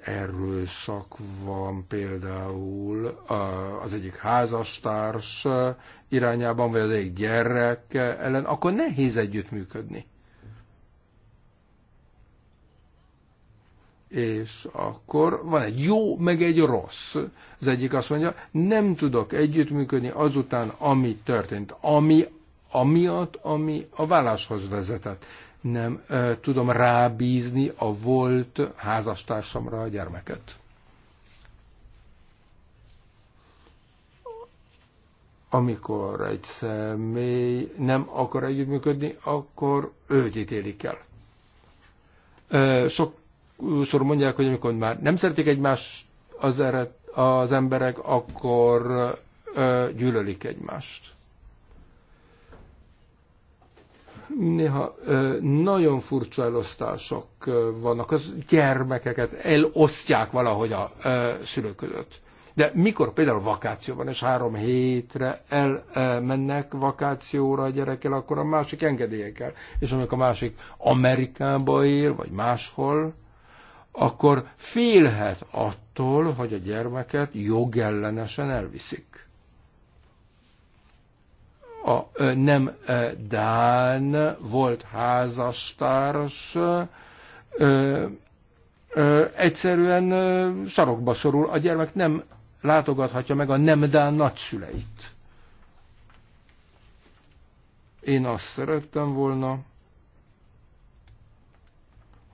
erőszak van például az egyik házastárs irányában, vagy az egyik gyerek ellen, akkor nehéz együttműködni. És akkor van egy jó, meg egy rossz. Az egyik azt mondja, nem tudok együttműködni azután, ami történt, ami amiatt, ami a válláshoz vezetett nem tudom rábízni a volt házastársamra a gyermeket. Amikor egy személy nem akar együttműködni, akkor őt ítélik el. Sokszor mondják, hogy amikor már nem szeretik egymást az, eret, az emberek, akkor gyűlölik egymást néha nagyon furcsa elosztások vannak, az gyermekeket elosztják valahogy a szülők között. De mikor például vakációban, és három hétre elmennek vakációra a gyerekkel, akkor a másik engedélyekkel. És amikor a másik Amerikába él, vagy máshol, akkor félhet attól, hogy a gyermeket jogellenesen elviszik a nem Dán volt házastárs, egyszerűen sarokba szorul, a gyermek nem látogathatja meg a nem Dán nagyszüleit. Én azt szerettem volna,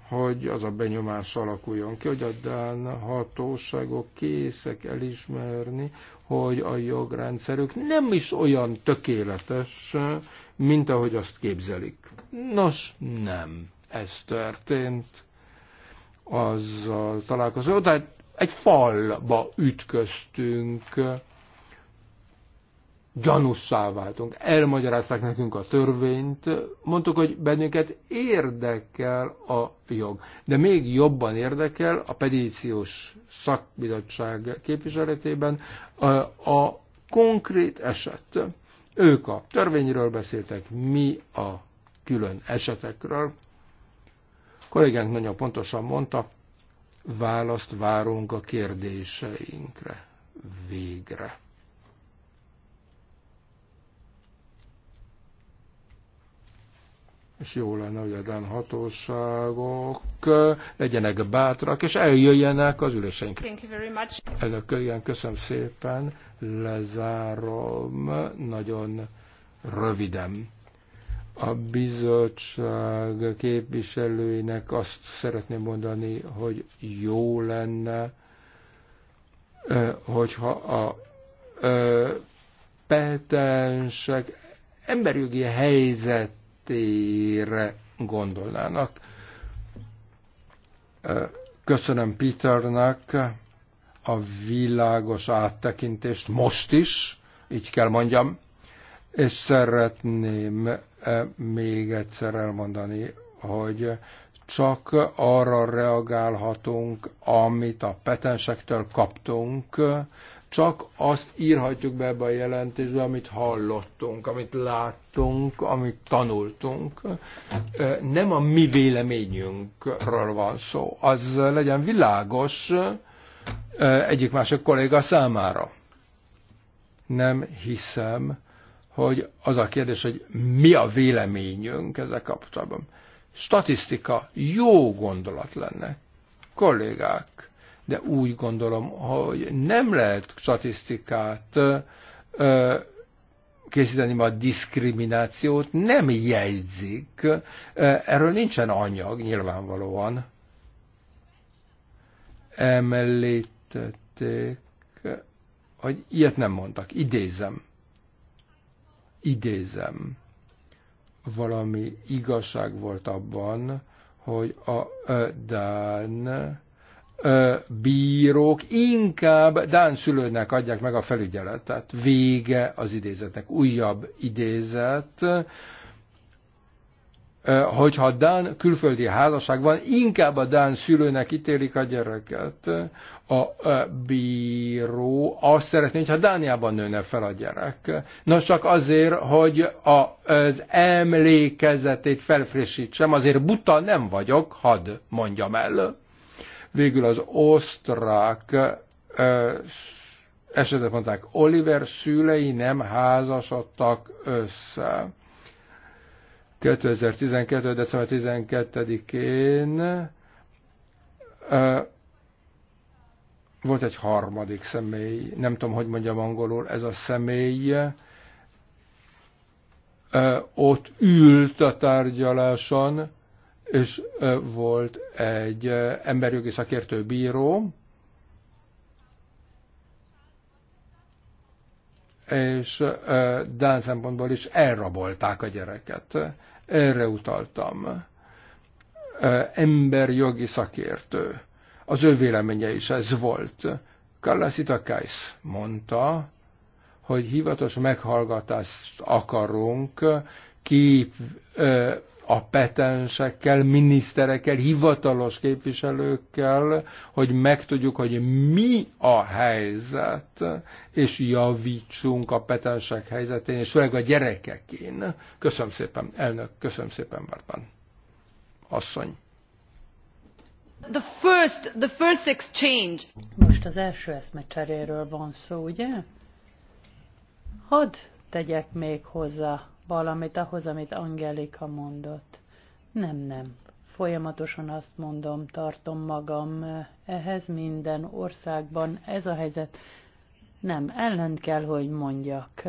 hogy az a benyomás alakuljon ki, hogy a Dán hatóságok készek elismerni, hogy a jogrendszerük nem is olyan tökéletes, mint ahogy azt képzelik. Nos, nem. Ez történt. Azzal találkozó, tehát egy falba ütköztünk, gyanussá váltunk. Elmagyarázták nekünk a törvényt, mondtuk, hogy bennünket érdekel a jog. De még jobban érdekel a petíciós szakbizottság képviseletében a, a konkrét eset. Ők a törvényről beszéltek, mi a külön esetekről. A kollégánk nagyon pontosan mondta, választ várunk a kérdéseinkre végre és jó lenne, hogy ezen hatóságok legyenek bátrak, és eljöjjenek az üléseink. Elnök igen, köszönöm szépen, lezárom nagyon röviden. A bizottság képviselőinek azt szeretném mondani, hogy jó lenne, hogyha a petensek emberjogi helyzet térre gondolnának. Köszönöm Peternek a világos áttekintést most is, így kell mondjam, és szeretném még egyszer elmondani, hogy csak arra reagálhatunk, amit a petensektől kaptunk, csak azt írhatjuk be ebbe a jelentésbe, amit hallottunk, amit láttunk, amit tanultunk. Nem a mi véleményünkről van szó. Az legyen világos egyik másik kolléga számára. Nem hiszem, hogy az a kérdés, hogy mi a véleményünk ezzel kapcsolatban. Statisztika jó gondolat lenne. Kollégák, de úgy gondolom, hogy nem lehet statisztikát készíteni, ma a diszkriminációt nem jegyzik. Erről nincsen anyag, nyilvánvalóan. Említették, hogy ilyet nem mondtak. Idézem. Idézem. Valami igazság volt abban, hogy a Dán bírók inkább Dán szülőnek adják meg a felügyeletet. Vége az idézetnek. Újabb idézet. Hogyha Dán külföldi házasság van, inkább a Dán szülőnek ítélik a gyereket. A bíró azt szeretné, hogyha Dániában nőne fel a gyerek. Na csak azért, hogy az emlékezetét felfrissítsem, azért buta nem vagyok, hadd mondjam el Végül az osztrák esetet mondták, Oliver szülei nem házasodtak össze. 2012. december 12-én volt egy harmadik személy, nem tudom, hogy mondjam angolul, ez a személy ott ült a tárgyaláson, és volt egy emberjogi szakértő bíró, és Dán szempontból is elrabolták a gyereket. Erre utaltam. Emberjogi szakértő. Az ő véleménye is ez volt. Carlos Itakais mondta, hogy hivatos meghallgatást akarunk, kép, a petensekkel, miniszterekkel, hivatalos képviselőkkel, hogy megtudjuk, hogy mi a helyzet, és javítsunk a petensek helyzetén, és főleg a gyerekekén. Köszönöm szépen, elnök, köszönöm szépen, Bartman. Asszony. The first, the first exchange. Most az első eszmecseréről van szó, ugye? Hadd tegyek még hozzá valamit ahhoz, amit Angelika mondott. Nem, nem. Folyamatosan azt mondom, tartom magam ehhez minden országban. Ez a helyzet. Nem, ellent kell, hogy mondjak.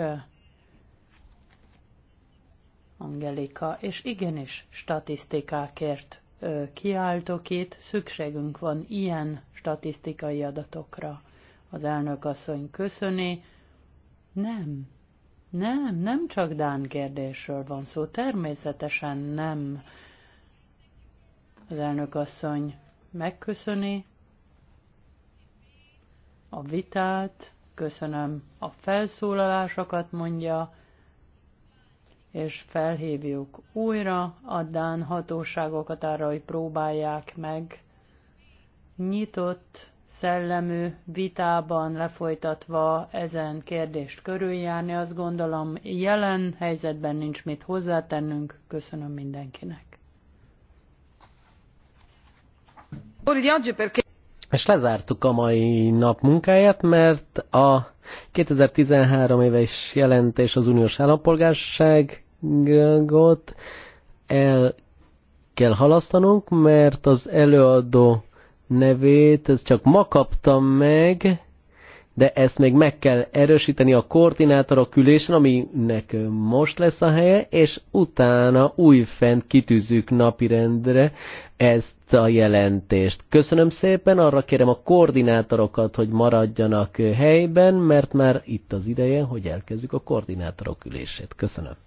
Angelika, és igenis statisztikákért kiáltok itt, szükségünk van ilyen statisztikai adatokra. Az elnök asszony köszöni. Nem, nem, nem csak Dán kérdésről van szó, természetesen nem. Az elnök asszony megköszöni a vitát, köszönöm a felszólalásokat, mondja, és felhívjuk újra a Dán hatóságokat arra, hogy próbálják meg nyitott szellemű vitában lefolytatva ezen kérdést körüljárni. Azt gondolom, jelen helyzetben nincs mit hozzátennünk. Köszönöm mindenkinek. És lezártuk a mai nap munkáját, mert a 2013 éves jelentés az uniós állampolgárságot el kell halasztanunk, mert az előadó nevét, ezt csak ma kaptam meg, de ezt még meg kell erősíteni a koordinátorok ülésen, aminek most lesz a helye, és utána újfent kitűzzük napirendre ezt a jelentést. Köszönöm szépen, arra kérem a koordinátorokat, hogy maradjanak helyben, mert már itt az ideje, hogy elkezdjük a koordinátorok ülését. Köszönöm.